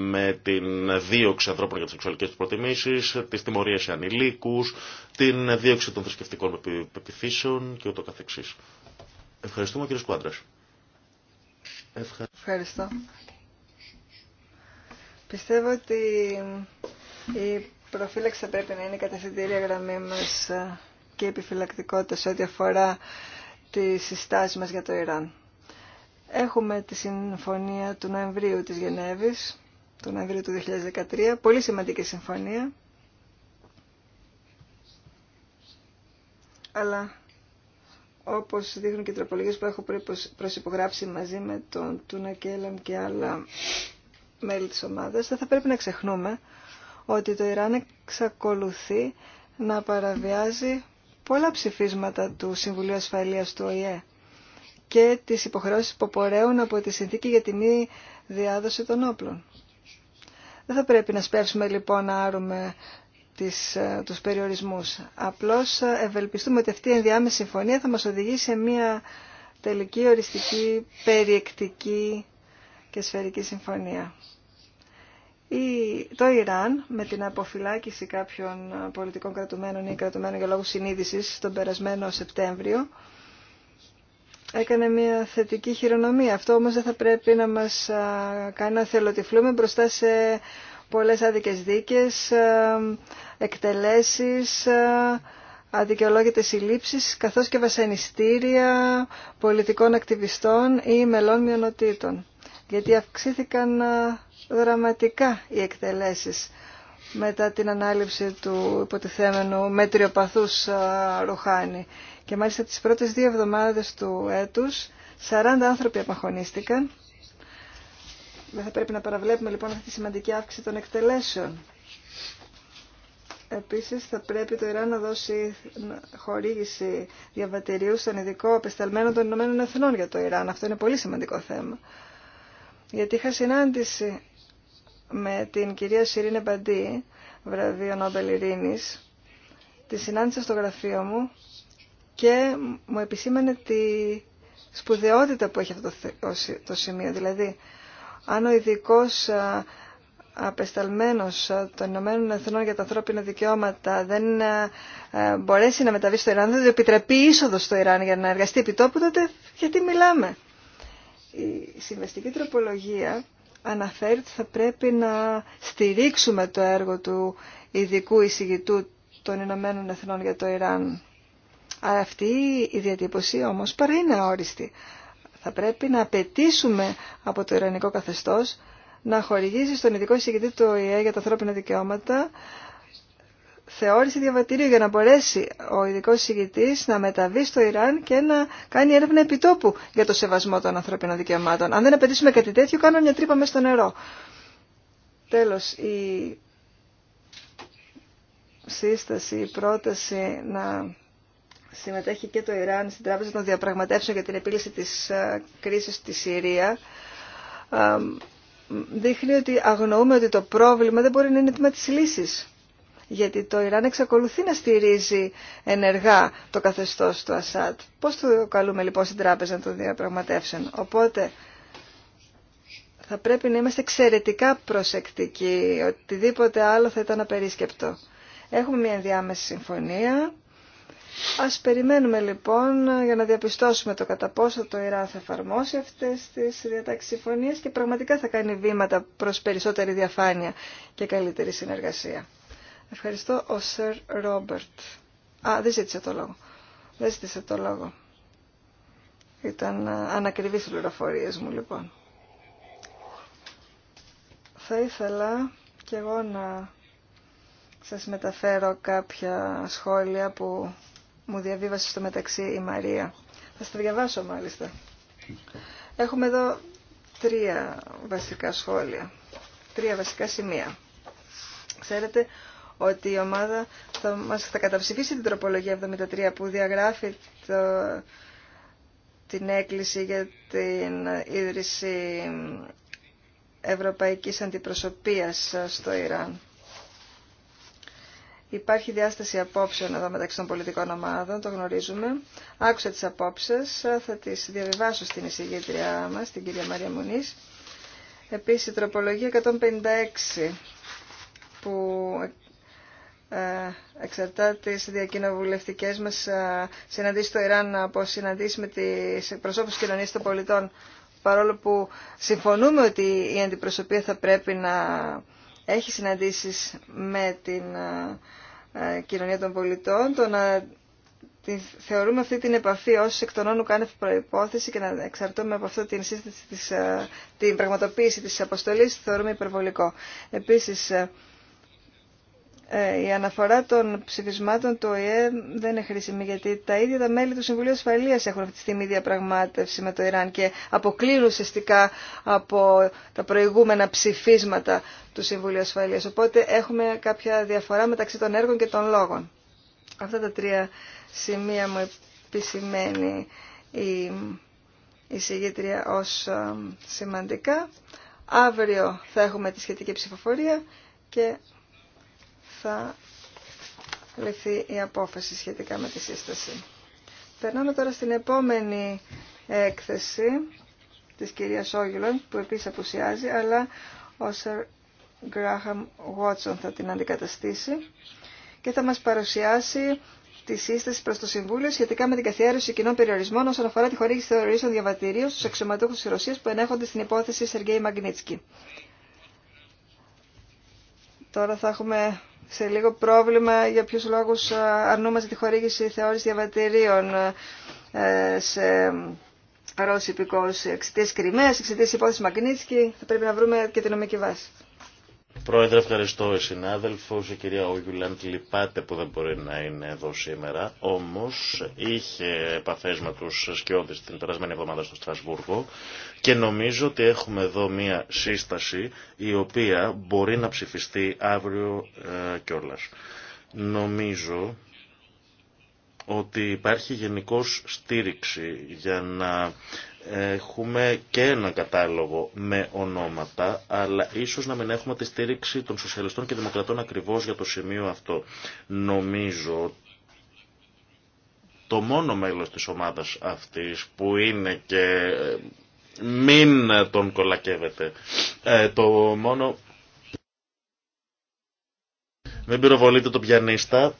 με την δίωξη ανθρώπων για τις σεξουαλικές τους προτιμήσεις, τις τιμωρίες σε ανηλίκους, την δίωξη των θρησκευτικών πεπιθήσεων και ούτω καθεξής. Ευχαριστούμε κύριε Σκουάντρας. Ευχαριστώ. Πιστεύω ότι η προφύλαξη θα πρέπει να είναι η κατευθυντήρια γραμμή μας ε, και η επιφυλακτικότητα σε ό,τι αφορά τις συστάσεις μας για το Ιράν. Έχουμε τη συμφωνία του Νοεμβρίου της Γενέβης, του Νοεμβρίου του 2013, πολύ σημαντική συμφωνία. Αλλά όπως δείχνουν και οι τροπολογίες που έχω προσυπογράψει μαζί με τον Τούνα Κέλαμ και άλλα μέλη της ομάδας, δεν θα πρέπει να ξεχνούμε ότι το Ιράν εξακολουθεί να παραβιάζει πολλά ψηφίσματα του Συμβουλίου Ασφαλείας του ΟΗΕ και τις υποχρεώσεις που απορρέουν από τη συνθήκη για τη μη διάδοση των όπλων. Δεν θα πρέπει να σπεύσουμε λοιπόν να άρουμε τις, ε, τους περιορισμούς. Απλώς ε, ευελπιστούμε ότι αυτή η ενδιάμεση συμφωνία θα μας οδηγήσει σε μια τελική, οριστική, περιεκτική και σφαιρική συμφωνία. το Ιράν με την αποφυλάκηση κάποιων πολιτικών κρατουμένων ή κρατουμένων για λόγους συνείδησης τον περασμένο Σεπτέμβριο έκανε μια θετική χειρονομία. Αυτό όμως δεν θα πρέπει να μας κάνει να θελοτυφλούμε μπροστά σε πολλές άδικες δίκες, εκτελέσεις, αδικαιολόγητες συλλήψεις, καθώς και βασανιστήρια πολιτικών ακτιβιστών ή μελών μειονοτήτων. Γιατί αυξήθηκαν δραματικά οι εκτελέσεις μετά την ανάληψη του υποτιθέμενου μετριοπαθούς Ρουχάνη. Και μάλιστα τις πρώτες δύο εβδομάδες του έτους 40 άνθρωποι απαχωνίστηκαν. Δεν θα πρέπει να παραβλέπουμε λοιπόν αυτή τη σημαντική αύξηση των εκτελέσεων. Επίσης θα πρέπει το Ιράν να δώσει χορήγηση διαβατηρίου στον ειδικό απεσταλμένο των Ηνωμένων Εθνών για το Ιράν. Αυτό είναι πολύ σημαντικό θέμα. Γιατί είχα συνάντηση με την κυρία Σιρήνε Μπαντή, βραβείο Νόμπελ Ειρήνης. Τη συνάντησα στο γραφείο μου και μου επισήμανε τη σπουδαιότητα που έχει αυτό το σημείο. Δηλαδή, αν ο ειδικό απεσταλμένος των Ηνωμένων Εθνών για τα ανθρώπινα δικαιώματα δεν ε, μπορέσει να μεταβεί στο Ιράν, δεν επιτρεπεί επιτρεπεί είσοδο στο Ιράν για να εργαστεί επιτόπου, τότε γιατί μιλάμε. Η συμβαστική τροπολογία αναφέρει ότι θα πρέπει να στηρίξουμε το έργο του ειδικού εισηγητού των Ηνωμένων Εθνών για το Ιράν αυτή η διατύπωση όμως παρά είναι αόριστη. Θα πρέπει να απαιτήσουμε από το Ιρανικό καθεστώς να χορηγήσει στον ειδικό εισηγητή του ΟΗΕ για τα ανθρώπινα δικαιώματα θεώρηση διαβατήριου για να μπορέσει ο ειδικό εισηγητή να μεταβεί στο Ιράν και να κάνει έρευνα επιτόπου για το σεβασμό των ανθρωπίνων δικαιωμάτων. Αν δεν απαιτήσουμε κάτι τέτοιο, κάνουμε μια τρύπα μέσα στο νερό. Τέλο, η σύσταση, η πρόταση να συμμετέχει και το Ιράν στην Τράπεζα των Διαπραγματεύσεων για την επίλυση της ε, κρίσης στη Συρία ε, δείχνει ότι αγνοούμε ότι το πρόβλημα δεν μπορεί να είναι τμήμα της λύσης. Γιατί το Ιράν εξακολουθεί να στηρίζει ενεργά το καθεστώς του Ασάτ. Πώς το καλούμε λοιπόν στην Τράπεζα των Διαπραγματεύσεων. Οπότε θα πρέπει να είμαστε εξαιρετικά προσεκτικοί. Οτιδήποτε άλλο θα ήταν απερίσκεπτο. Έχουμε μια ενδιάμεση συμφωνία Ας περιμένουμε λοιπόν για να διαπιστώσουμε το κατά πόσο το ΙΡΑ θα εφαρμόσει αυτές τις διατάξεις και πραγματικά θα κάνει βήματα προς περισσότερη διαφάνεια και καλύτερη συνεργασία. Ευχαριστώ ο Σερ Ρόμπερτ. Α, δεν ζήτησε το λόγο. Δεν ζήτησε το λόγο. Ήταν ε, ανακριβής οι μου λοιπόν. Θα ήθελα και εγώ να σας μεταφέρω κάποια σχόλια που μου διαβίβασε στο μεταξύ η Μαρία. Θα στα διαβάσω μάλιστα. Έχουμε εδώ τρία βασικά σχόλια, τρία βασικά σημεία. Ξέρετε ότι η ομάδα θα, μας, θα καταψηφίσει την τροπολογία 73 που διαγράφει το, την έκκληση για την ίδρυση Ευρωπαϊκής Αντιπροσωπείας στο Ιράν. Υπάρχει διάσταση απόψεων εδώ μεταξύ των πολιτικών ομάδων, το γνωρίζουμε. Άκουσα τις απόψεις, θα τις διαβιβάσω στην εισηγήτριά μας, την κυρία Μαρία Μουνής. Επίσης, η τροπολογία 156 που ε, εξαρτά τις διακοινοβουλευτικές μας ε, συναντήσεις στο Ιράν από συναντήσεις με τις εκπροσώπους κοινωνίας των πολιτών παρόλο που συμφωνούμε ότι η αντιπροσωπεία θα πρέπει να έχει συναντήσεις με την ε, ε, κοινωνία των πολιτών, το να θεωρούμε αυτή την επαφή ως εκ των όνων προϋπόθεση και να εξαρτούμε από αυτό την σύσταση της, ε, την πραγματοποίηση της αποστολής, θεωρούμε υπερβολικό. Επίσης, ε, η αναφορά των ψηφισμάτων του ΟΗΕ δεν είναι χρήσιμη γιατί τα ίδια τα μέλη του Συμβουλίου Ασφαλείας έχουν αυτή τη στιγμή διαπραγμάτευση με το Ιράν και αποκλείουν ουσιαστικά από τα προηγούμενα ψηφίσματα του Συμβουλίου Ασφαλείας. Οπότε έχουμε κάποια διαφορά μεταξύ των έργων και των λόγων. Αυτά τα τρία σημεία μου επισημαίνει η, η συγγήτρια ως ε, σημαντικά. Αύριο θα έχουμε τη σχετική ψηφοφορία και θα λυθεί η απόφαση σχετικά με τη σύσταση. Περνάμε τώρα στην επόμενη έκθεση της κυρίας Όγιλον που επίσης απουσιάζει αλλά ο Σερ Graham Βότσον θα την αντικαταστήσει και θα μας παρουσιάσει τη σύσταση προς το Συμβούλιο σχετικά με την καθιέρωση κοινών περιορισμών όσον αφορά τη χορήγηση θεωρήσεων διαβατηρίων στους αξιωματούχους της Ρωσίας που ενέχονται στην υπόθεση Σεργέη Μαγνίτσκι. Τώρα θα έχουμε σε λίγο πρόβλημα για ποιου λόγου ε, αρνούμαστε τη χορήγηση θεώρηση διαβατηρίων ε, σε ε, Ρώσοι εξαιτία κρυμαία, εξαιτία υπόθεση υπόθεσης Μαγνίτσκι. Θα πρέπει να βρούμε και την νομική βάση. Πρόεδρε, ευχαριστώ. Η συνάδελφο, η κυρία Όγιουλαν, λυπάται που δεν μπορεί να είναι εδώ σήμερα. Όμως, είχε επαφέ με του την περασμένη εβδομάδα στο Στρασβούργο και νομίζω ότι έχουμε εδώ μία σύσταση η οποία μπορεί να ψηφιστεί αύριο ε, κιόλα. Νομίζω ότι υπάρχει γενικώ στήριξη για να έχουμε και ένα κατάλογο με ονόματα, αλλά ίσως να μην έχουμε τη στήριξη των σοσιαλιστών και δημοκρατών ακριβώς για το σημείο αυτό. Νομίζω το μόνο μέλος της ομάδας αυτής που είναι και ε, μην τον κολακεύετε, ε, το μόνο... Μην πυροβολείτε τον πιανίστα.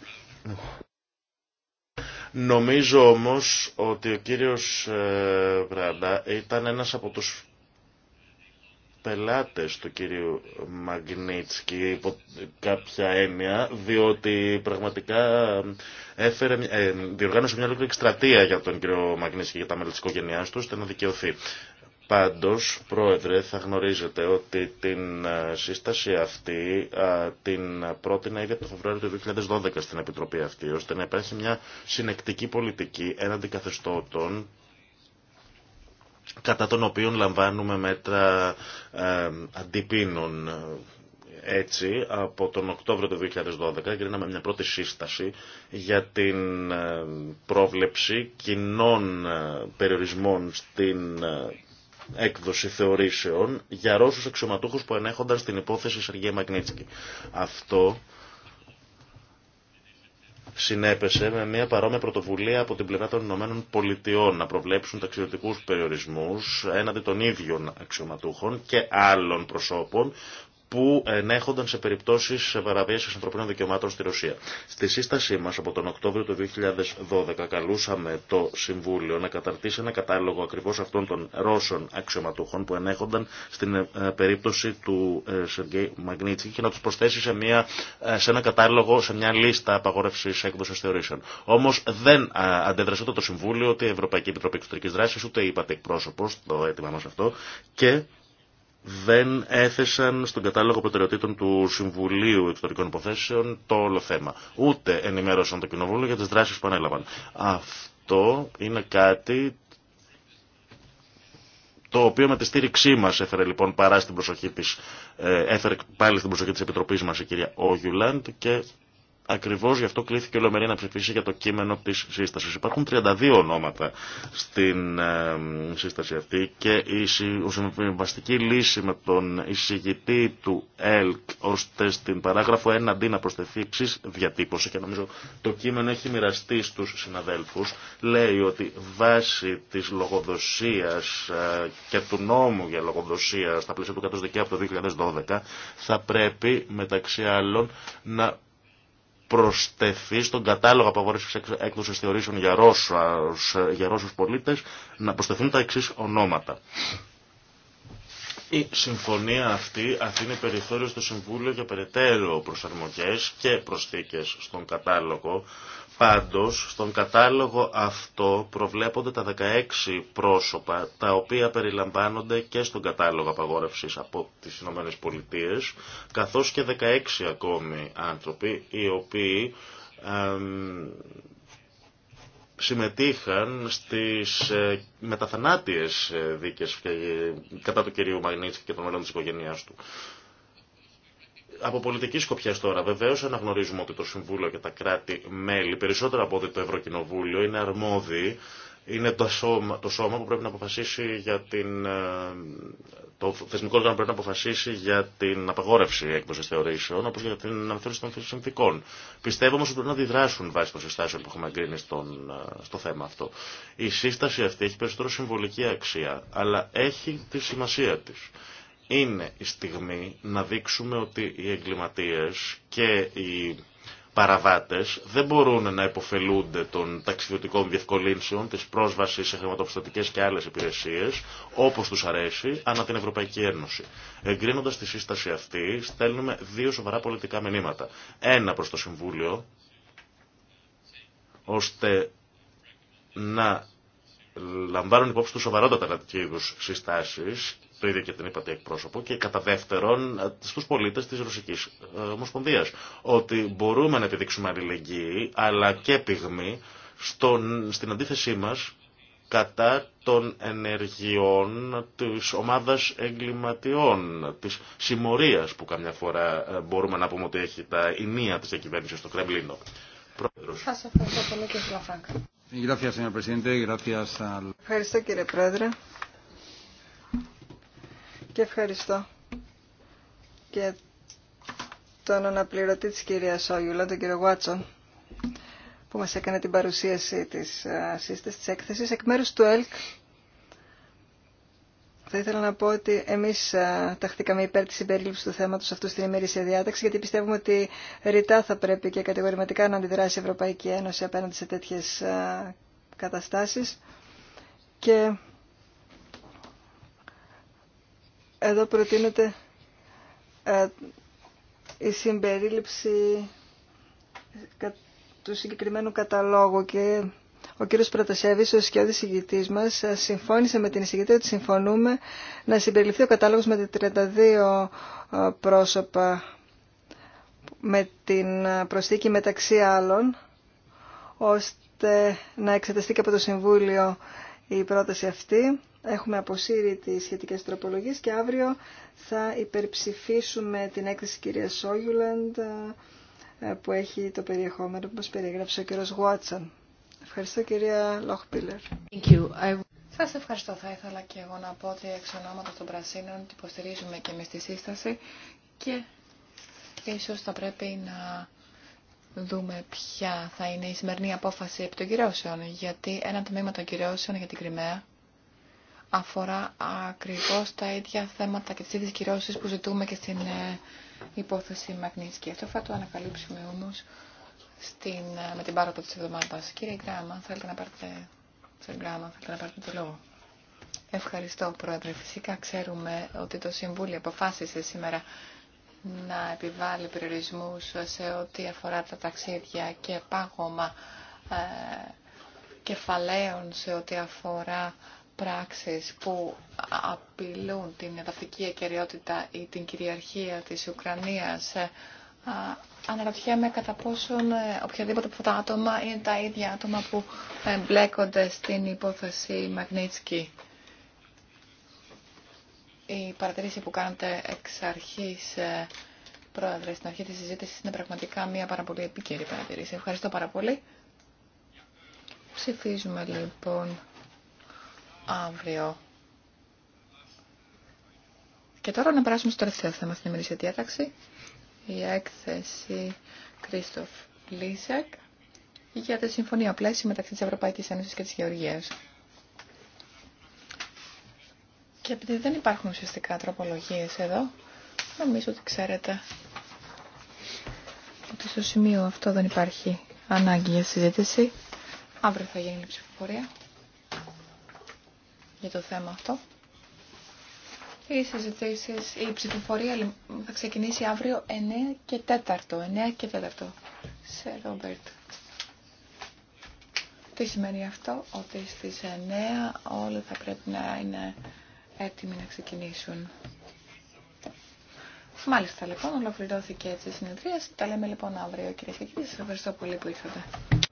Νομίζω όμως ότι ο κύριος ε, Βράντα ήταν ένας από τους πελάτες του κύριου Μαγνίτσκι υπό κάποια έννοια, διότι πραγματικά έφερε, ε, διοργάνωσε μια ολόκληρη εκστρατεία για τον κύριο Μαγνίτσκι για τα μέλη της οικογένειάς του, ώστε να δικαιωθεί. Πάντως, Πρόεδρε, θα γνωρίζετε ότι την ε, σύσταση αυτή ε, την πρότεινα ήδη από το Φεβρουάριο του 2012 στην Επιτροπή αυτή, ώστε να υπάρχει μια συνεκτική πολιτική έναντι καθεστώτων κατά των οποίων λαμβάνουμε μέτρα ε, αντιπίνων. Έτσι, από τον Οκτώβριο του 2012 γίναμε μια πρώτη σύσταση για την ε, πρόβλεψη κοινών περιορισμών στην έκδοση θεωρήσεων για Ρώσους αξιωματούχους που ενέχονταν στην υπόθεση Σεργέ Μαγνίτσκι. Αυτό συνέπεσε με μια παρόμοια πρωτοβουλία από την πλευρά των Ηνωμένων Πολιτειών να προβλέψουν ταξιδιωτικούς περιορισμούς έναντι των ίδιων αξιωματούχων και άλλων προσώπων που ενέχονταν σε περιπτώσεις παραβίαση ανθρωπίνων δικαιωμάτων στη Ρωσία. Στη σύστασή μα, από τον Οκτώβριο του 2012 καλούσαμε το Συμβούλιο να καταρτήσει ένα κατάλογο ακριβώ αυτών των Ρώσων αξιωματούχων που ενέχονταν στην ε, περίπτωση του ε, Σεργέη Μαγνίτσι και να του προσθέσει σε, μια, ε, σε ένα κατάλογο, σε μια λίστα απαγόρευση έκδοση θεωρήσεων. Όμω δεν αντέδρασε το Συμβούλιο, ούτε η Ευρωπαϊκή Επιτροπή Εξωτερική δράση, ούτε είπατε εκπρόσωπο, το αίτημα αυτό και δεν έθεσαν στον κατάλογο προτεραιοτήτων του Συμβουλίου Εξωτερικών Υποθέσεων το όλο θέμα. Ούτε ενημέρωσαν το Κοινοβούλιο για τις δράσεις που ανέλαβαν. Αυτό είναι κάτι το οποίο με τη στήριξή μα έφερε λοιπόν παρά στην προσοχή της, ε, έφερε πάλι στην προσοχή της Επιτροπής μας η κυρία Όγιουλαντ και Ακριβώ γι' αυτό κλείθηκε η Ολομερία να ψηφίσει για το κείμενο τη σύσταση. Υπάρχουν 32 ονόματα στην ε, σύσταση αυτή και η συμβαστική λύση με τον εισηγητή του ΕΛΚ ώστε στην παράγραφο 1 αντί να προσθεθεί εξή διατύπωση και νομίζω το κείμενο έχει μοιραστεί στου συναδέλφου. Λέει ότι βάσει τη λογοδοσία ε, και του νόμου για λογοδοσία στα πλαίσια του 100 από το 2012 θα πρέπει μεταξύ άλλων να προστεθεί στον κατάλογο απαγόρευση έκδοση θεωρήσεων για Ρώσους, για πολίτες να προστεθούν τα εξή ονόματα. Η συμφωνία αυτή αφήνει περιθώριο στο Συμβούλιο για περαιτέρω προσαρμογές και προσθήκες στον κατάλογο Πάντως, στον κατάλογο αυτό προβλέπονται τα 16 πρόσωπα, τα οποία περιλαμβάνονται και στον κατάλογο απαγόρευσης από τις ΗΠΑ καθώς και 16 ακόμη άνθρωποι, οι οποίοι συμμετείχαν στις ε, μεταθανάτιες ε, δίκες κατά του κυρίου Μαγνίτσικη και των μελών της οικογένειάς του. Από πολιτική σκοπιά τώρα, βεβαίω αναγνωρίζουμε ότι το Συμβούλιο και τα κράτη-μέλη, περισσότερο από ότι το Ευρωκοινοβούλιο, είναι αρμόδιοι, είναι το σώμα, το σώμα που πρέπει να αποφασίσει για την. Ε, το θεσμικό όργανο πρέπει να αποφασίσει για την απαγόρευση έκδοση θεωρήσεων, όπω και για την αναθεώρηση των συνθήκων. Πιστεύω όμω ότι πρέπει να αντιδράσουν βάσει των συστάσεων που έχουμε εγκρίνει στον, ε, στο θέμα αυτό. Η σύσταση αυτή έχει περισσότερο συμβολική αξία, αλλά έχει τη σημασία τη είναι η στιγμή να δείξουμε ότι οι εγκληματίες και οι παραβάτες δεν μπορούν να υποφελούνται των ταξιδιωτικών διευκολύνσεων, της πρόσβασης σε χρηματοπιστωτικές και άλλες υπηρεσίες, όπως τους αρέσει, ανά την Ευρωπαϊκή Ένωση. Εγκρίνοντας τη σύσταση αυτή, στέλνουμε δύο σοβαρά πολιτικά μηνύματα. Ένα προς το Συμβούλιο, ώστε να λαμβάνουν υπόψη του σοβαρότατα τέτοιου είδου συστάσει το ίδιο και την είπατε εκπρόσωπο, και κατά δεύτερον ε, στου πολίτε τη Ρωσική ε, Ομοσπονδία. Ότι μπορούμε να επιδείξουμε αλληλεγγύη, αλλά και πυγμή στον, στην αντίθεσή μα κατά των ενεργειών της ομάδας εγκληματιών, της συμμορίας που καμιά φορά ε, μπορούμε να πούμε ότι έχει τα ενία της διακυβέρνησης στο Κρεμλίνο. Πρόεδρος. ευχαριστώ κύριε Ευχαριστώ κύριε Πρόεδρε. Και ευχαριστώ και τον αναπληρωτή της κυρία Σόγιουλα, τον κύριο Γουάτσον, που μας έκανε την παρουσίαση της ε, σύστασης της έκθεσης. Εκ μέρους του ΕΛΚ θα ήθελα να πω ότι εμείς ε, ταχθήκαμε υπέρ της συμπερίληψης του θέματος αυτού στην ημερήσια διάταξη, γιατί πιστεύουμε ότι ρητά θα πρέπει και κατηγορηματικά να αντιδράσει η Ευρωπαϊκή Ένωση απέναντι σε τέτοιες ε, καταστάσεις. Και Εδώ προτείνεται ε, η συμπερίληψη του συγκεκριμένου καταλόγου και ο κύριος Πρωτασέβης, ο σκιώδης ηγητής μας, ε, συμφώνησε με την εισηγητή ότι συμφωνούμε να συμπεριληφθεί ο κατάλογος με τα 32 ε, πρόσωπα με την προσθήκη μεταξύ άλλων, ώστε να εξεταστεί και από το Συμβούλιο η πρόταση αυτή έχουμε αποσύρει τις σχετικές τροπολογίες και αύριο θα υπερψηφίσουμε την έκθεση κυρία Σόγιουλαντ ε, που έχει το περιεχόμενο που μας περιέγραψε ο κύριος Γουάτσαν. Ευχαριστώ κυρία Λόχπιλερ. Σα ευχαριστώ. Θα ήθελα και εγώ να πω ότι εξ ονόματο των Πρασίνων υποστηρίζουμε και εμεί τη σύσταση και ίσω θα πρέπει να δούμε ποια θα είναι η σημερινή απόφαση επί των κυρώσεων. Γιατί ένα τμήμα των κυρώσεων για την Κρυμαία αφορά ακριβώς τα ίδια θέματα και τις ίδιες κυρώσεις που ζητούμε και στην ε, υπόθεση Μαγνίσκη. Αυτό θα το ανακαλύψουμε όμως στην, ε, με την πάροδο της εβδομάδας. Κύριε Γκράμα, θέλετε να πάρετε, θέλετε να πάρετε το λόγο. Ευχαριστώ, Πρόεδρε. Φυσικά ξέρουμε ότι το Συμβούλιο αποφάσισε σήμερα να επιβάλλει περιορισμούς σε ό,τι αφορά τα ταξίδια και πάγωμα ε, κεφαλαίων σε ό,τι αφορά πράξεις που απειλούν την εδαφική αικαιρεότητα ή την κυριαρχία της Ουκρανίας. Ε, αναρωτιέμαι κατά πόσον ε, οποιαδήποτε από τα άτομα είναι τα ίδια άτομα που εμπλέκονται στην υπόθεση Μαγνίτσκι. Η παρατηρήση που κάνετε εξ αρχής, ε, πρόεδρε, στην αρχή της συζήτησης ιδια ατομα που εμπλέκονται στην υποθεση μαγνιτσκι η παρατηρηση που πραγματικά μια πάρα πολύ επίκαιρη παρατηρήση. Ευχαριστώ πάρα πολύ. Ψηφίζουμε λοιπόν αύριο. Και τώρα να περάσουμε στο τελευταίο θέμα στην ημερήσια διάταξη. Η έκθεση Κρίστοφ Λίσεκ για τη συμφωνία πλαίσια μεταξύ της Ευρωπαϊκής Ένωσης και της Γεωργίας. Και επειδή δεν υπάρχουν ουσιαστικά τροπολογίες εδώ, νομίζω ότι ξέρετε ότι στο σημείο αυτό δεν υπάρχει ανάγκη για συζήτηση. Αύριο θα γίνει η ψηφοφορία για το θέμα αυτό. Οι συζητήσει, η ψηφοφορία θα ξεκινήσει αύριο 9 και 4. 9 και 4. Σε Ρόμπερτ. Τι σημαίνει αυτό, ότι στι 9 όλοι θα πρέπει να είναι έτοιμοι να ξεκινήσουν. Μάλιστα λοιπόν, ολοκληρώθηκε έτσι η συνεδρία. Τα λέμε λοιπόν αύριο κυρίε και κύριοι. Σα ευχαριστώ πολύ που ήρθατε.